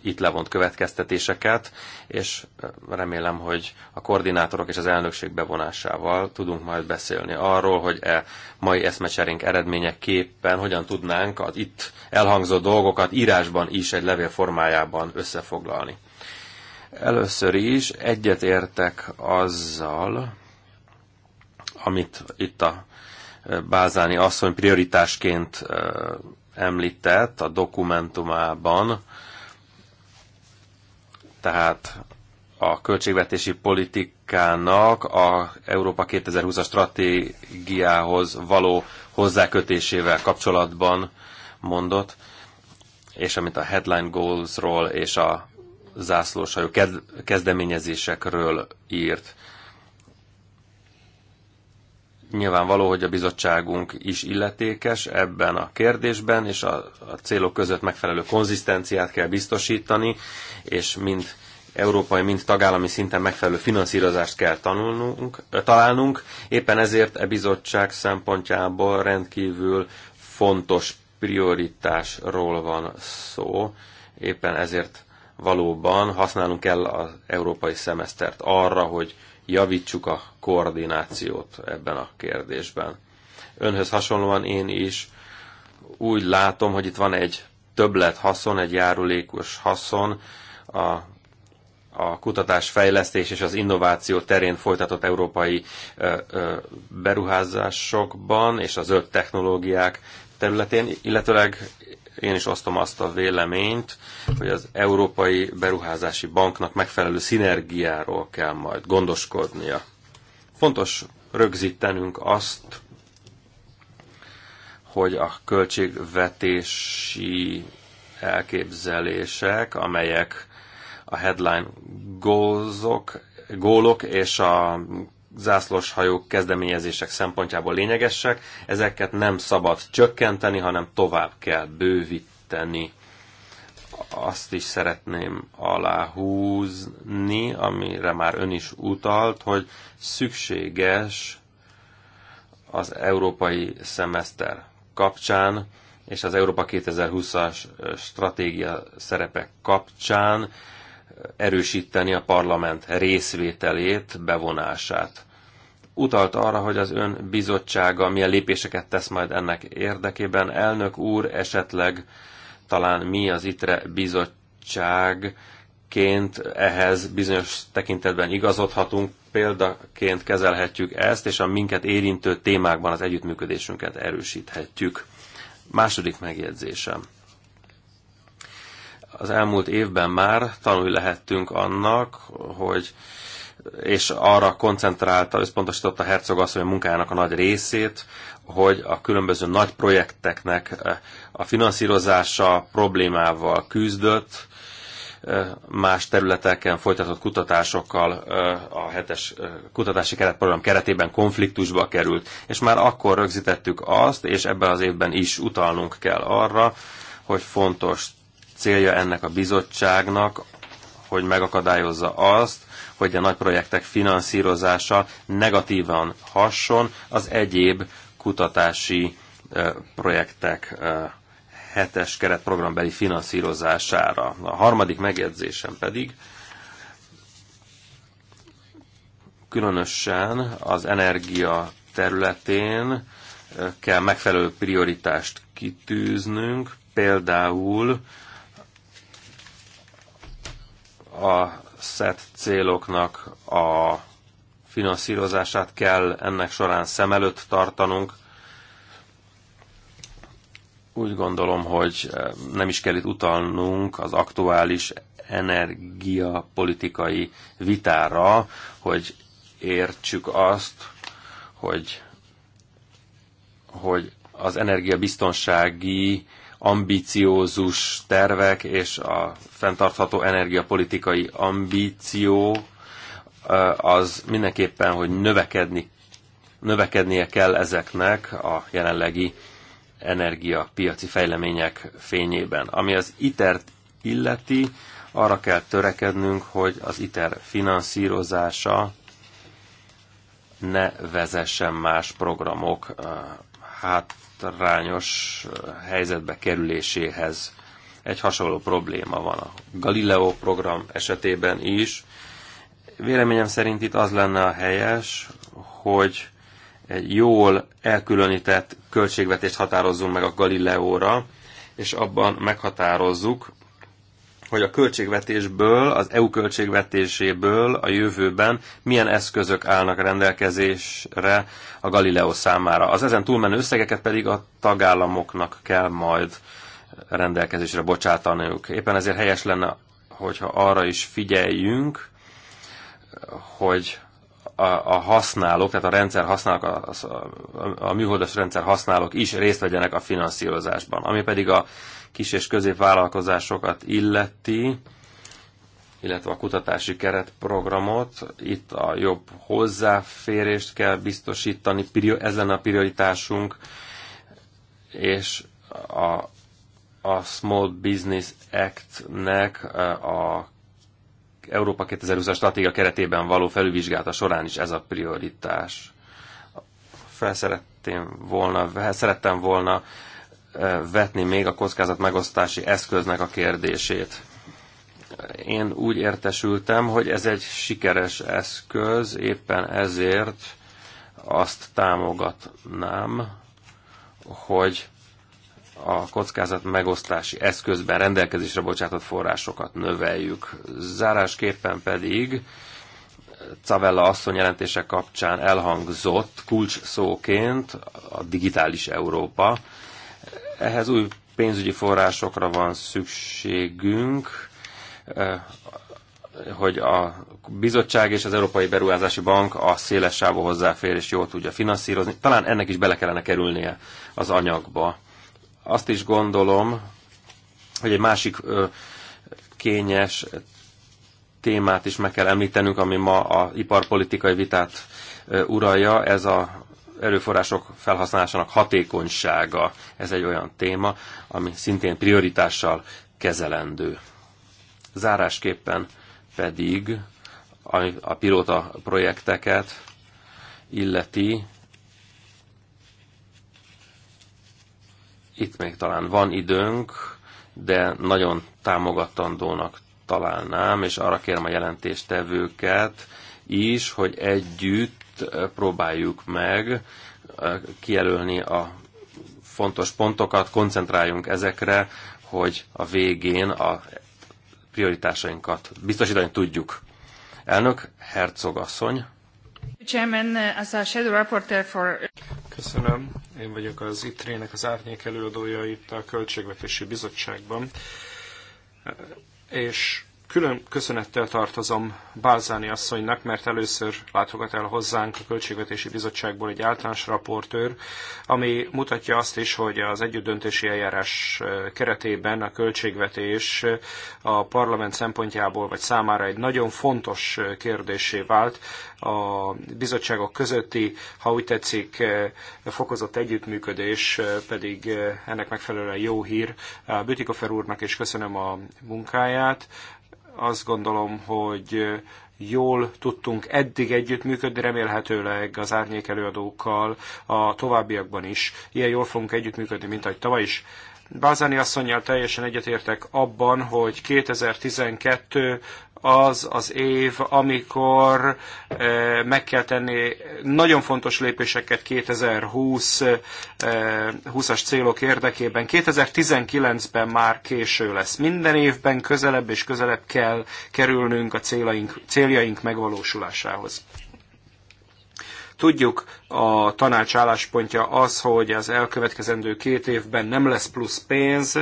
itt levont következtetéseket, és remélem, hogy a koordinátorok és az elnökség bevonásával tudunk majd beszélni arról, hogy e mai eszmecserénk eredményeképpen hogyan tudnánk az itt elhangzó dolgokat írásban is egy levél formájában összefoglalni. Először is egyetértek azzal, amit itt a Bázáni asszony prioritásként említett a dokumentumában, tehát a költségvetési politikának a Európa 2020-as stratégiához való hozzákötésével kapcsolatban mondott, és amit a headline goalsról és a zászlósajó kezdeményezésekről írt. Nyilvánvaló, hogy a bizottságunk is illetékes ebben a kérdésben, és a, a célok között megfelelő konzisztenciát kell biztosítani, és mind európai, mind tagállami szinten megfelelő finanszírozást kell tanulnunk, találnunk. Éppen ezért e bizottság szempontjából rendkívül fontos prioritásról van szó. Éppen ezért valóban használnunk kell az európai szemesztert arra, hogy javítsuk a koordinációt ebben a kérdésben. Önhöz hasonlóan én is úgy látom, hogy itt van egy többlet haszon, egy járulékos haszon a a kutatás, fejlesztés és az innováció terén folytatott európai beruházásokban és a zöld technológiák területén, illetőleg én is osztom azt a véleményt, hogy az Európai Beruházási Banknak megfelelő szinergiáról kell majd gondoskodnia. Fontos rögzítenünk azt, hogy a költségvetési elképzelések, amelyek a headline gózok, gólok és a zászlós hajók kezdeményezések szempontjából lényegesek, ezeket nem szabad csökkenteni, hanem tovább kell bővíteni azt is szeretném aláhúzni, amire már ön is utalt, hogy szükséges az európai szemeszter kapcsán és az Európa 2020-as stratégia szerepek kapcsán erősíteni a parlament részvételét, bevonását. Utalt arra, hogy az ön bizottsága milyen lépéseket tesz majd ennek érdekében. Elnök úr esetleg talán mi az ITRE bizottságként ehhez bizonyos tekintetben igazodhatunk, példaként kezelhetjük ezt, és a minket érintő témákban az együttműködésünket erősíthetjük. Második megjegyzésem. Az elmúlt évben már tanulni lehettünk annak, hogy és arra koncentrálta, összpontosította Herzog asszony munkájának a nagy részét, hogy a különböző nagy projekteknek eh, a finanszírozása problémával küzdött, eh, más területeken folytatott kutatásokkal eh, a hetes kutatási keretprogram keretében konfliktusba került. És már akkor rögzítettük azt, és ebben az évben is utalnunk kell arra, hogy fontos célja ennek a bizottságnak, hogy megakadályozza azt, hogy a nagy projektek finanszírozása negatívan hasson az egyéb kutatási eh, projektek eh, hetes keretprogrambeli finanszírozására. A harmadik megjegyzésem pedig különösen az energia területén eh, kell megfelelő prioritást kitűznünk, például a szett céloknak a finanszírozását kell ennek során szem előtt tartanunk. Úgy gondolom, hogy eh, nem is kell itt utalnunk az aktuális energiapolitikai vitára, hogy értsük azt, hogy, hogy az energiabiztonsági ambiciózus tervek és a fenntartható energiapolitikai ambíció az mindenképpen, hogy növekedni, növekednie kell ezeknek a jelenlegi energiapiaci fejlemények fényében. Ami az ITER-t illeti, arra kell törekednünk, hogy az ITER finanszírozása ne vezessen más programok hátrányos helyzetbe kerüléséhez. Egy hasonló probléma van a Galileo program esetében is, Véleményem szerint itt az lenne a helyes, hogy egy jól elkülönített költségvetést határozzunk meg a Galileóra, és abban meghatározzuk, hogy a költségvetésből, az EU költségvetéséből a jövőben milyen eszközök állnak rendelkezésre a Galileo számára. Az ezen túlmenő összegeket pedig a tagállamoknak kell majd rendelkezésre bocsátaniuk. Éppen ezért helyes lenne, hogyha arra is figyeljünk, hogy a, a használók, tehát a rendszer használók, a, a, a műholdas rendszer használók is részt vegyenek a finanszírozásban. Ami pedig a kis és középvállalkozásokat illeti, illetve a kutatási keretprogramot, itt a jobb hozzáférést kell biztosítani, ez lenne a prioritásunk, és a, a Small Business Act-nek a Európa 2020 stratégia keretében való felülvizsgálata során is ez a prioritás. Felszerettem volna, hát szerettem volna eh, vetni még a kockázat megosztási eszköznek a kérdését. Én úgy értesültem, hogy ez egy sikeres eszköz, éppen ezért azt támogatnám, hogy a kockázat megosztási eszközben rendelkezésre bocsátott forrásokat növeljük. Zárásképpen pedig Cavella asszony jelentése kapcsán elhangzott kulcs szóként a digitális Európa. Ehhez új pénzügyi forrásokra van szükségünk, eh, hogy a bizottság és az Európai Beruházási Bank a széles sávú hozzáférés jól tudja finanszírozni. Talán ennek is bele kellene kerülnie az anyagba. Azt is gondolom, hogy egy másik kényes témát is meg kell említenünk, ami ma a iparpolitikai vitát uralja, ez a erőforrások felhasználásának hatékonysága. Ez egy olyan téma, ami szintén prioritással kezelendő. Zárásképpen pedig a pilóta projekteket illeti, Itt még talán van időnk, de nagyon támogatandónak találnám, és arra kérem a jelentéstevőket is, hogy együtt eh, próbáljuk meg eh, kijelölni a fontos pontokat, koncentráljunk ezekre, hogy a végén a prioritásainkat biztosítani tudjuk. Elnök, asszony. Uh, Köszönöm. Én vagyok az ITRE-nek az árnyék előadója itt a Költségvetési Bizottságban. Uh, és Külön köszönettel tartozom Bálzáni asszonynak, mert először látogat el hozzánk a Költségvetési Bizottságból egy általános raportőr, ami mutatja azt is, hogy az együttdöntési eljárás keretében a költségvetés a parlament szempontjából vagy számára egy nagyon fontos kérdésé vált. A bizottságok közötti, ha úgy tetszik, fokozott együttműködés pedig ennek megfelelően jó hír. Bütikofer úrnak is köszönöm a munkáját azt gondolom, hogy jól tudtunk eddig együttműködni, remélhetőleg az árnyék előadókkal a továbbiakban is ilyen jól fogunk együttműködni, mint ahogy tavaly is. Bázani asszonyjal teljesen egyetértek abban, hogy 2012 az az év, amikor eh, meg kell tenni nagyon fontos lépéseket 2020 20-as eh, célok érdekében. 2019-ben már késő lesz. Minden évben közelebb és közelebb kell kerülnünk a céljaink, céljaink megvalósulásához. Tudjuk, a tanács álláspontja az, hogy az elkövetkezendő két évben nem lesz plusz pénz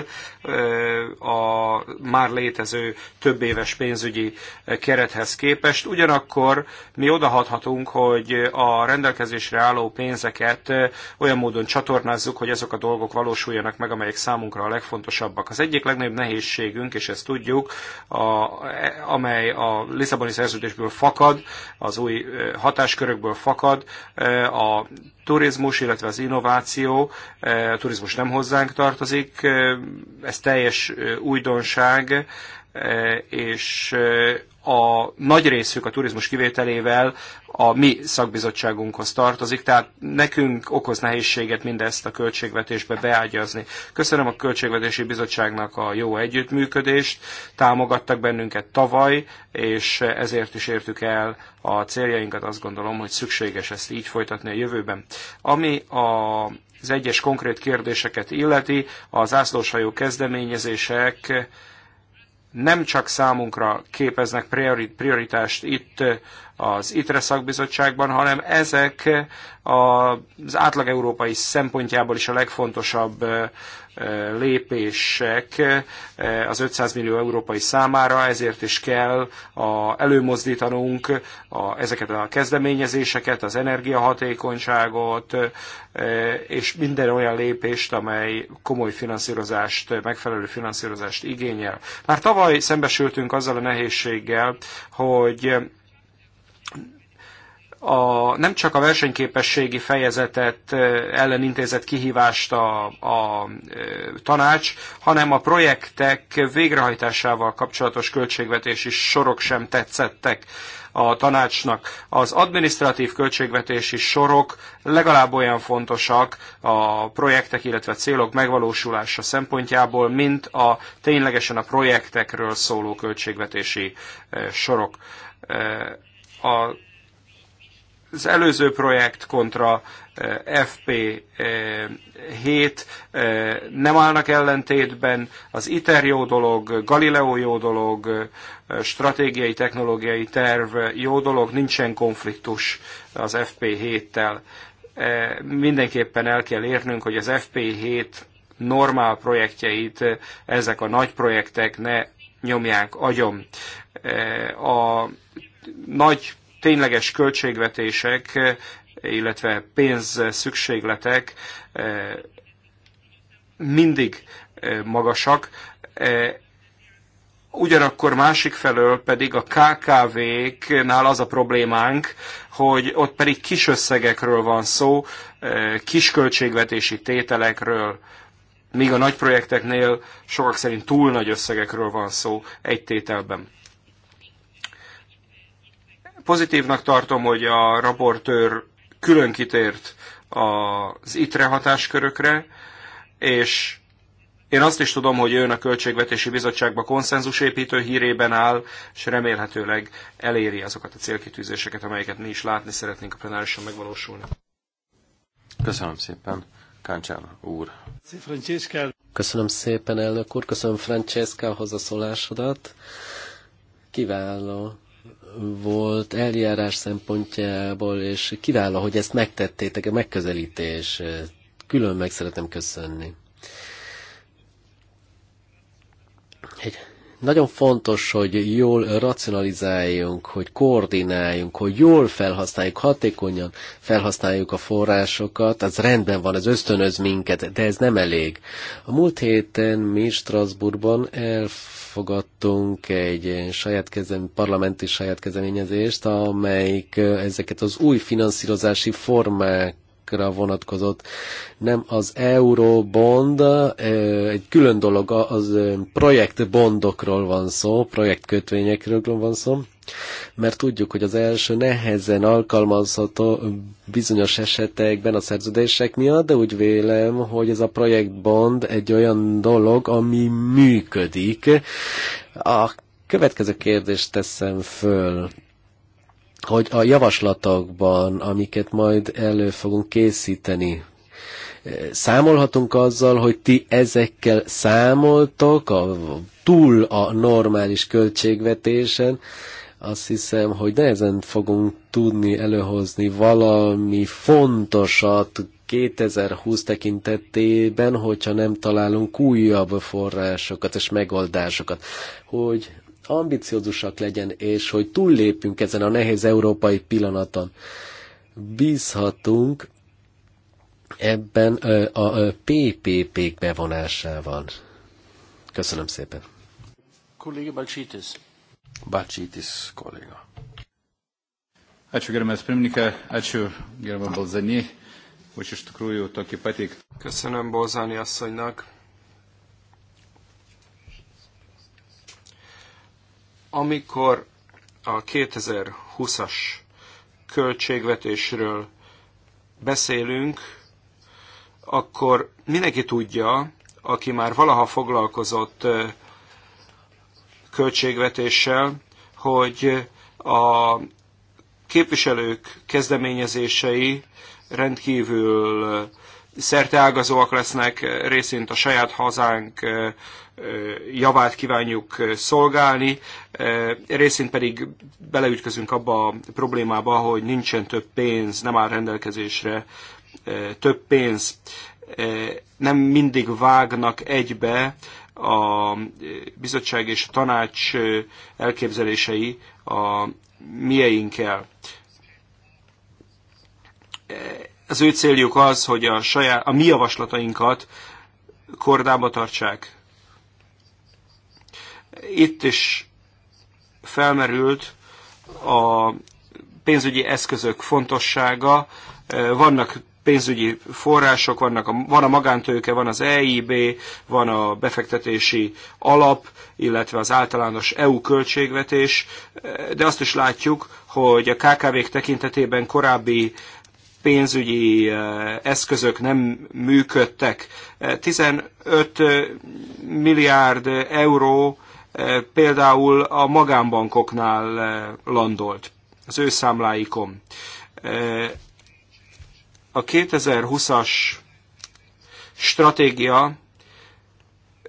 a már létező több éves pénzügyi kerethez képest. Ugyanakkor mi odahathatunk, hogy a rendelkezésre álló pénzeket olyan módon csatornázzuk, hogy azok a dolgok valósuljanak meg, amelyek számunkra a legfontosabbak. Az egyik legnagyobb nehézségünk, és ezt tudjuk, a, amely a Lisszaboni szerződésből fakad, az új hatáskörökből fakad, a turizmus, illetve az innováció, eh, a turizmus nem hozzánk tartozik, eh, ez teljes eh, újdonság, Eh, és eh, a nagy részük a turizmus kivételével a mi szakbizottságunkhoz tartozik, tehát nekünk okoz nehézséget mindezt a költségvetésbe beágyazni. Köszönöm a Költségvetési Bizottságnak a jó együttműködést, támogattak bennünket tavaly, és ezért is értük el a céljainkat, azt gondolom, hogy szükséges ezt így folytatni a jövőben. Ami a az egyes konkrét kérdéseket illeti, az ászlóshajó kezdeményezések nem csak számunkra képeznek prioritást itt az ITRE szakbizottságban, hanem ezek az átlag európai szempontjából is a legfontosabb lépések eh, az 500 millió európai számára, ezért is kell a, előmozdítanunk a, ezeket a kezdeményezéseket, az energiahatékonyságot, eh, és minden olyan lépést, amely komoly finanszírozást, megfelelő finanszírozást igényel. Már tavaly szembesültünk azzal a nehézséggel, hogy a, nem csak a versenyképességi fejezetet ellen intézett kihívást a, a tanács, hanem a projektek végrehajtásával kapcsolatos költségvetési sorok sem tetszettek a tanácsnak. Az adminisztratív költségvetési sorok legalább olyan fontosak a projektek, illetve célok megvalósulása szempontjából, mint a ténylegesen a projektekről szóló költségvetési sorok. A az előző projekt kontra eh, FP7 eh, eh, nem állnak ellentétben, az ITER jó dolog, Galileo jó dolog, stratégiai, technológiai terv jó dolog, nincsen konfliktus az FP7-tel. Mindenképpen el kell érnünk, hogy az FP7 normál projektjeit ezek a nagy projektek ne nyomják agyon. A nagy tényleges költségvetések, illetve pénz szükségletek eh, mindig eh, magasak. Eh, ugyanakkor másik felől pedig a KKV-knál az a problémánk, hogy ott pedig kis összegekről van szó, kis költségvetési tételekről, míg a nagy projekteknél sokak szerint túl nagy összegekről van szó egy tételben. Pozitívnak tartom, hogy a raportőr külön kitért az ITRE hatáskörökre, és én azt is tudom, hogy ön a Költségvetési Bizottságban konszenzusépítő hírében áll, és remélhetőleg eléri azokat a célkitűzéseket, amelyeket mi is látni szeretnénk a plenárison megvalósulni. Köszönöm szépen, Káncsán úr. Köszönöm szépen, elnök úr, köszönöm Francesca a hozzászólásodat. Kiváló volt eljárás szempontjából, és kiváló, hogy ezt megtettétek, a megközelítés. Külön meg szeretem köszönni. Egy nagyon fontos, hogy jól racionalizáljunk, hogy koordináljunk, hogy jól felhasználjuk, hatékonyan felhasználjuk a forrásokat. Az rendben van, ez ösztönöz minket, de ez nem elég. A múlt héten mi Strasbourgban elfogadtunk egy saját kezem, parlamenti saját amelyik ezeket az új finanszírozási formák bankra vonatkozott. Nem az eurobond, egy külön dolog, az projektbondokról van szó, projektkötvényekről van szó, mert tudjuk, hogy az első nehezen alkalmazható bizonyos esetekben a szerződések miatt, de úgy vélem, hogy ez a projektbond egy olyan dolog, ami működik. A következő kérdést teszem föl hogy a javaslatokban, amiket majd elő fogunk készíteni, eh, számolhatunk azzal, hogy ti ezekkel számoltok a, túl a normális költségvetésen, azt hiszem, hogy nehezen fogunk tudni előhozni valami fontosat 2020 tekintetében, hogyha nem találunk újabb forrásokat és megoldásokat. Hogy ambiciózusak legyen, és hogy túllépünk ezen a nehéz európai pillanaton. Bízhatunk ebben a PPP-k bevonásával. Köszönöm szépen. Kolléga Balcsitis. Balcsitis kolléga. Ačiū gerbiamas pirmininkė, ačiū gerbiamam Balzani, už iš tikrųjų tokį pateiktą. Köszönöm Bolzani asszonynak Amikor a 2020-as költségvetésről beszélünk, akkor mindenki tudja, aki már valaha foglalkozott költségvetéssel, hogy a képviselők kezdeményezései rendkívül szerteágazóak lesznek, eh, részint a saját hazánk eh, eh, javát kívánjuk szolgálni, részint pedig beleütközünk abba a problémába, hogy nincsen több pénz, nem áll rendelkezésre több pénz. Nem mindig vágnak egybe a bizottság és a tanács elképzelései a mieinkkel az ő céljuk az, hogy a, saját, a mi javaslatainkat kordába tartsák. Itt is felmerült a pénzügyi eszközök fontossága. Vannak pénzügyi források, vannak a, van a magántőke, van az EIB, van a befektetési alap, illetve az általános EU költségvetés, de azt is látjuk, hogy a KKV-k tekintetében korábbi pénzügyi eh, eszközök nem működtek. 15 eh, eh, milliárd euró például a magánbankoknál landolt, az ő számláikon. A 2020-as stratégia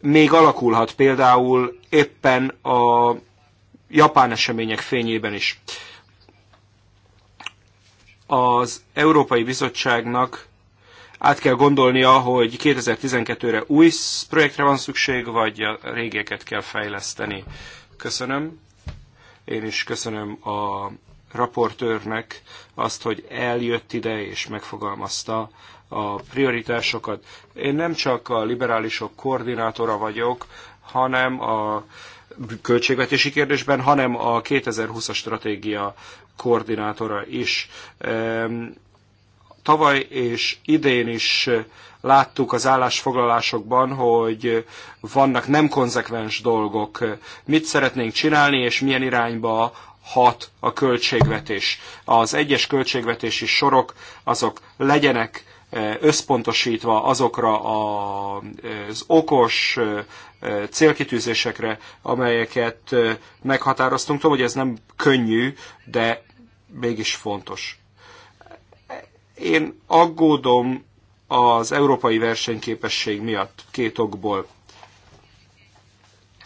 még alakulhat például éppen a japán események fényében is az Európai Bizottságnak át kell gondolnia, hogy 2012-re új projektre van szükség, vagy a régieket kell fejleszteni. Köszönöm. Én is köszönöm a raportőrnek azt, hogy eljött ide és megfogalmazta a prioritásokat. Én nem csak a liberálisok koordinátora vagyok, hanem a költségvetési kérdésben, hanem a 2020-as stratégia koordinátora is. Tavaly és idén is eh, láttuk az állásfoglalásokban, hogy vannak nem konzekvens dolgok. Mit szeretnénk csinálni, és milyen irányba hat a költségvetés. Az egyes költségvetési sorok azok legyenek összpontosítva azokra az okos célkitűzésekre, amelyeket meghatároztunk. Tudom, hogy ez nem könnyű, de mégis fontos. Én aggódom az európai versenyképesség miatt két okból.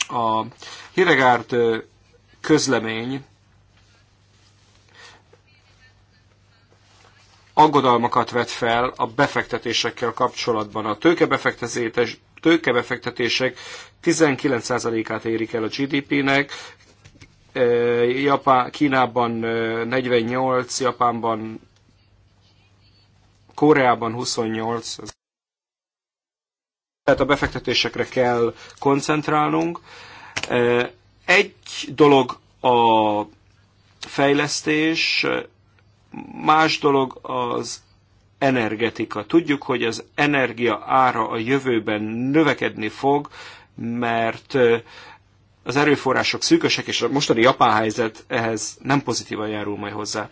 A Hidegárd közlemény aggodalmakat vet fel a befektetésekkel kapcsolatban. A tőkebefektetések 19%-át érik el a GDP-nek, e, Japán, Kínában 48, e, Japánban, Koreában 28. Tehát a befektetésekre kell koncentrálnunk. E, egy dolog a fejlesztés, Más dolog az energetika. Tudjuk, hogy az energia ára a jövőben növekedni fog, mert az erőforrások szűkösek, és a mostani japán helyzet ehhez nem pozitívan járul majd hozzá.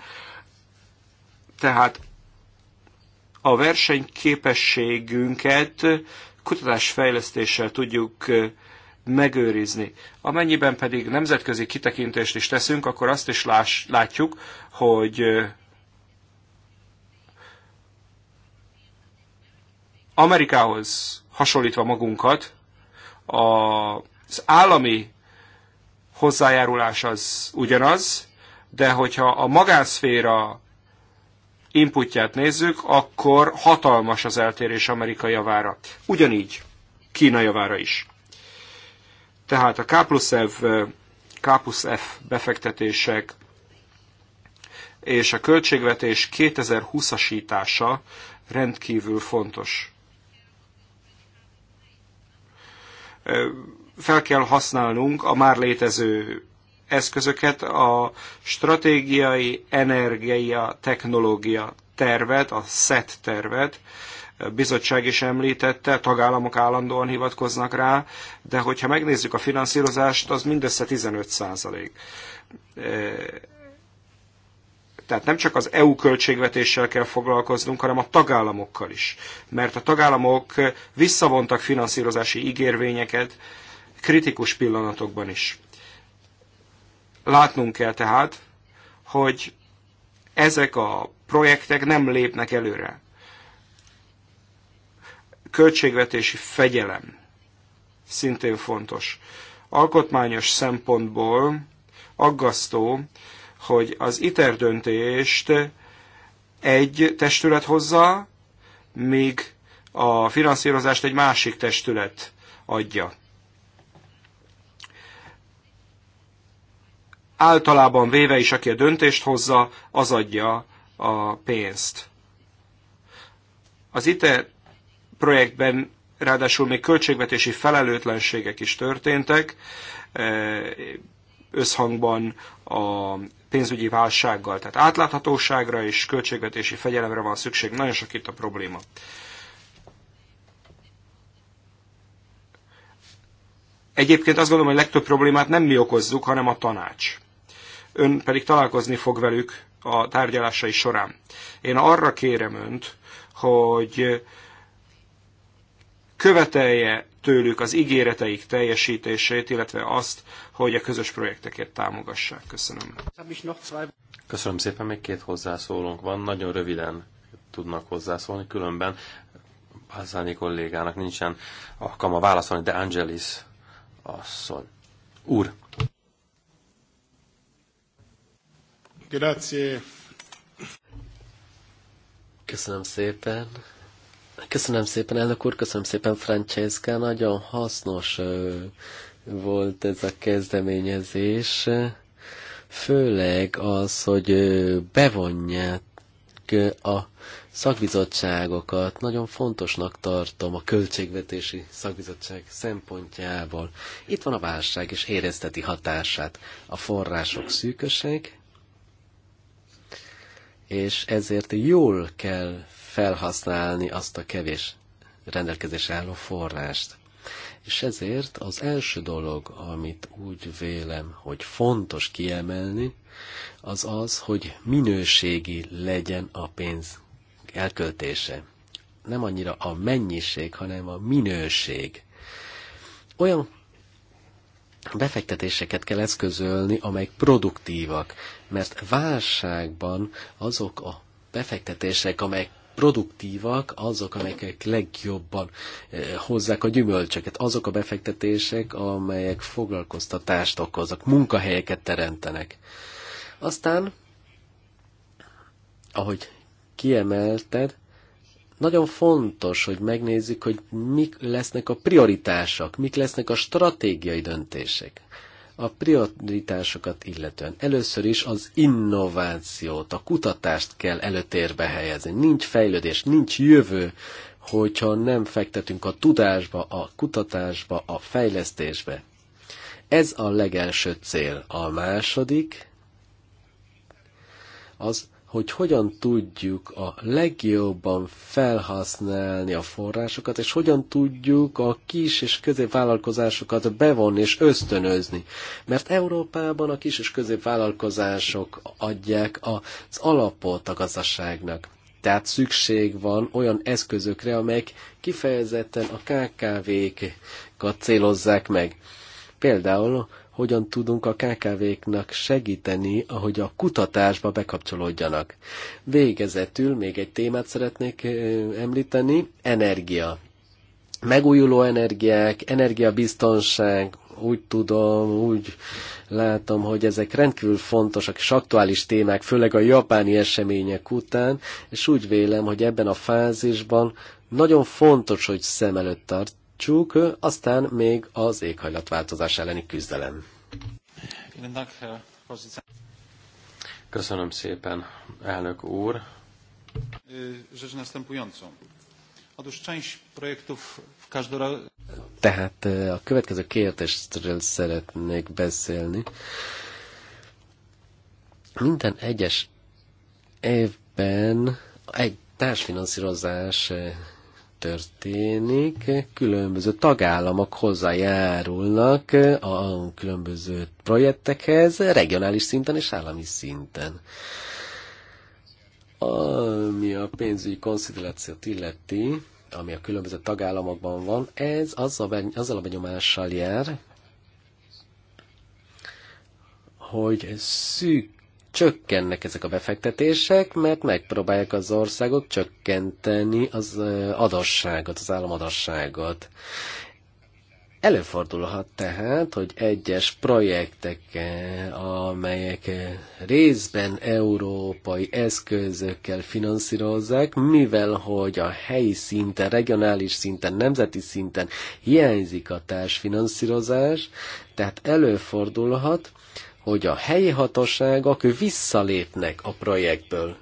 Tehát a versenyképességünket kutatásfejlesztéssel tudjuk megőrizni. Amennyiben pedig nemzetközi kitekintést is teszünk, akkor azt is láss, látjuk, hogy Amerikához hasonlítva magunkat, az állami hozzájárulás az ugyanaz, de hogyha a magánszféra inputját nézzük, akkor hatalmas az eltérés Amerika javára. Ugyanígy Kína javára is. Tehát a K plusz F, K plusz F befektetések és a költségvetés 2020-asítása rendkívül fontos. fel kell használnunk a már létező eszközöket, a stratégiai energia technológia tervet, a SET tervet, bizottság is említette, tagállamok állandóan hivatkoznak rá, de hogyha megnézzük a finanszírozást, az mindössze 15 százalék tehát nem csak az EU költségvetéssel kell foglalkoznunk, hanem a tagállamokkal is. Mert a tagállamok visszavontak finanszírozási ígérvényeket kritikus pillanatokban is. Látnunk kell tehát, hogy ezek a projektek nem lépnek előre. Költségvetési fegyelem szintén fontos. Alkotmányos szempontból aggasztó, hogy az ITER döntést egy testület hozza, míg a finanszírozást egy másik testület adja. Általában véve is, aki a döntést hozza, az adja a pénzt. Az ITER projektben ráadásul még költségvetési felelőtlenségek is történtek, eh, összhangban a pénzügyi válsággal. Tehát átláthatóságra és költségvetési fegyelemre van szükség. Nagyon sok itt a probléma. Egyébként azt gondolom, hogy legtöbb problémát nem mi okozzuk, hanem a tanács. Ön pedig találkozni fog velük a tárgyalásai során. Én arra kérem önt, hogy követelje tőlük az ígéreteik teljesítését, illetve azt, hogy a közös projekteket támogassák. Köszönöm. Köszönöm szépen, még két hozzászólónk van. Nagyon röviden tudnak hozzászólni, különben Pászányi kollégának nincsen alkalma válaszolni, de Angelis asszony. Úr! Grazie. Köszönöm szépen. Köszönöm szépen, elnök úr, köszönöm szépen, Francesca, nagyon hasznos volt ez a kezdeményezés, főleg az, hogy bevonják a szakbizottságokat nagyon fontosnak tartom a költségvetési szakbizottság szempontjából. Itt van a válság, és érezteti hatását. A források szűkösek, és ezért jól kell felhasználni azt a kevés rendelkezés álló forrást. És ezért az első dolog, amit úgy vélem, hogy fontos kiemelni, az az, hogy minőségi legyen a pénz elköltése. Nem annyira a mennyiség, hanem a minőség. Olyan befektetéseket kell eszközölni, amelyek produktívak, mert válságban azok a befektetések, amelyek produktívak azok, amelyek legjobban eh, hozzák a gyümölcsöket, azok a befektetések, amelyek foglalkoztatást okoznak, munkahelyeket teremtenek. Aztán, ahogy kiemelted, nagyon fontos, hogy megnézzük, hogy mik lesznek a prioritások, mik lesznek a stratégiai döntések a prioritásokat illetően. Először is az innovációt, a kutatást kell előtérbe helyezni. Nincs fejlődés, nincs jövő, hogyha nem fektetünk a tudásba, a kutatásba, a fejlesztésbe. Ez a legelső cél. A második az hogy hogyan tudjuk a legjobban felhasználni a forrásokat, és hogyan tudjuk a kis és középvállalkozásokat bevonni és ösztönözni. Mert Európában a kis és középvállalkozások adják az alapot a gazdaságnak. Tehát szükség van olyan eszközökre, amelyek kifejezetten a KKV-kat célozzák meg. Például hogyan tudunk a KKV-knak segíteni, ahogy a kutatásba bekapcsolódjanak. Végezetül még egy témát szeretnék említeni, energia. Megújuló energiák, energiabiztonság, úgy tudom, úgy látom, hogy ezek rendkívül fontosak és aktuális témák, főleg a japáni események után, és úgy vélem, hogy ebben a fázisban nagyon fontos, hogy szem előtt tart, csúk, aztán még az éghajlatváltozás elleni küzdelem. Köszönöm szépen, elnök úr. Tehát e, a következő kérdésről szeretnék beszélni. Minden egyes évben egy társfinanszírozás e, történik, különböző tagállamok hozzájárulnak a különböző projektekhez, regionális szinten és állami szinten. Ami a pénzügyi konszidulációt illeti, ami a különböző tagállamokban van, ez azzal a benyomással jár, hogy szűk csökkennek ezek a befektetések, mert megpróbálják az országok csökkenteni az adosságot, az államadosságot. Előfordulhat tehát, hogy egyes projektek, amelyek részben európai eszközökkel finanszírozzák, mivel hogy a helyi szinten, regionális szinten, nemzeti szinten hiányzik a társfinanszírozás, tehát előfordulhat, hogy a helyi hatóságok visszalépnek a projektből.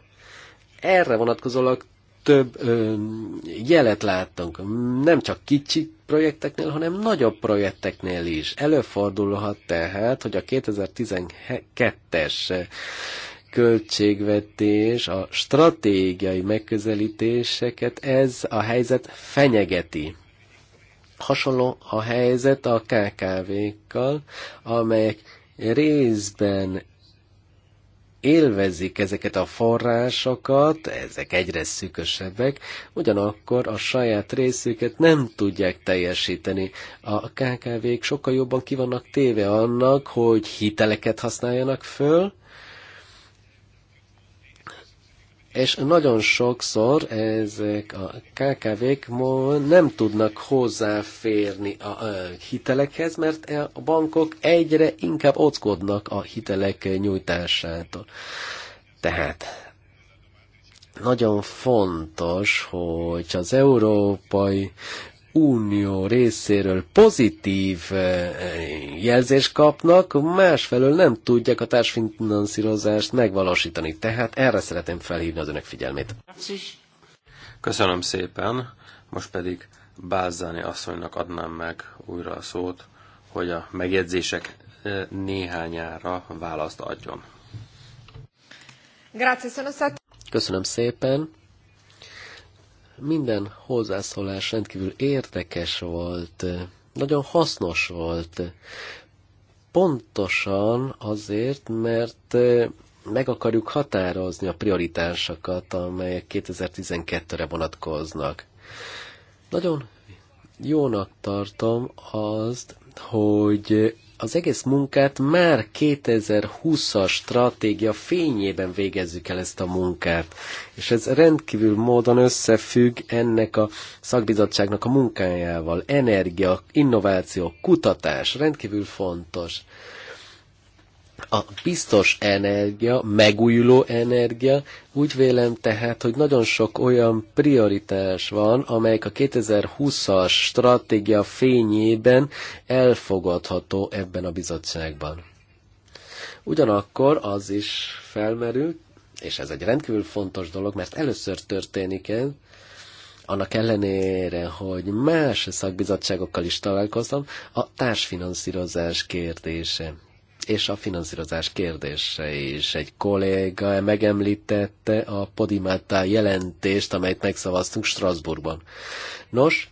Erre vonatkozólag több ö, jelet láttunk, nem csak kicsi projekteknél, hanem nagyobb projekteknél is. Előfordulhat tehát, hogy a 2012-es költségvetés, a stratégiai megközelítéseket ez a helyzet fenyegeti. Hasonló a helyzet a KKV-kkal, amelyek részben élvezik ezeket a forrásokat, ezek egyre szűkösebbek, ugyanakkor a saját részüket nem tudják teljesíteni. A KKV-k sokkal jobban kivannak téve annak, hogy hiteleket használjanak föl, és nagyon sokszor ezek a KKV-k nem tudnak hozzáférni a hitelekhez, mert e, a bankok egyre inkább ockodnak a hitelek nyújtásától. Tehát nagyon fontos, hogy az Európai Unió részéről pozitív eh, jelzést kapnak, másfelől nem tudják a társfinanszírozást megvalósítani. Tehát erre szeretném felhívni az önök figyelmét. Köszönöm szépen, most pedig Bázzáni asszonynak adnám meg újra a szót, hogy a megjegyzések eh, néhányára választ adjon. Köszönöm szépen. Minden hozzászólás rendkívül érdekes volt, nagyon hasznos volt. Pontosan azért, mert meg akarjuk határozni a prioritásokat, amelyek 2012-re vonatkoznak. Nagyon jónak tartom azt, hogy az egész munkát már 2020-as stratégia fényében végezzük el ezt a munkát. És ez rendkívül módon összefügg ennek a szakbizottságnak a munkájával. Energia, innováció, kutatás rendkívül fontos a biztos energia, megújuló energia, úgy vélem tehát, hogy nagyon sok olyan prioritás van, amelyek a 2020-as stratégia fényében elfogadható ebben a bizottságban. Ugyanakkor az is felmerül, és ez egy rendkívül fontos dolog, mert először történik el, annak ellenére, hogy más szakbizottságokkal is találkoztam, a társfinanszírozás kérdése és a finanszírozás kérdése is. Egy kolléga megemlítette a Podimata jelentést, amelyet megszavaztunk Strasbourgban. Nos,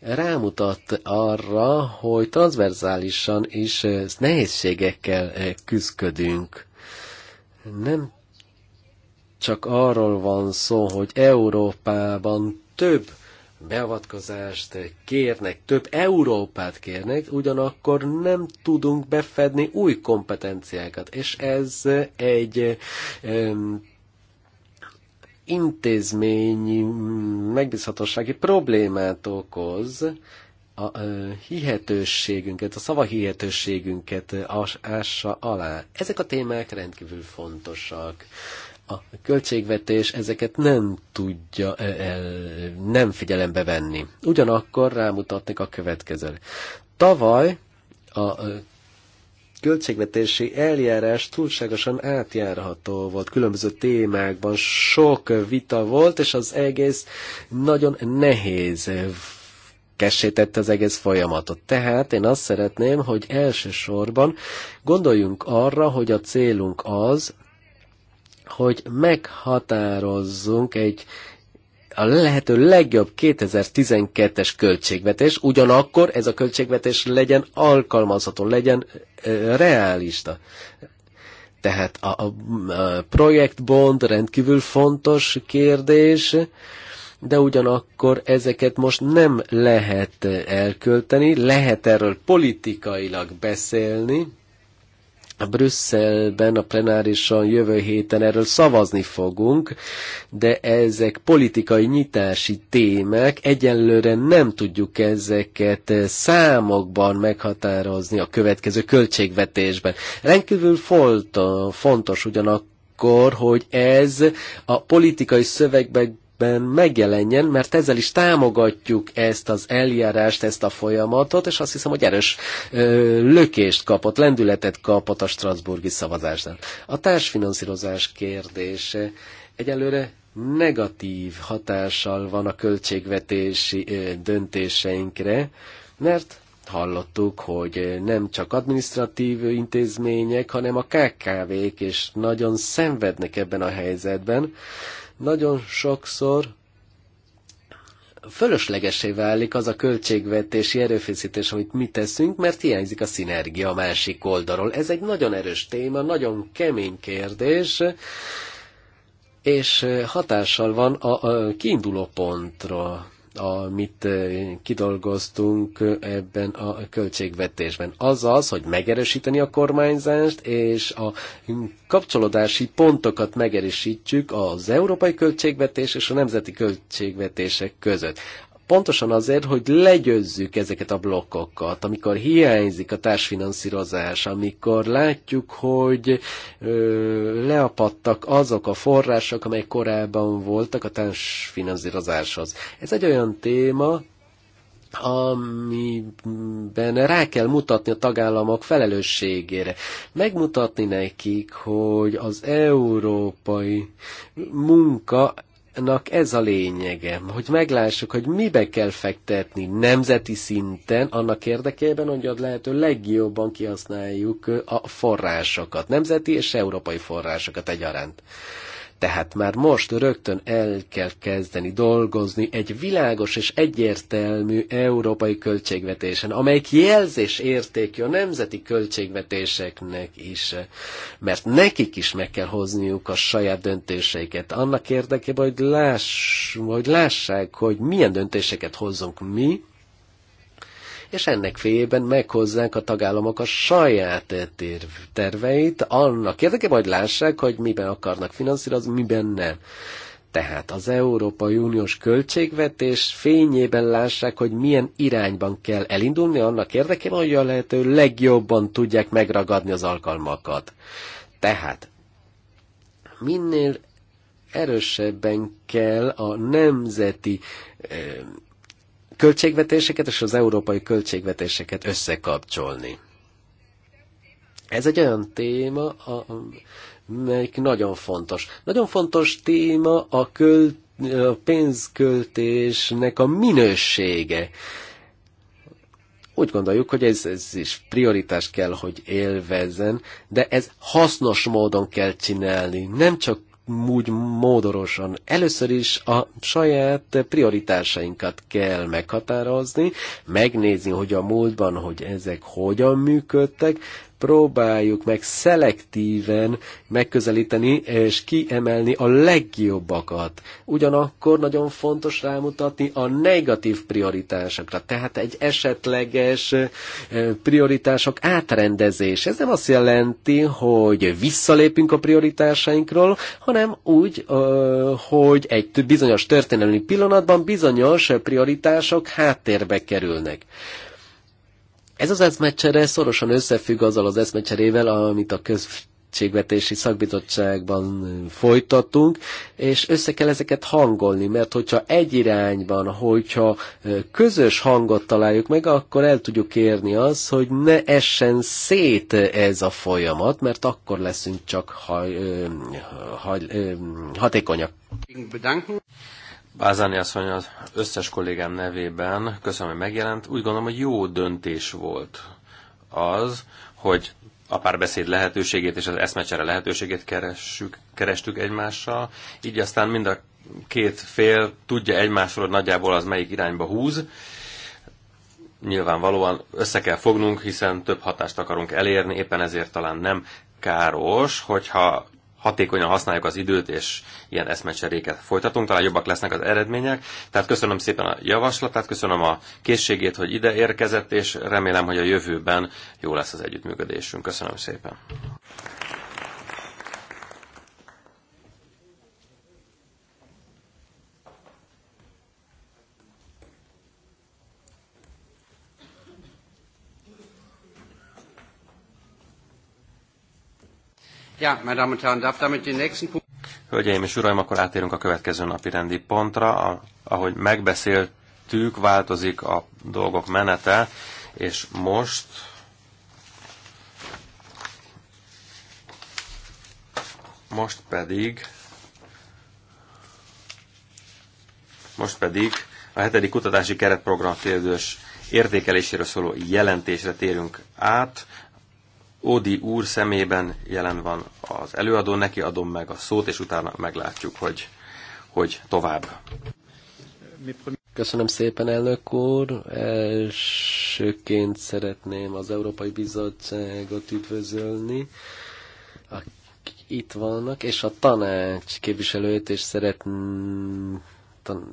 rámutat arra, hogy transverzálisan is eh, nehézségekkel eh, küzdködünk. Nem csak arról van szó, hogy Európában több beavatkozást kérnek, több Európát kérnek, ugyanakkor nem tudunk befedni új kompetenciákat, és ez egy um, intézményi megbízhatósági problémát okoz, a uh, hihetőségünket, a szava hihetőségünket ássa alá. Ezek a témák rendkívül fontosak a költségvetés ezeket nem tudja, el, e, nem figyelembe venni. Ugyanakkor rámutatnék a következőre. Tavaly a e, költségvetési eljárás túlságosan átjárható volt. Különböző témákban sok vita volt, és az egész nagyon nehéz kessé az egész folyamatot. Tehát én azt szeretném, hogy elsősorban gondoljunk arra, hogy a célunk az, hogy meghatározzunk egy a lehető legjobb 2012-es költségvetés, ugyanakkor ez a költségvetés legyen alkalmazható, legyen e, realista. Tehát a, a, a projektbond rendkívül fontos kérdés, de ugyanakkor ezeket most nem lehet elkölteni, lehet erről politikailag beszélni, a Brüsszelben a plenárison jövő héten erről szavazni fogunk, de ezek politikai nyitási témák, egyenlőre nem tudjuk ezeket számokban meghatározni a következő költségvetésben. Rendkívül fontos ugyanakkor, hogy ez a politikai szövegben ben megjelenjen, mert ezzel is támogatjuk ezt az eljárást, ezt a folyamatot, és azt hiszem, hogy erős ö, lökést kapott, lendületet kapott a Strasburgi szavazásnál. A társfinanszírozás kérdése egyelőre negatív hatással van a költségvetési ö, döntéseinkre, mert hallottuk, hogy nem csak administratív intézmények, hanem a KKV-k is nagyon szenvednek ebben a helyzetben, nagyon sokszor fölöslegesé válik az a költségvetési erőfeszítés, amit mi teszünk, mert hiányzik a szinergia a másik oldalról. Ez egy nagyon erős téma, nagyon kemény kérdés, és hatással van a, a kiinduló pontra amit eh, kidolgoztunk ebben a költségvetésben. Az az, hogy megerősíteni a kormányzást, és a kapcsolódási pontokat megerősítjük az európai költségvetés és a nemzeti költségvetések között. Pontosan azért, hogy legyőzzük ezeket a blokkokat, amikor hiányzik a társfinanszírozás, amikor látjuk, hogy ö, leapadtak azok a források, amelyek korábban voltak a társfinanszírozáshoz. Ez egy olyan téma, amiben rá kell mutatni a tagállamok felelősségére. Megmutatni nekik, hogy az európai munka nak ez a lényege, hogy meglássuk, hogy mibe kell fektetni nemzeti szinten, annak érdekében, hogy ott lehető legjobban kihasználjuk a forrásokat, nemzeti és európai forrásokat egyaránt. Tehát már most rögtön el kell kezdeni dolgozni egy világos és egyértelmű európai költségvetésen, amelyik jelzés értékű a nemzeti költségvetéseknek is, mert nekik is meg kell hozniuk a saját döntéseiket, annak érdekében, hogy, láss, hogy lássák, hogy milyen döntéseket hozzunk mi, és ennek fényében meghozzák a tagállamok a saját terveit, annak érdekében, hogy lássák, hogy miben akarnak finanszírozni, miben nem. Tehát az Európai Uniós költségvetés fényében lássák, hogy milyen irányban kell elindulni annak érdekében, hogy a lehető legjobban tudják megragadni az alkalmakat. Tehát minél erősebben kell a nemzeti eh, költségvetéseket és az európai költségvetéseket összekapcsolni. Ez egy olyan téma, amelyik nagyon fontos. Nagyon fontos téma a, költ, a pénzköltésnek a minősége. Úgy gondoljuk, hogy ez, ez is prioritás kell, hogy élvezzen, de ez hasznos módon kell csinálni. Nem csak úgy módorosan. Először is a saját prioritásainkat kell meghatározni, megnézni, hogy a múltban, hogy ezek hogyan működtek, próbáljuk meg szelektíven megközelíteni és kiemelni a legjobbakat. Ugyanakkor nagyon fontos rámutatni a negatív prioritásokra, tehát egy esetleges prioritások átrendezés. Ez nem azt jelenti, hogy visszalépünk a prioritásainkról, hanem úgy, hogy egy bizonyos történelmi pillanatban bizonyos prioritások háttérbe kerülnek. Ez az eszmecsere szorosan összefügg azzal az eszmecserével, amit a köz költségvetési szakbizottságban folytatunk, és össze kell ezeket hangolni, mert hogyha egy irányban, hogyha közös hangot találjuk meg, akkor el tudjuk érni az, hogy ne essen szét ez a folyamat, mert akkor leszünk csak haj, haj, hatékonyak. Bázáni asszony az összes kollégám nevében köszönöm, hogy megjelent. Úgy gondolom, hogy jó döntés volt az, hogy a párbeszéd lehetőségét és az eszmecsere lehetőségét keressük, kerestük egymással, így aztán mind a két fél tudja egymásról nagyjából az melyik irányba húz. Nyilvánvalóan össze kell fognunk, hiszen több hatást akarunk elérni, éppen ezért talán nem káros, hogyha hatékonyan használjuk az időt, és ilyen eszmecseréket folytatunk, talán jobbak lesznek az eredmények. Tehát köszönöm szépen a javaslatát, köszönöm a készségét, hogy ide érkezett, és remélem, hogy a jövőben jó lesz az együttműködésünk. Köszönöm szépen. Ja, meine Damen und Herren, darf damit den nächsten Punkt... Hölgyeim és Uraim, akkor átérünk a következő napi rendi pontra. A, ahogy megbeszéltük, változik a dolgok menete, és most most pedig most pedig a hetedik kutatási keretprogram félidős értékeléséről szóló jelentésre térünk át, Ódi úr szemében jelen van az előadó, neki adom meg a szót, és utána meglátjuk, hogy, hogy tovább. Köszönöm szépen, elnök úr. Elsőként szeretném az Európai Bizottságot üdvözölni, akik itt vannak, és a tanács képviselőt is szeretném,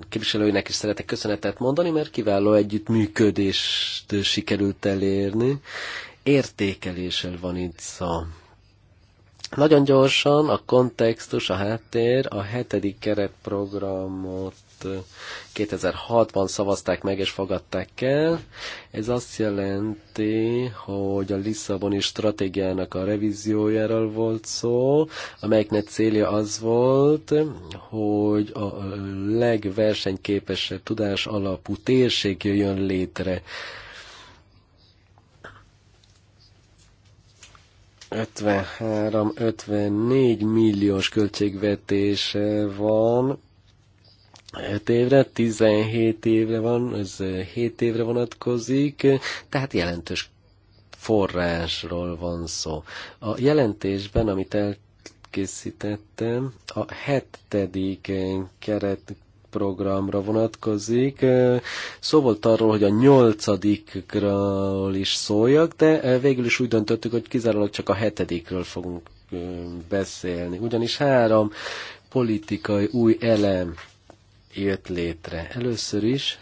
képviselőinek is szeretek köszönetet mondani, mert kiváló együttműködést sikerült elérni, értékeléssel van itt szó. Nagyon gyorsan a kontextus, a háttér, a hetedik keretprogramot 2006-ban szavazták meg és fogadták el. Ez azt jelenti, hogy a Lisszaboni stratégiának a revíziójáról volt szó, amelyeknek célja az volt, hogy a legversenyképesebb tudás alapú térség jöjjön létre 53-54 milliós költségvetés van, 5 évre, 17 évre van, ez 7 évre vonatkozik, tehát jelentős forrásról van szó. A jelentésben, amit elkészítettem, a hetedik keret programra vonatkozik. Szó volt arról, hogy a nyolcadikról is szóljak, de végül is úgy döntöttük, hogy kizárólag csak a hetedikről fogunk beszélni. Ugyanis három politikai új elem jött létre. Először is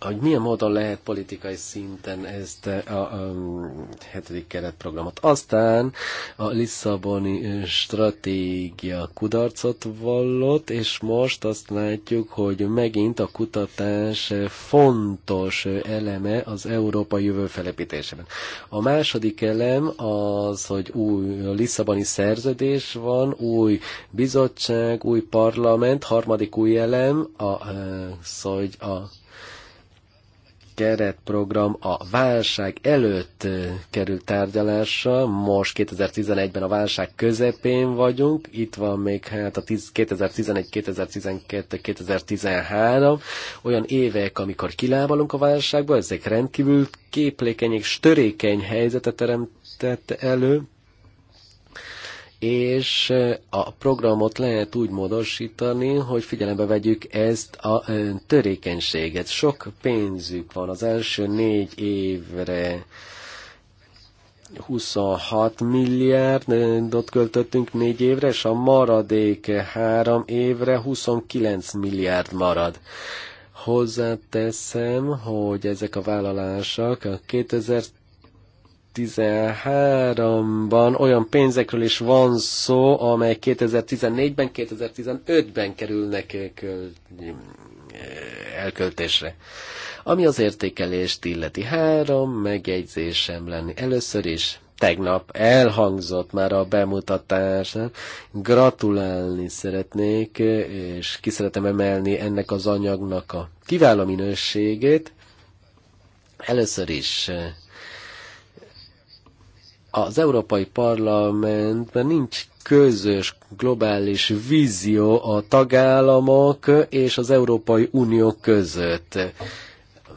hogy milyen módon lehet politikai szinten ezt eh, a, a, um, hetedik keretprogramot. Aztán a Lisszaboni eh, stratégia kudarcot vallott, és most azt látjuk, hogy megint a kutatás eh, fontos eleme az Európa jövő felépítésében. A második elem az, hogy új a Lisszaboni szerződés van, új bizottság, új parlament, harmadik új elem, a, szóval hogy a keretprogram a válság előtt került tárgyalásra, most 2011-ben a válság közepén vagyunk, itt van még hát a 2011, 2012, 2013, olyan évek, amikor kilábalunk a válságba, ezek rendkívül képlékeny és törékeny helyzetet teremtett elő, és a programot lehet úgy módosítani, hogy figyelembe vegyük ezt a törékenységet. Sok pénzük van az első négy évre. 26 milliárdot költöttünk négy évre, és a maradék három évre 29 milliárd marad. Hozzáteszem, hogy ezek a vállalások a 2000 2013-ban olyan pénzekről is van szó, amely 2014-ben, 2015-ben kerülnek elköltésre. Ami az értékelést illeti, három megjegyzésem lenni. Először is tegnap elhangzott már a bemutatás. Gratulálni szeretnék, és ki szeretem emelni ennek az anyagnak a kiváló minőségét. Először is az Európai Parlamentben nincs közös globális vízió a tagállamok és az Európai Unió között.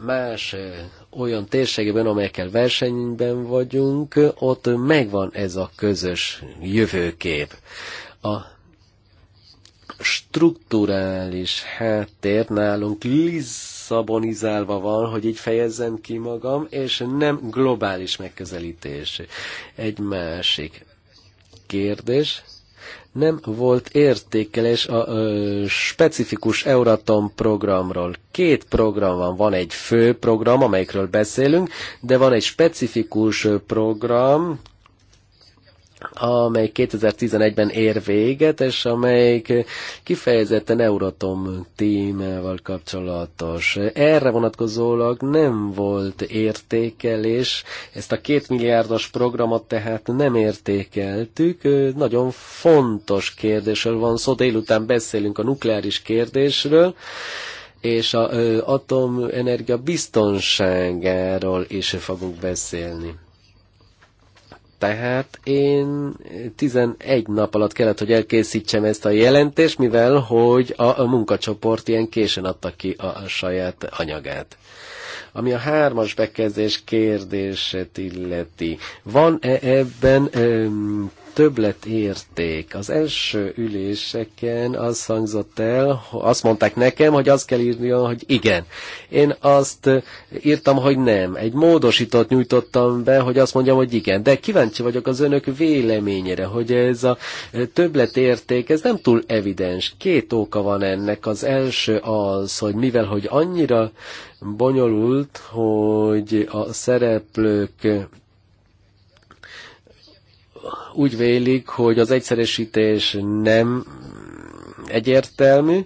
Más eh, olyan térségben, amelyekkel versenyben vagyunk, ott megvan ez a közös jövőkép. A strukturális háttér nálunk Liz szabonizálva van, hogy így fejezzem ki magam, és nem globális megközelítés. Egy másik kérdés. Nem volt értékelés a ö, specifikus Euratom programról. Két program van. Van egy fő program, amelyikről beszélünk, de van egy specifikus program, amely 2011-ben ér véget, és amelyik kifejezetten Euratom témával kapcsolatos. Erre vonatkozólag nem volt értékelés, ezt a két milliárdos programot tehát nem értékeltük. Nagyon fontos kérdésről van szó, délután beszélünk a nukleáris kérdésről, és a atomenergia biztonságáról is fogunk beszélni. Tehát én 11 nap alatt kellett, hogy elkészítsem ezt a jelentést, mivel hogy a, a munkacsoport ilyen későn adta ki a, a saját anyagát. Ami a hármas bekezdés kérdését illeti, van-e ebben öm, Többlet érték Az első üléseken az hangzott el, azt mondták nekem, hogy azt kell írnia, hogy igen. Én azt eh, írtam, hogy nem. Egy módosítót nyújtottam be, hogy azt mondjam, hogy igen. De kíváncsi vagyok az önök véleményére, hogy ez a eh, többlet érték ez nem túl evidens. Két oka van ennek. Az első az, hogy mivel, hogy annyira bonyolult, hogy a szereplők úgy vélik, hogy az egyszeresítés nem egyértelmű,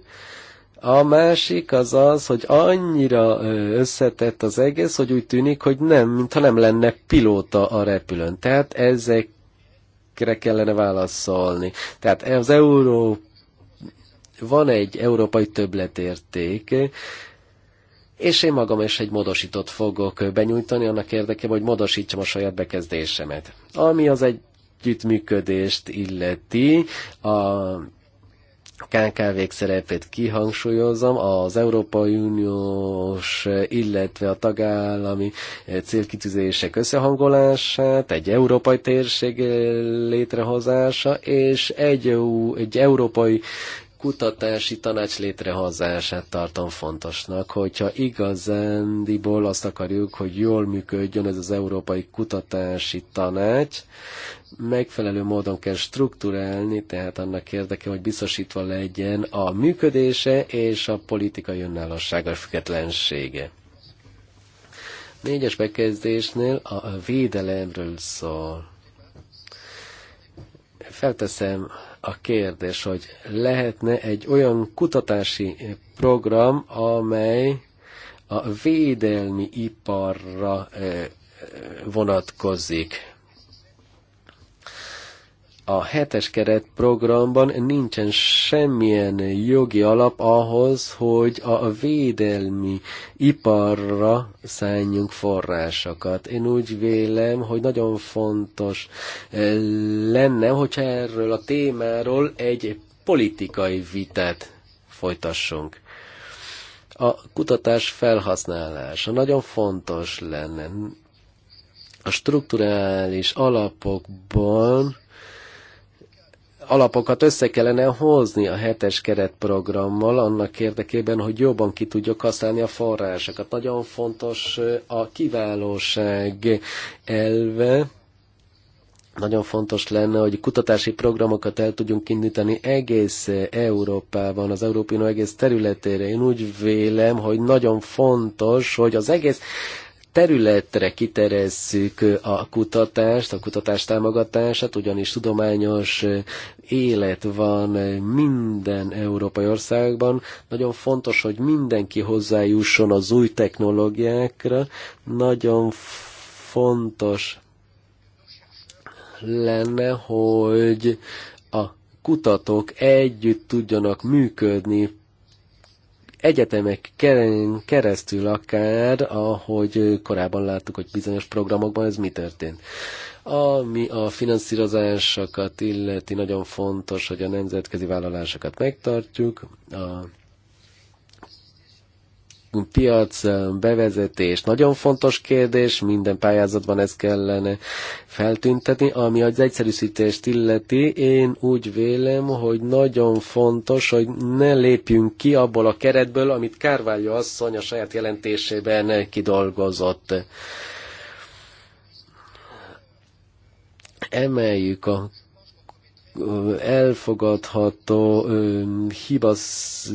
a másik az az, hogy annyira összetett az egész, hogy úgy tűnik, hogy nem, mintha nem lenne pilóta a repülőn. Tehát ezekre kellene válaszolni. Tehát az euró van egy európai többletérték, és én magam is egy módosított fogok benyújtani annak érdekében, hogy módosítsam a saját bekezdésemet. Ami az egy együttműködést illeti, a KKV-k szerepét kihangsúlyozom, az Európai Uniós, illetve a tagállami célkitűzések összehangolását, egy európai térség létrehozása, és egy, egy európai kutatási tanács létrehozását tartom fontosnak, hogyha igazándiból azt akarjuk, hogy jól működjön ez az Európai Kutatási Tanács, megfelelő módon kell struktúrálni, tehát annak érdeke, hogy biztosítva legyen a működése és a politikai önállósága függetlensége. Négyes bekezdésnél a védelemről szól. Felteszem a kérdés, hogy lehetne egy olyan kutatási program, amely a védelmi iparra eh, vonatkozik a hetes programban nincsen semmilyen jogi alap ahhoz, hogy a védelmi iparra szálljunk forrásokat. Én úgy vélem, hogy nagyon fontos eh, lenne, hogyha erről a témáról egy politikai vitát folytassunk. A kutatás felhasználása nagyon fontos lenne. A strukturális alapokban alapokat össze kellene hozni a hetes keretprogrammal annak érdekében, hogy jobban ki tudjuk használni a forrásokat. Nagyon fontos a kiválóság elve, nagyon fontos lenne, hogy kutatási programokat el tudjunk indítani egész Európában, az Európai Unió egész területére. Én úgy vélem, hogy nagyon fontos, hogy az egész területre kiterezzük a kutatást, a kutatás támogatását, ugyanis tudományos élet van minden európai országban. Nagyon fontos, hogy mindenki hozzájusson az új technológiákra. Nagyon fontos lenne, hogy a kutatók együtt tudjanak működni egyetemek keresztül akár, ahogy korábban láttuk, hogy bizonyos programokban ez mi történt. Ami a finanszírozásokat illeti, nagyon fontos, hogy a nemzetközi vállalásokat megtartjuk, a piac bevezetés nagyon fontos kérdés, minden pályázatban ezt kellene feltüntetni. Ami az egyszerűsítést illeti, én úgy vélem, hogy nagyon fontos, hogy ne lépjünk ki abból a keretből, amit Kárválja asszony a saját jelentésében kidolgozott. Emeljük a elfogadható hibasz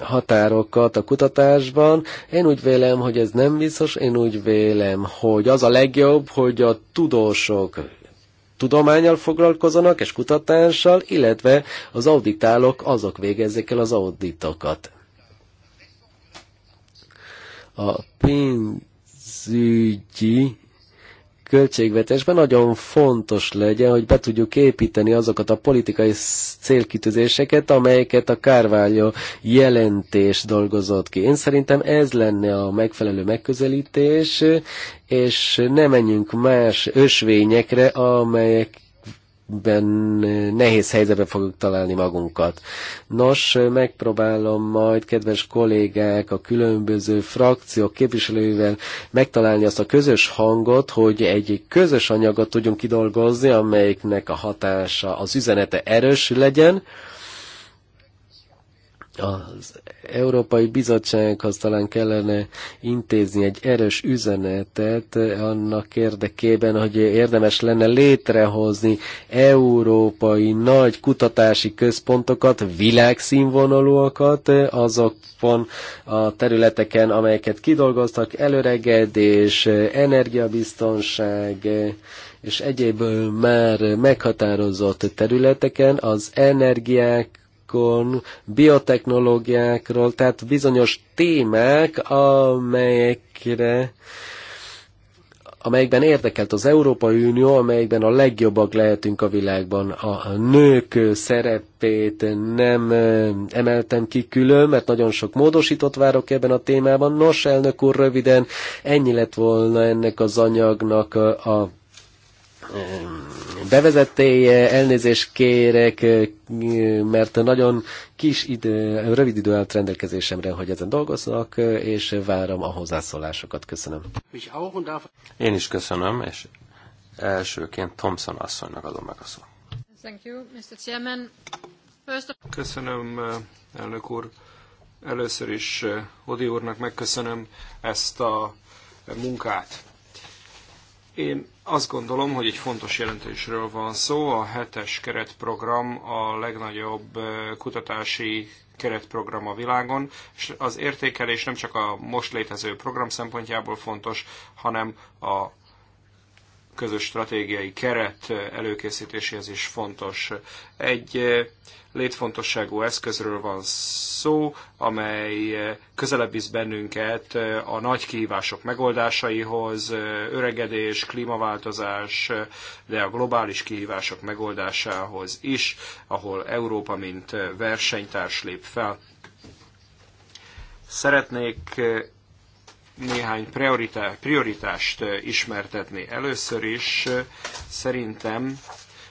határokat a kutatásban. Én úgy vélem, hogy ez nem biztos, én úgy vélem, hogy az a legjobb, hogy a tudósok tudományal foglalkozanak és kutatással, illetve az auditálok azok végezzék el az auditokat. A pénzügyi költségvetésben nagyon fontos legyen, hogy be tudjuk építeni azokat a politikai célkitűzéseket, amelyeket a Kárványa jelentés dolgozott ki. Én szerintem ez lenne a megfelelő megközelítés, és ne menjünk más ösvényekre, amelyek ben nehéz helyzetbe fogjuk találni magunkat. Nos, megpróbálom majd, kedves kollégák, a különböző frakciók képviselőivel megtalálni azt a közös hangot, hogy egy közös anyagot tudjunk kidolgozni, amelyiknek a hatása, az üzenete erős legyen, az Európai Bizottsághoz talán kellene intézni egy erős üzenetet annak érdekében, hogy érdemes lenne létrehozni európai nagy kutatási központokat, világszínvonalúakat azokon a területeken, amelyeket kidolgoztak, előregedés, energiabiztonság, és egyéb már meghatározott területeken az energiák biológiákon, biotechnológiákról, tehát bizonyos témák, amelyekre amelyikben érdekelt az Európai Unió, amelyikben a legjobbak lehetünk a világban. A nők szerepét nem emeltem ki külön, mert nagyon sok módosított várok ebben a témában. Nos, elnök úr, röviden ennyi lett volna ennek az anyagnak a Bevezetéje, elnézést kérek, mert nagyon kis idő, rövid idő állt rendelkezésemre, hogy ezen dolgoznak, és várom a hozzászólásokat. Köszönöm. Én is köszönöm, és elsőként Thompson asszonynak adom meg a szót. Köszönöm, elnök úr. Először is Odi úrnak megköszönöm ezt a munkát. Én azt gondolom, hogy egy fontos jelentésről van szó. A hetes keretprogram a legnagyobb kutatási keretprogram a világon, és az értékelés nem csak a most létező program szempontjából fontos, hanem a közös stratégiai keret előkészítéséhez is fontos. Egy eh, létfontosságú eszközről van szó, amely eh, közelebb visz bennünket eh, a nagy kihívások megoldásaihoz, öregedés, klímaváltozás, de a globális kihívások megoldásához is, ahol Európa mint versenytárs lép fel. Szeretnék néhány prioritást eh, ismertetni. Először is eh, szerintem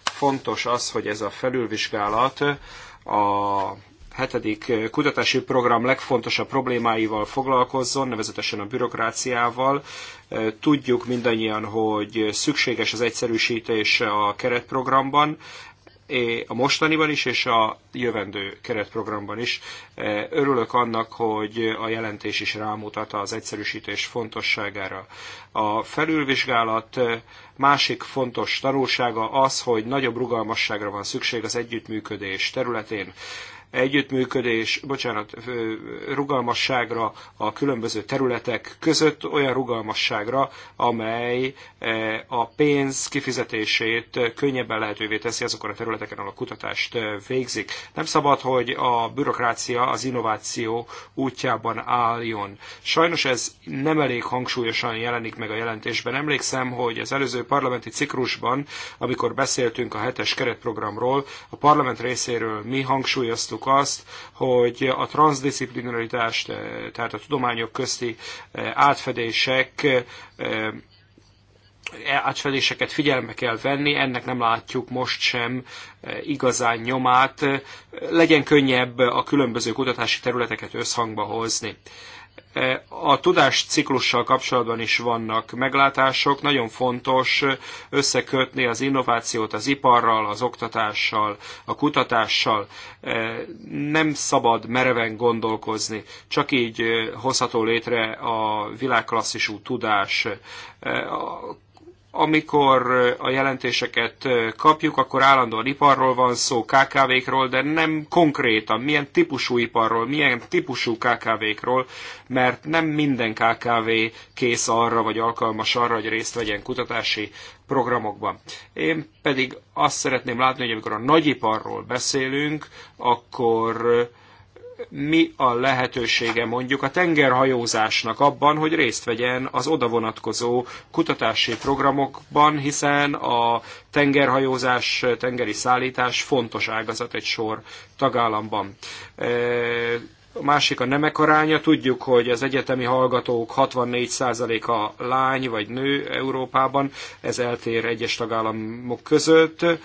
fontos az, hogy ez a felülvizsgálat eh, a hetedik kutatási program legfontosabb problémáival foglalkozzon, nevezetesen a bürokráciával. Tudjuk mindannyian, hogy szükséges az egyszerűsítés a keretprogramban, a mostaniban is, és a jövendő keretprogramban is. Örülök annak, hogy a jelentés is rámutat az egyszerűsítés fontosságára. A felülvizsgálat másik fontos tanulsága az, hogy nagyobb rugalmasságra van szükség az együttműködés területén együttműködés, bocsánat, rugalmasságra a különböző területek között, olyan rugalmasságra, amely a pénz kifizetését könnyebben lehetővé teszi azokon a területeken, ahol a kutatást végzik. Nem szabad, hogy a bürokrácia az innováció útjában álljon. Sajnos ez nem elég hangsúlyosan jelenik meg a jelentésben. Emlékszem, hogy az előző parlamenti ciklusban, amikor beszéltünk a hetes keretprogramról, a parlament részéről mi hangsúlyoztuk, láttuk azt, hogy a transzdisziplinaritás, eh, tehát a tudományok közti eh, átfedések eh, átfedéseket figyelme kell venni, ennek nem látjuk most sem igazán nyomát. Legyen könnyebb a különböző kutatási területeket összhangba hozni. A tudás ciklussal kapcsolatban is vannak meglátások. Nagyon fontos összekötni az innovációt az iparral, az oktatással, a kutatással. E, nem szabad mereven gondolkozni. Csak így e, hozható létre a világklasszisú tudás. E, a amikor a jelentéseket kapjuk, akkor állandóan iparról van szó, KKV-król, de nem konkrétan, milyen típusú iparról, milyen típusú KKV-król, mert nem minden KKV kész arra, vagy alkalmas arra, hogy részt vegyen kutatási programokban. Én pedig azt szeretném látni, hogy amikor a nagyiparról beszélünk, akkor mi a lehetősége mondjuk a tengerhajózásnak abban, hogy részt vegyen az oda vonatkozó kutatási programokban, hiszen a tengerhajózás, tengeri szállítás fontos ágazat egy sor tagállamban. A másik a nemek aránya. Tudjuk, hogy az egyetemi hallgatók 64%-a lány vagy nő Európában. Ez eltér egyes tagállamok között. E,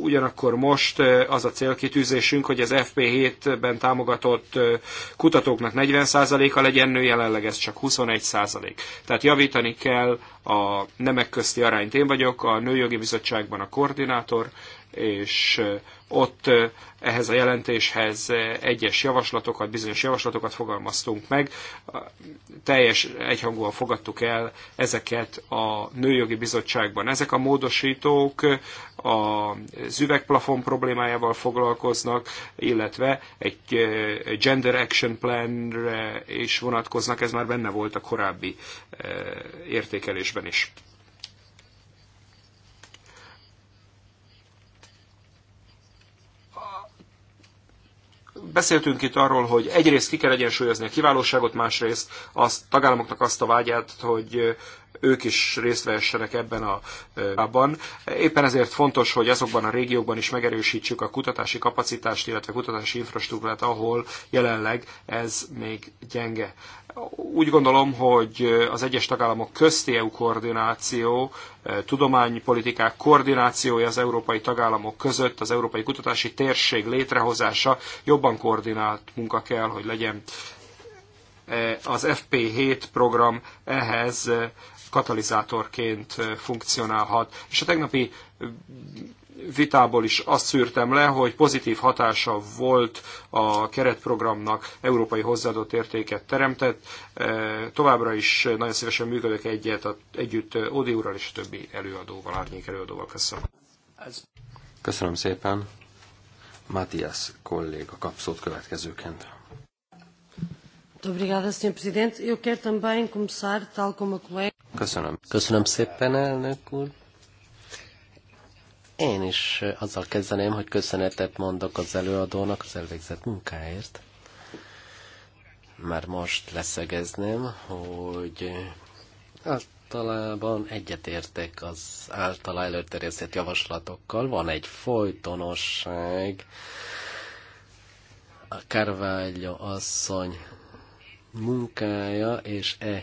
ugyanakkor most e, az a célkitűzésünk, hogy az FP7-ben támogatott e, kutatóknak 40%-a legyen nő, jelenleg ez csak 21%. Tehát javítani kell a nemek közti arányt. Én vagyok a Nőjogi Bizottságban a koordinátor, és ott ehhez a jelentéshez egyes javaslatokat, bizonyos javaslatokat fogalmaztunk meg. Teljes egyhangúan fogadtuk el ezeket a Nőjogi Bizottságban. Ezek a módosítók a üvegplafon problémájával foglalkoznak, illetve egy Gender Action Plan-re is vonatkoznak, ez már benne volt a korábbi értékelésben is. Beszéltünk itt arról, hogy egyrészt ki kell egyensúlyozni a kiválóságot, másrészt a tagállamoknak azt a vágyát, hogy ők is részt vehessenek ebben a abban. Éppen ezért fontos, hogy azokban a régiókban is megerősítsük a kutatási kapacitást, illetve kutatási infrastruktúrát, ahol jelenleg ez még gyenge. Úgy gondolom, hogy az egyes tagállamok közti EU koordináció, tudománypolitikák koordinációja az európai tagállamok között, az európai kutatási térség létrehozása jobban koordinált munka kell, hogy legyen e, az FP7 program ehhez katalizátorként funkcionálhat. És a tegnapi vitából is azt szűrtem le, hogy pozitív hatása volt a keretprogramnak, európai hozzáadott értéket teremtett. Továbbra is nagyon szívesen működök egyet, együtt Odi úrral és a többi előadóval, árnyék előadóval. Köszönöm. Köszönöm szépen. Matthias kolléga kapszót következőként. Köszönöm. Köszönöm szépen, elnök úr. Én is azzal kezdeném, hogy köszönetet mondok az előadónak az elvégzett munkáért. Már most leszegezném, hogy általában egyetértek az általa előterjesztett javaslatokkal. Van egy folytonosság. A Carvalho asszony munkája és e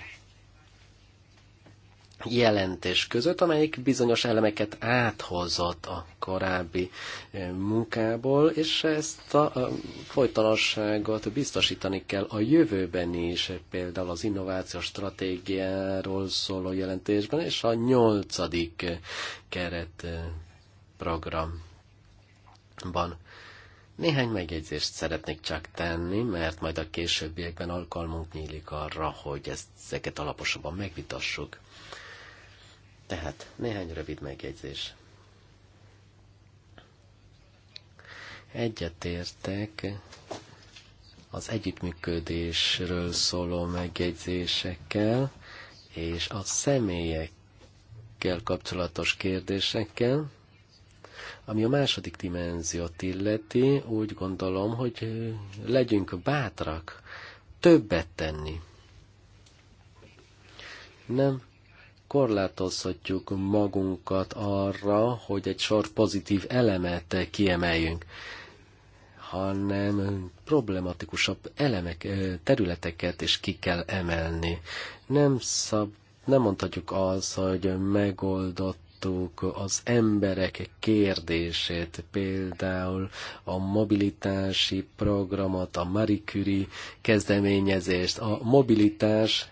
jelentés között, amelyik bizonyos elemeket áthozott a korábbi e, munkából, és ezt a folytonosságot biztosítani kell a jövőben is, például az innovációs stratégiáról szóló jelentésben, és a nyolcadik keretprogramban. Néhány megjegyzést szeretnék csak tenni, mert majd a későbbiekben alkalmunk nyílik arra, hogy ezeket alaposabban megvitassuk. Tehát néhány rövid megjegyzés. Egyetértek az együttműködésről szóló megjegyzésekkel és a személyekkel kapcsolatos kérdésekkel ami a második dimenziót illeti, úgy gondolom, hogy legyünk bátrak, többet tenni. Nem korlátozhatjuk magunkat arra, hogy egy sor pozitív elemet kiemeljünk, hanem problematikusabb elemek, területeket is ki kell emelni. Nem szab, nem mondhatjuk az, hogy megoldott láttuk az emberek kérdését, például a mobilitási programot, a Marie Curie kezdeményezést. A mobilitás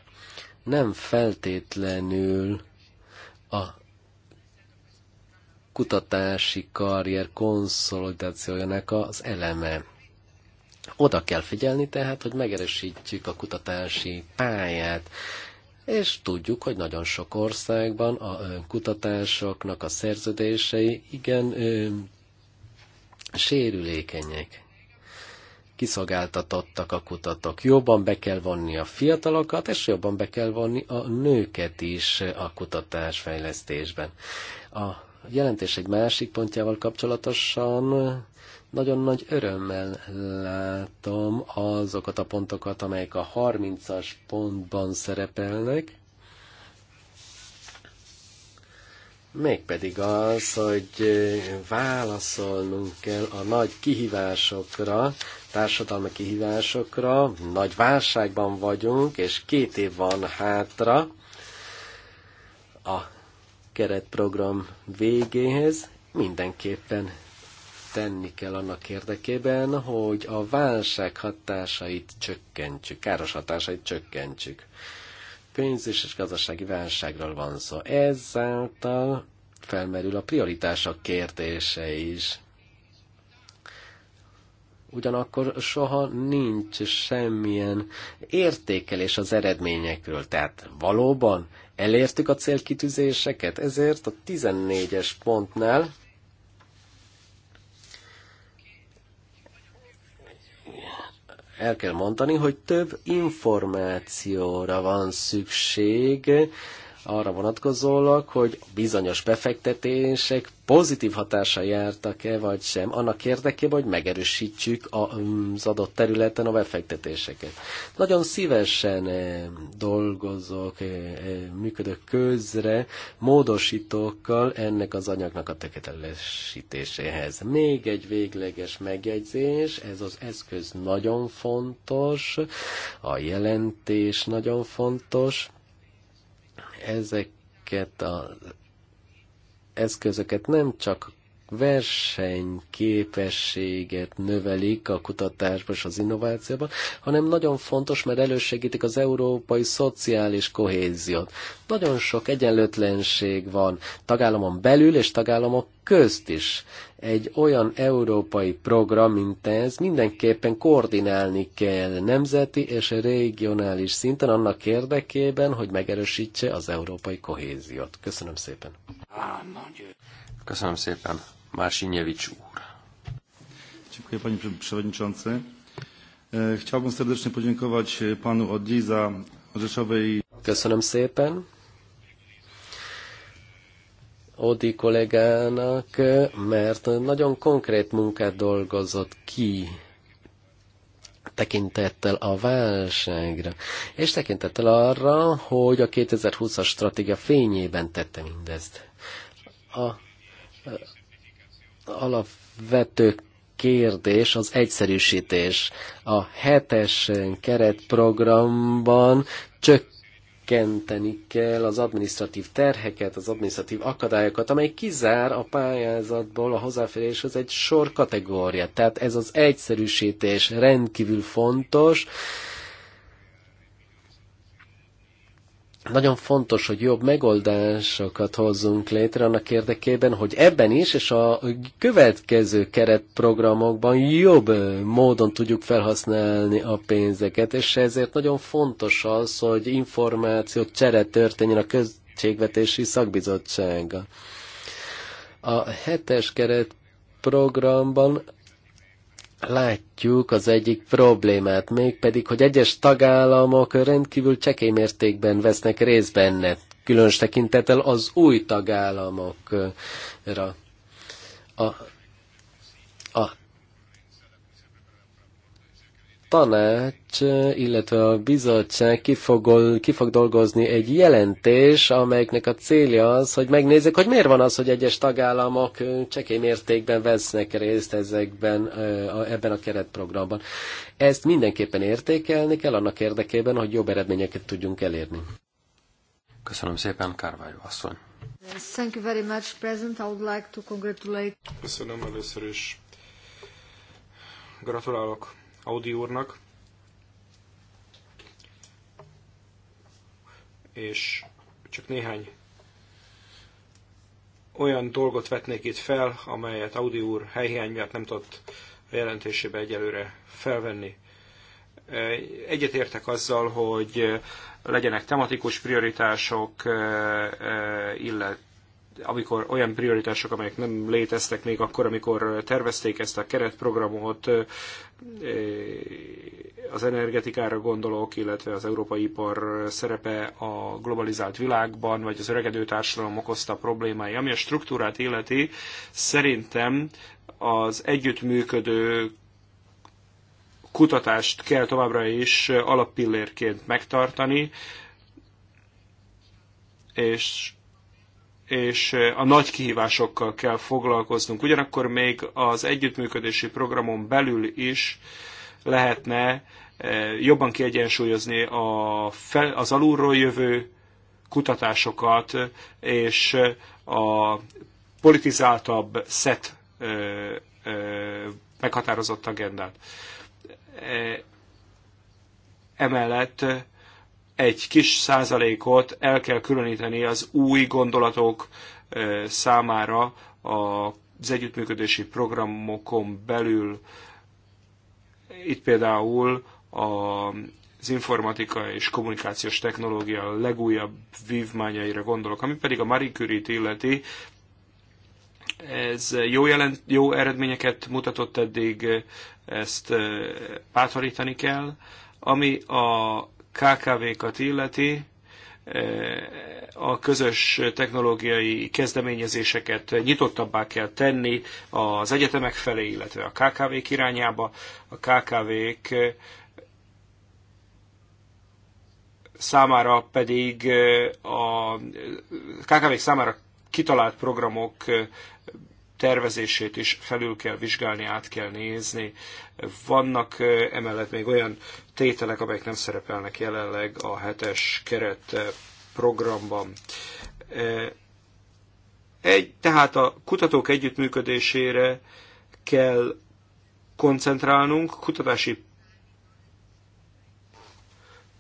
nem feltétlenül a kutatási karrier konszolidációjának az eleme. Oda kell figyelni tehát, hogy megerősítjük a kutatási pályát és tudjuk, hogy nagyon sok országban a kutatásoknak a szerződései igen ö, sérülékenyek. Kiszolgáltatottak a kutatók. Jobban be kell vonni a fiatalokat, és jobban be kell vonni a nőket is a kutatásfejlesztésben. A jelentés egy másik pontjával kapcsolatosan nagyon nagy örömmel látom azokat a pontokat, amelyek a 30-as pontban szerepelnek, mégpedig az, hogy válaszolnunk kell a nagy kihívásokra, társadalmi kihívásokra, nagy válságban vagyunk, és két év van hátra a keretprogram végéhez, mindenképpen tenni kell annak érdekében, hogy a válság hatásait csökkentsük, káros hatásait csökkentsük. Pénz és gazdasági válságról van szó. Ezáltal felmerül a prioritások kérdése is. Ugyanakkor soha nincs semmilyen értékelés az eredményekről. Tehát valóban elértük a célkitűzéseket, ezért a 14-es pontnál el kell mondani, hogy több információra van szükség arra vonatkozólag, hogy bizonyos befektetések pozitív hatása jártak-e vagy sem, annak érdekében, hogy megerősítsük az adott területen a befektetéseket. Nagyon szívesen eh, dolgozok, eh, eh, működök közre módosítókkal ennek az anyagnak a tökéletesítéséhez. Még egy végleges megjegyzés, ez az eszköz nagyon fontos, a jelentés nagyon fontos, ezeket az eszközöket nem csak versenyképességet növelik a kutatásban és az innovációban, hanem nagyon fontos, mert elősegítik az európai szociális kohéziót. Nagyon sok egyenlőtlenség van tagállamon belül és tagállamok közt is egy olyan európai program, mint ez, mindenképpen koordinálni kell nemzeti és regionális szinten annak érdekében, hogy megerősítse az európai kohéziót. Köszönöm szépen. Köszönöm szépen, Másinyevics úr. Dziękuję panie przewodniczący. E, chciałbym serdecznie podziękować panu za rzeczowej... Köszönöm szépen. Odi kollégának, mert nagyon konkrét munkát dolgozott ki tekintettel a válságra, és tekintettel arra, hogy a 2020-as stratégia fényében tette mindezt. A, a, alapvető kérdés az egyszerűsítés. A hetes keretprogramban csak csökkenteni kell az administratív terheket, az administratív akadályokat, amely kizár a pályázatból a hozzáféréshez egy sor kategóriát. Tehát ez az egyszerűsítés rendkívül fontos, nagyon fontos, hogy jobb megoldásokat hozzunk létre annak érdekében, hogy ebben is és a következő keretprogramokban jobb módon tudjuk felhasználni a pénzeket, és ezért nagyon fontos az, hogy információ csere történjen a költségvetési szakbizottsága. A hetes keretprogramban látjuk az egyik problémát, mégpedig, hogy egyes tagállamok rendkívül csekély mértékben vesznek részt benne, különös tekintettel az új tagállamokra. A tanács, illetve a bizottság ki fog, ki fog dolgozni egy jelentés, amelyiknek a célja az, hogy megnézzük, hogy miért van az, hogy egyes tagállamok csekély mértékben vesznek részt ezekben, ebben a keretprogramban. Ezt mindenképpen értékelni kell annak érdekében, hogy jobb eredményeket tudjunk elérni. Köszönöm szépen, Kárvályó asszony. Thank you very much, President. I would like to congratulate. Köszönöm először is. Gratulálok Audi úrnak, és csak néhány olyan dolgot vetnék itt fel, amelyet Audi úr helyhiány miatt nem tudott a jelentésébe egyelőre felvenni. Egyetértek azzal, hogy legyenek tematikus prioritások, illet, amikor olyan prioritások, amelyek nem léteztek még akkor, amikor tervezték ezt a keretprogramot, az energetikára gondolok, illetve az európai ipar szerepe a globalizált világban, vagy az öregedő társadalom okozta problémái. Ami a struktúrát illeti, szerintem az együttműködő kutatást kell továbbra is alappillérként megtartani, és és a nagy kihívásokkal kell foglalkoznunk. Ugyanakkor még az együttműködési programon belül is lehetne jobban kiegyensúlyozni a fel, az alulról jövő kutatásokat és a politizáltabb szet meghatározott agendát. Emellett egy kis százalékot el kell különíteni az új gondolatok számára az együttműködési programokon belül. Itt például az informatika és kommunikációs technológia legújabb vívmányaira gondolok, ami pedig a Marie Curie-t illeti, ez jó, jelent, jó eredményeket mutatott eddig, ezt bátorítani kell. Ami a KKV-kat illeti, e, a közös technológiai kezdeményezéseket nyitottabbá kell tenni az egyetemek felé, illetve a KKV-k irányába. A KKV-k számára pedig e, a KKV számára kitalált programok tervezését is felül kell vizsgálni, át kell nézni. Vannak emellett még olyan tételek, amelyek nem szerepelnek jelenleg a hetes keret programban. Egy, tehát a kutatók együttműködésére kell koncentrálnunk, kutatási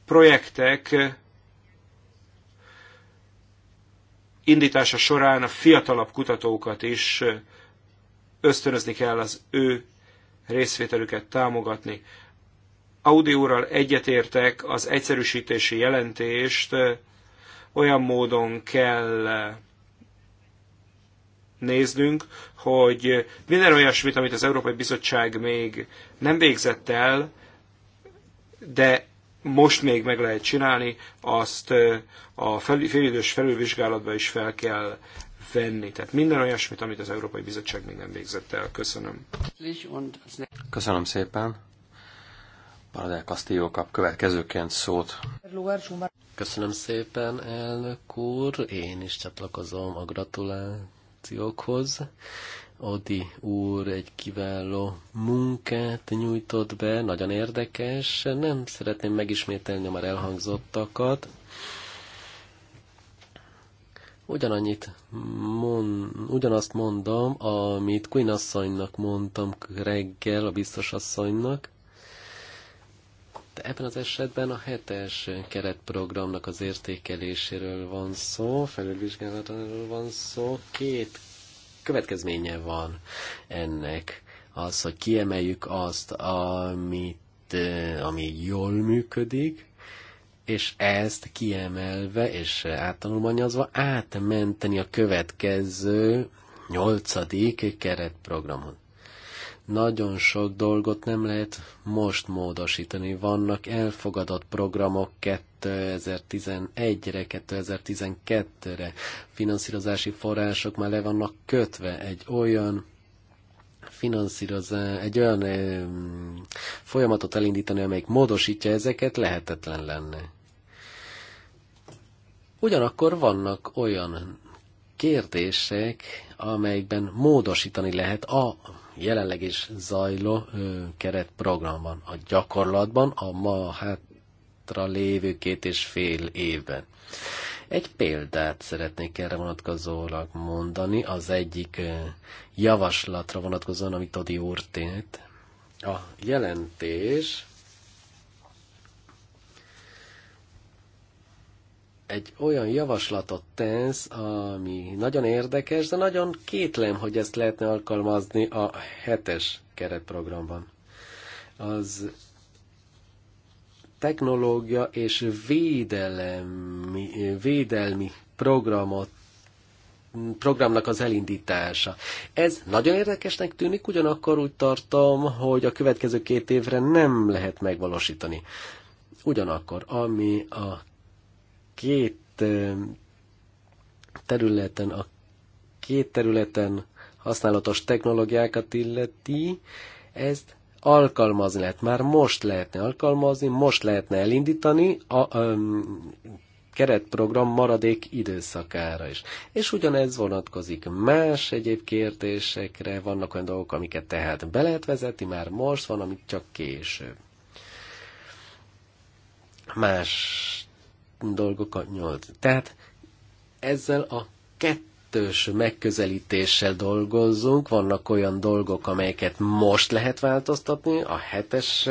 projektek indítása során a fiatalabb kutatókat is ösztönözni kell az ő részvételüket támogatni. Audióral egyetértek, az egyszerűsítési jelentést olyan módon kell néznünk, hogy minden olyasmit, amit az Európai Bizottság még nem végzett el, de most még meg lehet csinálni, azt a félidős felülvizsgálatba is fel kell venni. Tehát minden olyasmit, amit az Európai Bizottság még nem végzett el. Köszönöm. Köszönöm szépen. Paradel Castillo kap következőként szót. Köszönöm szépen, elnök úr. Én is csatlakozom a gratulációkhoz, Odi úr egy kiváló munkát nyújtott be, nagyon érdekes. Nem szeretném megismételni a már elhangzottakat. Ugyanannyit mon, ugyanazt mondom, amit Queen asszonynak mondtam reggel, a biztos asszonynak. De ebben az esetben a hetes keretprogramnak az értékeléséről van szó, felülvizsgálatáról van szó. Két következménye van ennek? Az, hogy kiemeljük azt, amit, ami jól működik, és ezt kiemelve és áttanulmányozva átmenteni a következő nyolcadik keretprogramon nagyon sok dolgot nem lehet most módosítani. Vannak elfogadott programok 2011-re, 2012-re. Finanszírozási források már le vannak kötve egy olyan finanszírozás, egy olyan ö, folyamatot elindítani, amelyik módosítja ezeket, lehetetlen lenne. Ugyanakkor vannak olyan kérdések, amelyikben módosítani lehet a jelenleg is zajló keretprogramban, a gyakorlatban, a ma hátra lévő két és fél évben. Egy példát szeretnék erre vonatkozólag mondani, az egyik javaslatra vonatkozóan, amit Odi úr tényt. A jelentés egy olyan javaslatot tensz, ami nagyon érdekes, de nagyon kétlem, hogy ezt lehetne alkalmazni a hetes keretprogramban. Az technológia és védelemi, védelmi programot programnak az elindítása. Ez nagyon érdekesnek tűnik, ugyanakkor úgy tartom, hogy a következő két évre nem lehet megvalósítani. Ugyanakkor, ami a két területen, a két területen használatos technológiákat illeti, ezt alkalmazni lehet. Már most lehetne alkalmazni, most lehetne elindítani a, a, a keretprogram maradék időszakára is. És ugyanez vonatkozik más egyéb kérdésekre, vannak olyan dolgok, amiket tehát be lehet vezetni, már most van, amit csak később. Más dolgokat nyolc. Tehát ezzel a kettős megközelítéssel dolgozzunk. Vannak olyan dolgok, amelyeket most lehet változtatni a hetes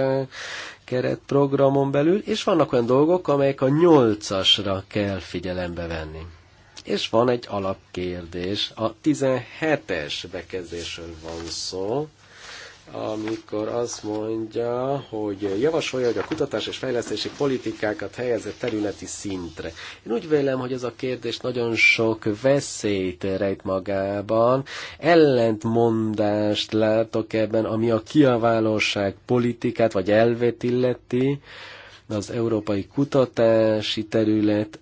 keretprogramon belül, és vannak olyan dolgok, amelyek a nyolcasra kell figyelembe venni. És van egy alapkérdés, a 17-es bekezdésről van szó, amikor azt mondja, hogy javasolja, hogy a kutatás és fejlesztési politikákat helyezze területi szintre. Én úgy vélem, hogy ez a kérdés nagyon sok veszélyt rejt magában. Ellentmondást látok ebben, ami a kiaválóság politikát vagy elvet illeti, az európai kutatási terület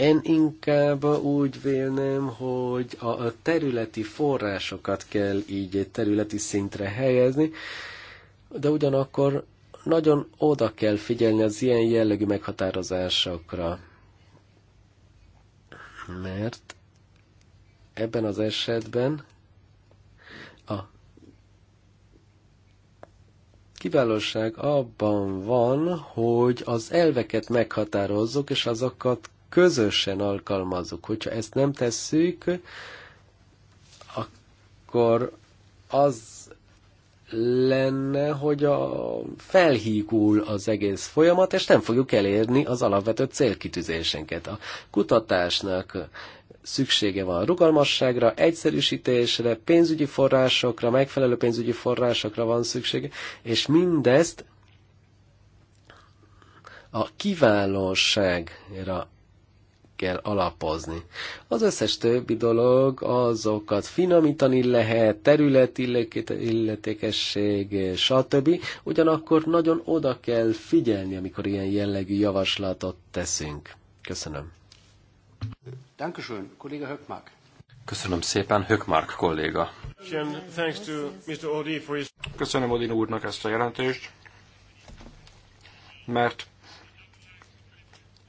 én inkább úgy vélném, hogy a területi forrásokat kell így egy területi szintre helyezni, de ugyanakkor nagyon oda kell figyelni az ilyen jellegű meghatározásokra. Mert ebben az esetben a kiválóság abban van, hogy az elveket meghatározzuk, és azokat közösen alkalmazzuk. Hogyha ezt nem tesszük, akkor az lenne, hogy a felhígul az egész folyamat, és nem fogjuk elérni az alapvető célkitűzésenket. A kutatásnak szüksége van rugalmasságra, egyszerűsítésre, pénzügyi forrásokra, megfelelő pénzügyi forrásokra van szüksége, és mindezt a kiválóságra kell alapozni. Az összes többi dolog, azokat finomítani lehet, terület, illetékesség, stb. Ugyanakkor nagyon oda kell figyelni, amikor ilyen jellegű javaslatot teszünk. Köszönöm. Dankeschön, kolléga Höckmark. Köszönöm szépen, Höckmark kolléga. Köszönöm Odin úrnak ezt a jelentést, mert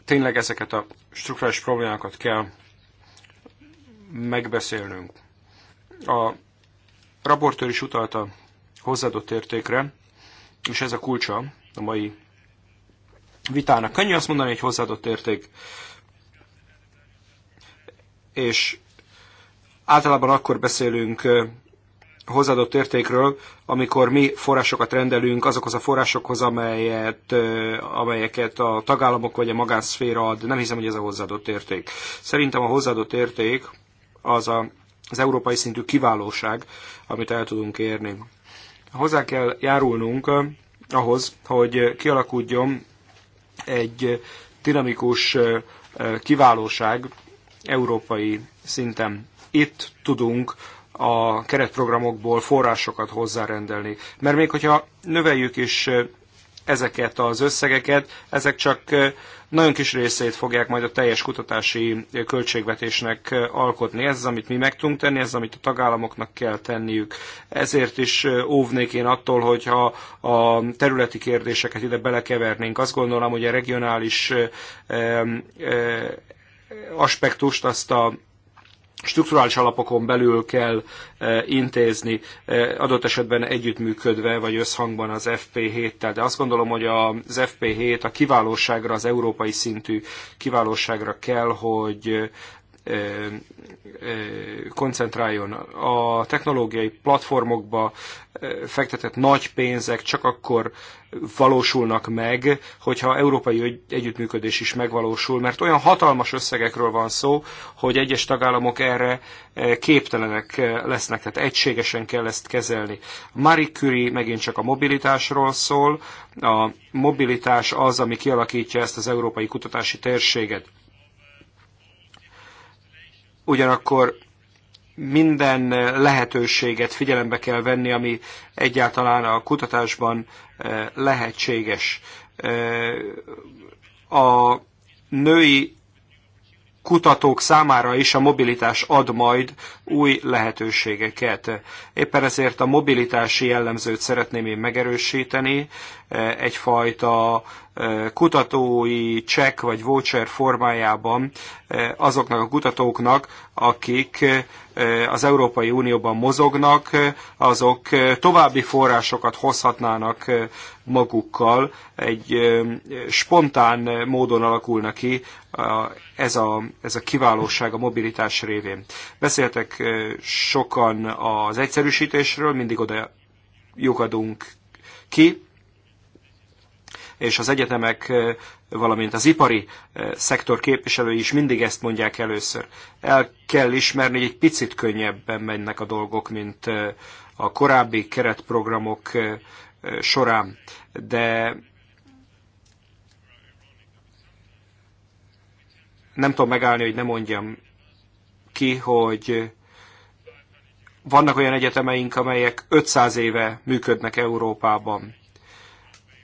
tényleg ezeket a struktúrális problémákat kell megbeszélnünk. A raportőr is utalta hozzáadott értékre, és ez a kulcsa a mai vitának. Könnyű azt mondani, hogy hozzáadott érték, és általában akkor beszélünk hozzáadott értékről, amikor mi forrásokat rendelünk azokhoz a forrásokhoz, amelyet, amelyeket a tagállamok vagy a magánszféra ad. Nem hiszem, hogy ez a hozzáadott érték. Szerintem a hozzáadott érték az a, az európai szintű kiválóság, amit el tudunk érni. Hozzá kell járulnunk ahhoz, hogy kialakuljon egy dinamikus kiválóság európai szinten. Itt tudunk a keretprogramokból forrásokat hozzárendelni. Mert még hogyha növeljük is ezeket az összegeket, ezek csak nagyon kis részét fogják majd a teljes kutatási költségvetésnek alkotni. Ez az, amit mi meg tudunk tenni, ez az, amit a tagállamoknak kell tenniük. Ezért is óvnék én attól, hogyha a területi kérdéseket ide belekevernénk. Azt gondolom, hogy a regionális aspektust azt a strukturális alapokon belül kell eh, intézni, eh, adott esetben együttműködve vagy összhangban az FP7-tel. De azt gondolom, hogy az FP7 a kiválóságra, az európai szintű kiválóságra kell, hogy koncentráljon. A technológiai platformokba fektetett nagy pénzek csak akkor valósulnak meg, hogyha európai együttműködés is megvalósul, mert olyan hatalmas összegekről van szó, hogy egyes tagállamok erre képtelenek lesznek, tehát egységesen kell ezt kezelni. Marie Curie megint csak a mobilitásról szól, a mobilitás az, ami kialakítja ezt az európai kutatási térséget ugyanakkor minden lehetőséget figyelembe kell venni, ami egyáltalán a kutatásban eh, lehetséges. Eh, a női kutatók számára is a mobilitás ad majd új lehetőségeket. Éppen ezért a mobilitási jellemzőt szeretném én megerősíteni, eh, egyfajta kutatói check vagy voucher formájában azoknak a kutatóknak, akik az Európai Unióban mozognak, azok további forrásokat hozhatnának magukkal, egy spontán módon alakulna ki ez a, ez a kiválóság a mobilitás révén. Beszéltek sokan az egyszerűsítésről, mindig oda lyukadunk ki, és az egyetemek, valamint az ipari szektor képviselői is mindig ezt mondják először. El kell ismerni, hogy egy picit könnyebben mennek a dolgok, mint a korábbi keretprogramok során, de nem tudom megállni, hogy ne mondjam ki, hogy vannak olyan egyetemeink, amelyek 500 éve működnek Európában,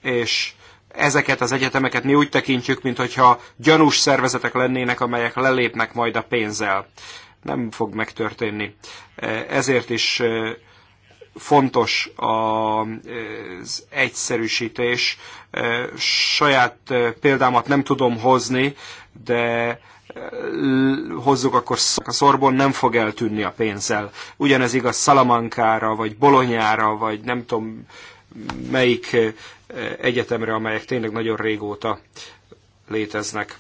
és ezeket az egyetemeket mi úgy tekintjük, mintha gyanús szervezetek lennének, amelyek lelépnek majd a pénzzel. Nem fog megtörténni. E, ezért is e, fontos az egyszerűsítés. E, saját példámat nem tudom hozni, de hozzuk, akkor a szorbon nem fog eltűnni a pénzzel. Ugyanez igaz Salamankára, vagy Bolonyára, vagy nem tudom, melyik eh, egyetemre, amelyek tényleg nagyon régóta léteznek.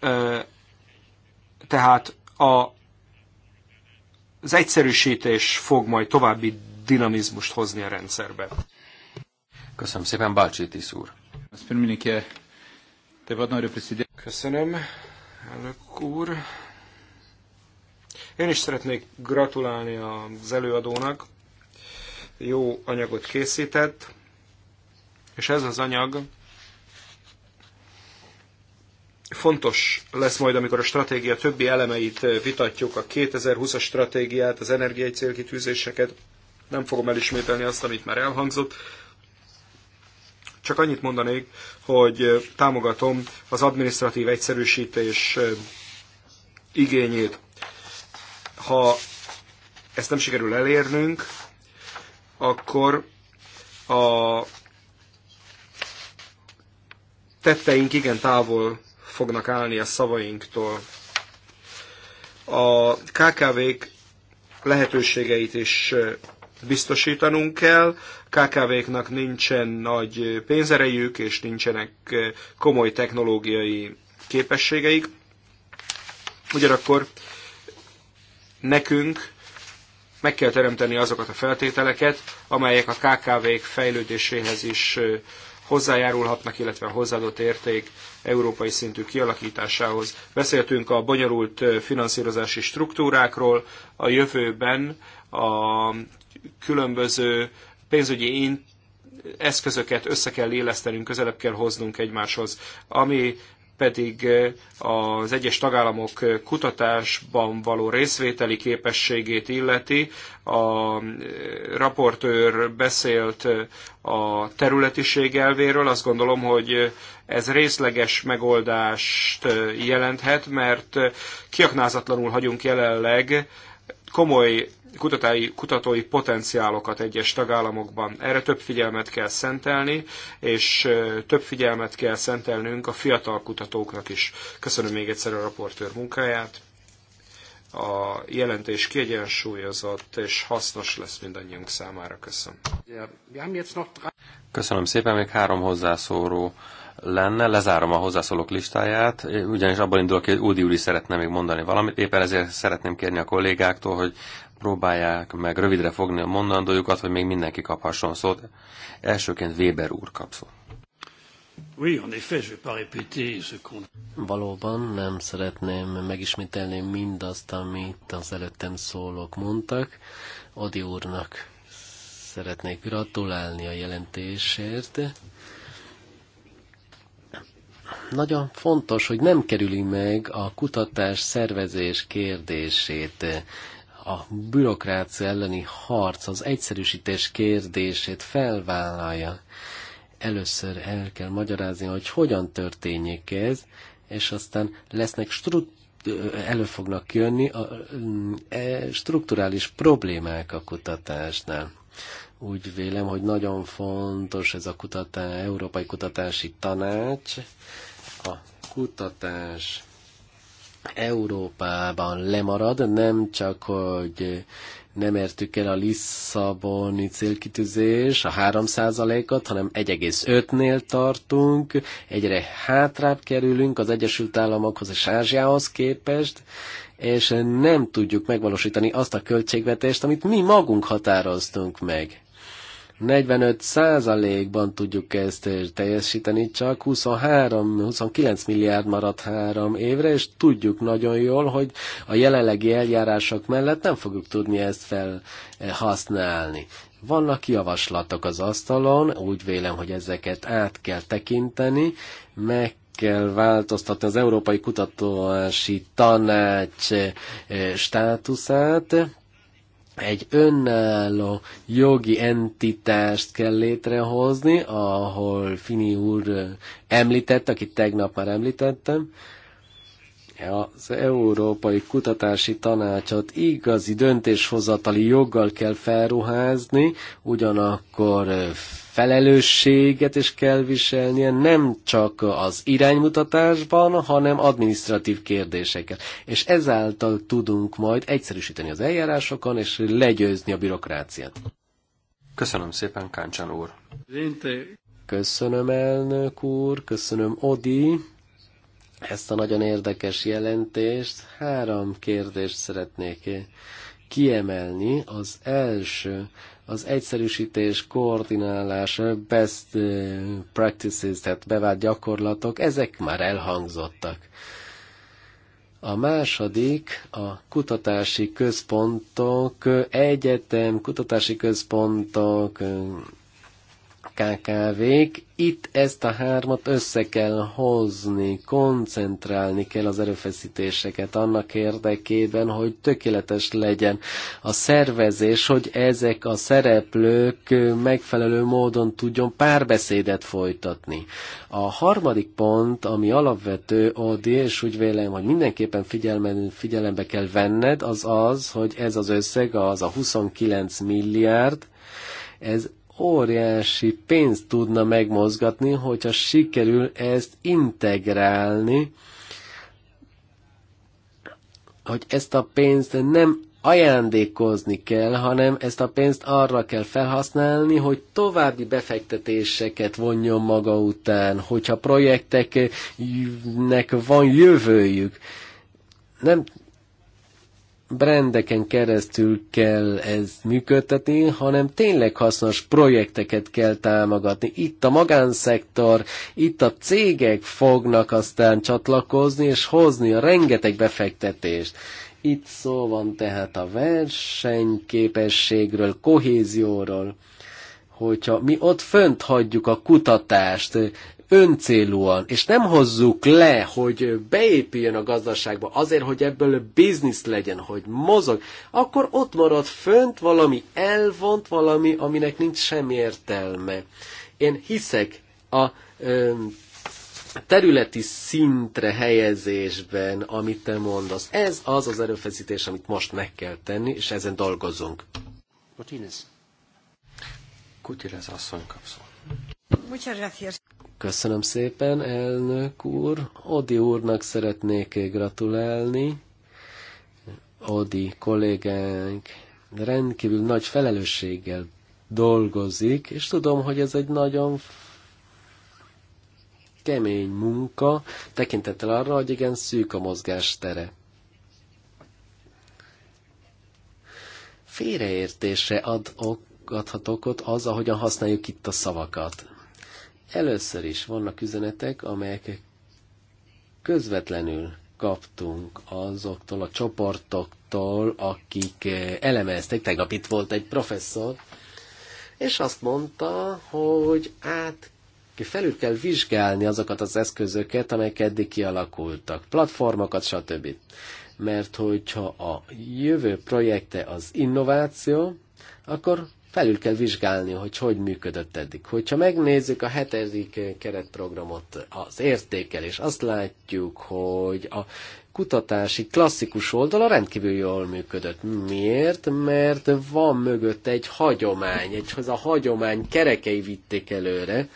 Eh, tehát a, az egyszerűsítés fog majd további dinamizmust hozni a rendszerbe. Köszönöm szépen, Bácsi úr. Köszönöm, elnök úr. Én is szeretnék gratulálni az előadónak. Jó anyagot készített, és ez az anyag fontos lesz majd, amikor a stratégia többi elemeit vitatjuk, a 2020-as stratégiát, az energiai célkitűzéseket. Nem fogom elismételni azt, amit már elhangzott. Csak annyit mondanék, hogy támogatom az administratív egyszerűsítés igényét. Ha ezt nem sikerül elérnünk, akkor a tetteink igen távol fognak állni a szavainktól. A KKV-k lehetőségeit is biztosítanunk kell. KKV-knak nincsen nagy pénzerejük, és nincsenek komoly technológiai képességeik. Ugyanakkor Nekünk meg kell teremteni azokat a feltételeket, amelyek a KKV-k fejlődéséhez is hozzájárulhatnak, illetve a hozzáadott érték európai szintű kialakításához. Beszéltünk a bonyolult finanszírozási struktúrákról, a jövőben a különböző pénzügyi eszközöket össze kell élesztenünk, közelebb kell hoznunk egymáshoz. Ami pedig az egyes tagállamok kutatásban való részvételi képességét illeti. A raportőr beszélt a területiség elvéről, azt gondolom, hogy ez részleges megoldást jelenthet, mert kiaknázatlanul hagyunk jelenleg komoly kutatói, kutatói potenciálokat egyes tagállamokban. Erre több figyelmet kell szentelni, és több figyelmet kell szentelnünk a fiatal kutatóknak is. Köszönöm még egyszer a raportőr munkáját. A jelentés kiegyensúlyozott és hasznos lesz mindannyiunk számára. Köszönöm. Köszönöm szépen, még három hozzászóró lenne, lezárom a hozzászólók listáját, ugyanis abban indulok, hogy Údi úr is szeretne még mondani valamit, éppen ezért szeretném kérni a kollégáktól, hogy próbálják meg rövidre fogni a mondandójukat, hogy még mindenki kaphasson szót. Elsőként Weber úr kap szót. Valóban nem szeretném megismételni mindazt, amit az előttem szólók mondtak. Adi úrnak szeretnék gratulálni a jelentésért. Nagyon fontos, hogy nem kerüli meg a kutatás szervezés kérdését a bürokrácia elleni harc az egyszerűsítés kérdését felvállalja. Először el kell magyarázni, hogy hogyan történjék ez, és aztán lesznek strut elő fognak jönni a e, strukturális problémák a kutatásnál. Úgy vélem, hogy nagyon fontos ez a kutatás, Európai Kutatási Tanács, a kutatás Európában lemarad, nem csak, hogy nem értük el a Lisszaboni célkitűzés, a 3 ot hanem 1,5-nél tartunk, egyre hátrább kerülünk az Egyesült Államokhoz és Ázsiához képest, és nem tudjuk megvalósítani azt a költségvetést, amit mi magunk határoztunk meg. 45%-ban tudjuk ezt teljesíteni, csak 23-29 milliárd maradt három évre, és tudjuk nagyon jól, hogy a jelenlegi eljárások mellett nem fogjuk tudni ezt felhasználni. Vannak javaslatok az asztalon, úgy vélem, hogy ezeket át kell tekinteni, meg kell változtatni az Európai Kutatási Tanács eh, státuszát, egy önálló jogi entitást kell létrehozni, ahol Fini úr említett, akit tegnap már említettem, az Európai Kutatási Tanácsot igazi döntéshozatali joggal kell felruházni, ugyanakkor felelősséget is kell viselnie nem csak az iránymutatásban, hanem administratív kérdéseket. És ezáltal tudunk majd egyszerűsíteni az eljárásokon, és legyőzni a bürokráciát. Köszönöm szépen, Káncsán úr. Köszönöm, elnök úr, köszönöm, Odi, ezt a nagyon érdekes jelentést. Három kérdést szeretnék kiemelni. Az első, az egyszerűsítés, koordinálás, best eh, practices, tehát bevált gyakorlatok, ezek már elhangzottak. A második a kutatási központok, egyetem, kutatási központok, eh, KKV-k. Itt ezt a hármat össze kell hozni, koncentrálni kell az erőfeszítéseket annak érdekében, hogy tökéletes legyen a szervezés, hogy ezek a szereplők megfelelő módon tudjon párbeszédet folytatni. A harmadik pont, ami alapvető, Odi, és úgy vélem, hogy mindenképpen figyelmen, figyelembe kell venned, az az, hogy ez az összeg, az a 29 milliárd, ez óriási pénzt tudna megmozgatni, hogyha sikerül ezt integrálni, hogy ezt a pénzt nem ajándékozni kell, hanem ezt a pénzt arra kell felhasználni, hogy további befektetéseket vonjon maga után, hogyha projekteknek van jövőjük. Nem brendeken keresztül kell ez működtetni, hanem tényleg hasznos projekteket kell támogatni. Itt a magánszektor, itt a cégek fognak aztán csatlakozni és hozni a rengeteg befektetést. Itt szó van tehát a versenyképességről, kohézióról hogyha mi ott fönt hagyjuk a kutatást, öncélúan, és nem hozzuk le, hogy beépüljön a gazdaságba azért, hogy ebből biznisz legyen, hogy mozog, akkor ott marad fönt valami elvont, valami, aminek nincs semmi értelme. Én hiszek a ö, területi szintre helyezésben, amit te mondasz. Ez az az erőfeszítés, amit most meg kell tenni, és ezen dolgozunk. Martínez. Kutirez asszony kapszol. Köszönöm szépen, elnök úr. Odi úrnak szeretnék gratulálni. Odi kollégánk rendkívül nagy felelősséggel dolgozik, és tudom, hogy ez egy nagyon kemény munka, tekintettel arra, hogy igen, szűk a mozgástere. Félreértése ad ok, adhat okot az, ahogyan használjuk itt a szavakat. Először is vannak üzenetek, amelyek közvetlenül kaptunk azoktól a csoportoktól, akik eh, elemeztek. Tegnap itt volt egy professzor, és azt mondta, hogy át felül kell vizsgálni azokat az eszközöket, amelyek eddig kialakultak, platformokat, stb. Mert hogyha a jövő projekte az innováció, akkor felül kell vizsgálni, hogy hogy működött eddig. Hogyha megnézzük a hetedik keretprogramot, az értékelés, azt látjuk, hogy a kutatási klasszikus oldala rendkívül jól működött. Miért? Mert van mögött egy hagyomány, egy, az a hagyomány kerekei vitték előre.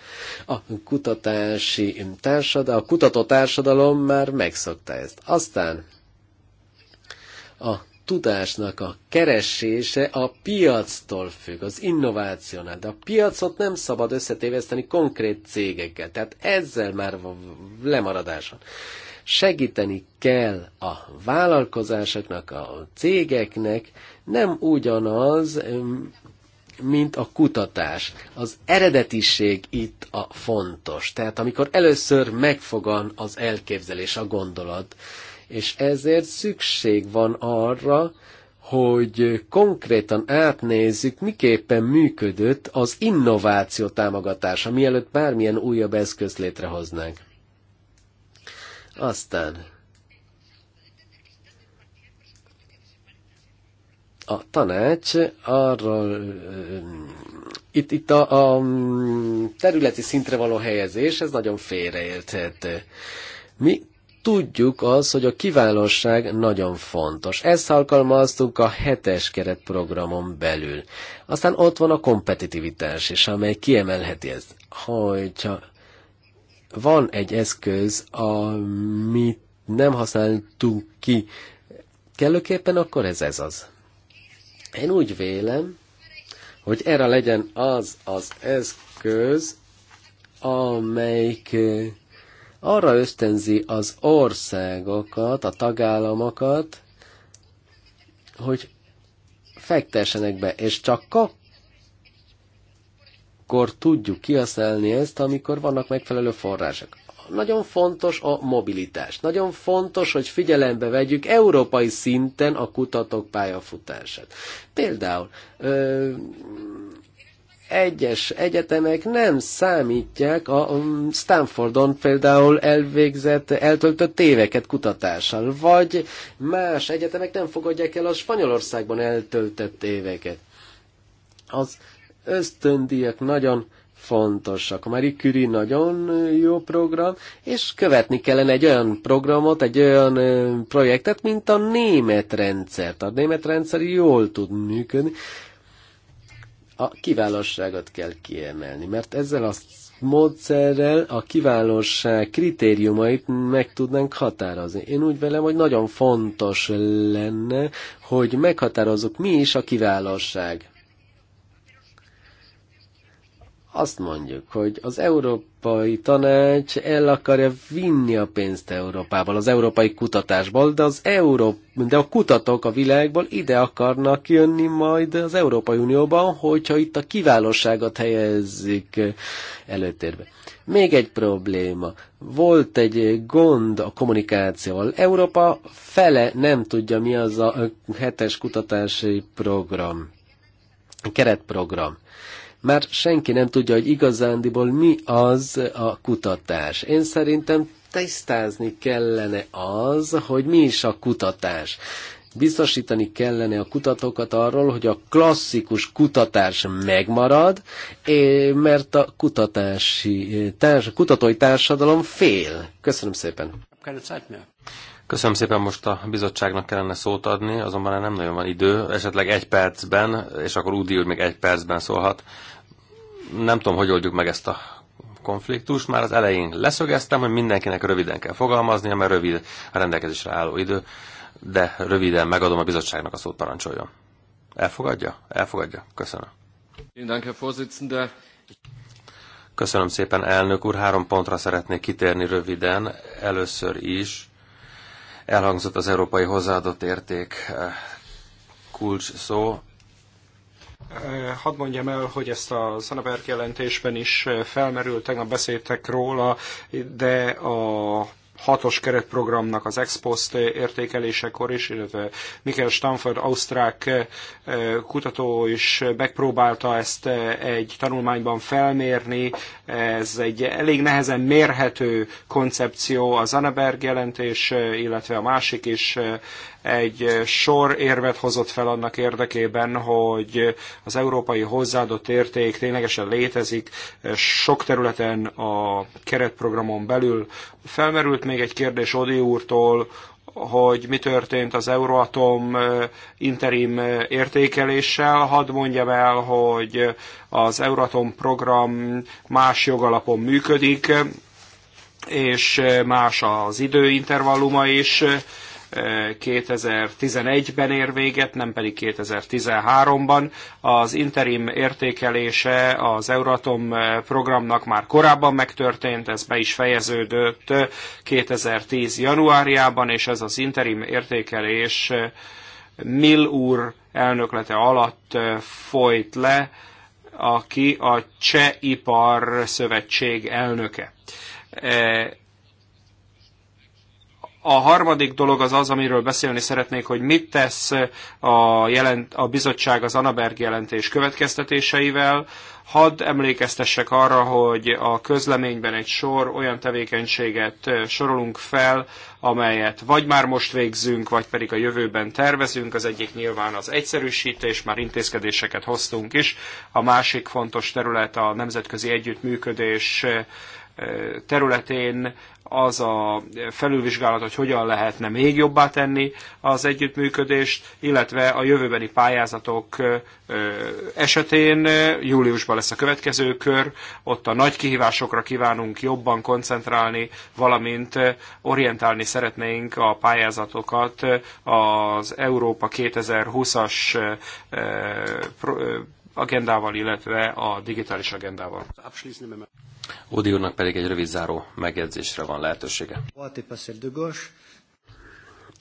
A kutatási társadalom, a kutató társadalom már megszokta ezt. Aztán a tudásnak a keresése a piactól függ, az innovációnál, de a piacot nem szabad összetéveszteni konkrét cégekkel, tehát ezzel már lemaradáson. Segíteni kell a vállalkozásoknak, a cégeknek, nem ugyanaz, mint a kutatás. Az eredetiség itt a fontos. Tehát amikor először megfogan az elképzelés, a gondolat, és ezért szükség van arra, hogy konkrétan átnézzük, miképpen működött az innováció támogatása, mielőtt bármilyen újabb eszközt létrehoznánk. Aztán a tanács arról, itt, itt a, a területi szintre való helyezés, ez nagyon félreérthető. Mi tudjuk az, hogy a kiválóság nagyon fontos. Ezt alkalmaztuk a hetes keretprogramon belül. Aztán ott van a kompetitivitás is, amely kiemelheti ezt. Hogyha van egy eszköz, amit nem használtunk ki kellőképpen, akkor ez ez az. Én úgy vélem, hogy erre legyen az az eszköz, amelyik arra ösztönzi az országokat, a tagállamokat, hogy fektessenek be, és csak akkor tudjuk kihasználni ezt, amikor vannak megfelelő források. Nagyon fontos a mobilitás. Nagyon fontos, hogy figyelembe vegyük európai szinten a kutatók pályafutását. Például ö, egyes egyetemek nem számítják a um, Stanfordon például elvégzett, eltöltött éveket kutatással, vagy más egyetemek nem fogadják el a Spanyolországban eltöltött éveket. Az ösztöndíjak nagyon fontosak. A Marie Curie nagyon jó program, és követni kellene egy olyan programot, egy olyan projektet, mint a német rendszert. A német rendszer jól tud működni, a kiválóságot kell kiemelni, mert ezzel a módszerrel a kiválóság kritériumait meg tudnánk határozni. Én úgy velem, hogy nagyon fontos lenne, hogy meghatározzuk mi is a kiválóság azt mondjuk, hogy az Európai Tanács el akarja vinni a pénzt Európából, az európai kutatásból, de, az Euró... de a kutatók a világból ide akarnak jönni majd az Európai Unióban, hogyha itt a kiválóságot helyezzük előtérbe. Még egy probléma. Volt egy gond a kommunikációval. Európa fele nem tudja, mi az a hetes kutatási program, keretprogram már senki nem tudja, hogy igazándiból mi az a kutatás. Én szerintem tisztázni kellene az, hogy mi is a kutatás. Biztosítani kellene a kutatókat arról, hogy a klasszikus kutatás megmarad, mert a kutatási, társ, kutatói társadalom fél. Köszönöm szépen. Köszönöm szépen, most a bizottságnak kellene szót adni, azonban nem nagyon van idő, esetleg egy percben, és akkor Údi úr még egy percben szólhat. Nem tudom, hogy oldjuk meg ezt a konfliktus. Már az elején leszögeztem, hogy mindenkinek röviden kell fogalmazni, mert rövid a rendelkezésre álló idő, de röviden megadom a bizottságnak a szót, parancsoljon. Elfogadja? Elfogadja. Köszönöm. Köszönöm szépen, elnök úr. Három pontra szeretnék kitérni röviden. Először is Elhangzott az európai hozzáadott érték eh, kulcs szó. Eh, hadd mondjam el, hogy ezt a Szanaberg jelentésben is eh, felmerült, tegnap beszéltek róla, de a hatos keretprogramnak az ex-post értékelésekor is, illetve Michael Stanford, ausztrák eh, kutató is megpróbálta ezt eh, egy tanulmányban felmérni. Ez egy elég nehezen mérhető koncepció, az Zaneberg jelentés, eh, illetve a másik is egy eh, sor érvet hozott fel annak érdekében, hogy az európai hozzáadott érték ténylegesen létezik eh, sok területen a keretprogramon belül. Felmerült még egy kérdés Odi úrtól, hogy mi történt az Euroatom eh, interim értékeléssel. Hadd mondjam el, hogy az Euroatom program más jogalapon működik, és más az időintervalluma is. 2011-ben ér véget, nem pedig 2013-ban. Az interim értékelése az Euratom programnak már korábban megtörtént, ez be is fejeződött 2010. januárjában, és ez az interim értékelés Mill úr elnöklete alatt folyt le, aki a Cseh Ipar Szövetség elnöke a harmadik dolog az az, amiről beszélni szeretnék, hogy mit tesz a, jelent, a bizottság az Anaberg jelentés következtetéseivel. Hadd emlékeztessek arra, hogy a közleményben egy sor olyan tevékenységet sorolunk fel, amelyet vagy már most végzünk, vagy pedig a jövőben tervezünk. Az egyik nyilván az egyszerűsítés, már intézkedéseket hoztunk is. A másik fontos terület a nemzetközi együttműködés területén az a felülvizsgálat, hogy hogyan lehetne még jobbá tenni az együttműködést, illetve a jövőbeni pályázatok esetén júliusban lesz a következő kör, ott a nagy kihívásokra kívánunk jobban koncentrálni, valamint orientálni szeretnénk a pályázatokat az Európa 2020-as agendával, illetve a digitális agendával. Ódi úrnak pedig egy rövid záró megjegyzésre van lehetősége.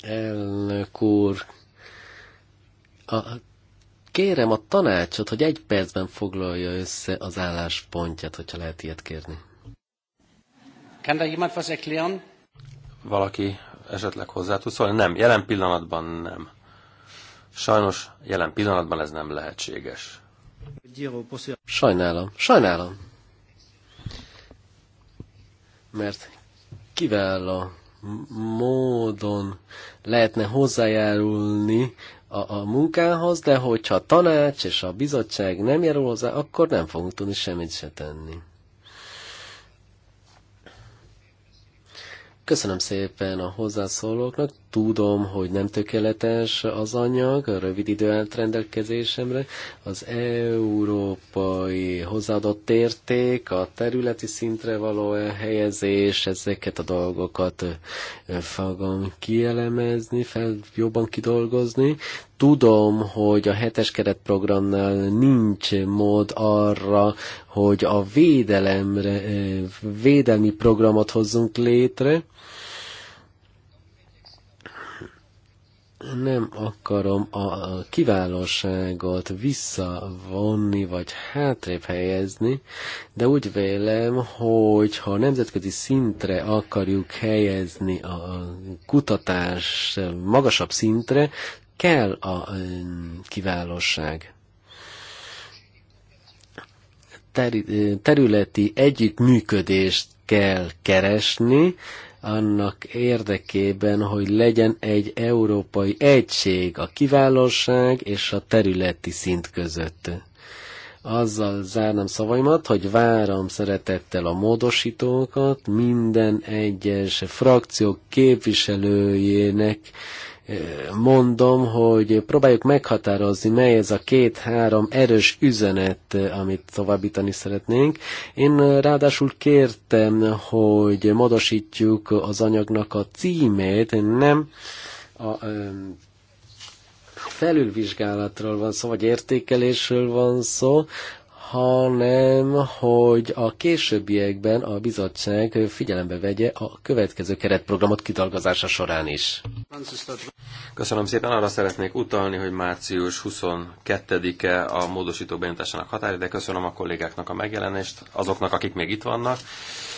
Elnök úr, a, kérem a tanácsot, hogy egy percben foglalja össze az álláspontját, hogyha lehet ilyet kérni. Kann da jemand was erklären? Valaki esetleg hozzá tud szólni? Nem, jelen pillanatban nem. Sajnos jelen pillanatban ez nem lehetséges. Sajnálom, sajnálom mert kivel a módon lehetne hozzájárulni a, a munkához, de hogyha a tanács és a bizottság nem járul hozzá, akkor nem fogunk tudni semmit se tenni. Köszönöm szépen a hozzászólóknak tudom, hogy nem tökéletes az anyag, a rövid idő állt rendelkezésemre. Az európai hozzáadott érték, a területi szintre való helyezés, ezeket a dolgokat fogom kielemezni, fel jobban kidolgozni. Tudom, hogy a hetes keretprogramnál nincs mód arra, hogy a védelemre, védelmi programot hozzunk létre, nem akarom a kiválóságot visszavonni, vagy hátrébb helyezni, de úgy vélem, hogy ha nemzetközi szintre akarjuk helyezni a kutatás magasabb szintre, kell a kiválóság. Területi együttműködést kell keresni, annak érdekében, hogy legyen egy európai egység a kiválóság és a területi szint között. Azzal zárnám szavaimat, hogy várom szeretettel a módosítókat minden egyes frakció képviselőjének mondom, hogy próbáljuk meghatározni, mely ez a két-három erős üzenet, amit továbbítani szeretnénk. Én ráadásul kértem, hogy modosítjuk az anyagnak a címét, nem a felülvizsgálatról van szó, vagy értékelésről van szó, hanem hogy a későbbiekben a bizottság figyelembe vegye a következő keretprogramot kidolgozása során is. Köszönöm szépen, arra szeretnék utalni, hogy március 22-e a módosítók benyújtásának határideje. Köszönöm a kollégáknak a megjelenést, azoknak, akik még itt vannak,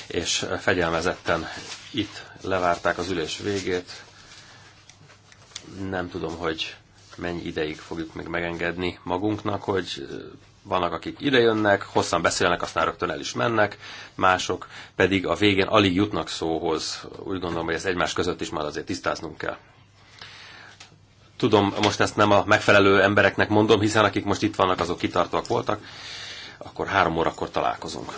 és fegyelmezetten itt levárták az ülés végét. Nem tudom, hogy mennyi ideig fogjuk még megengedni magunknak, hogy vannak, akik idejönnek, hosszan beszélnek, aztán rögtön el is mennek, mások pedig a végén alig jutnak szóhoz. Úgy gondolom, hogy ezt egymás között is már azért tisztáznunk kell. Tudom, most ezt nem a megfelelő embereknek mondom, hiszen akik most itt vannak, azok kitartóak voltak. Akkor három órakor találkozunk.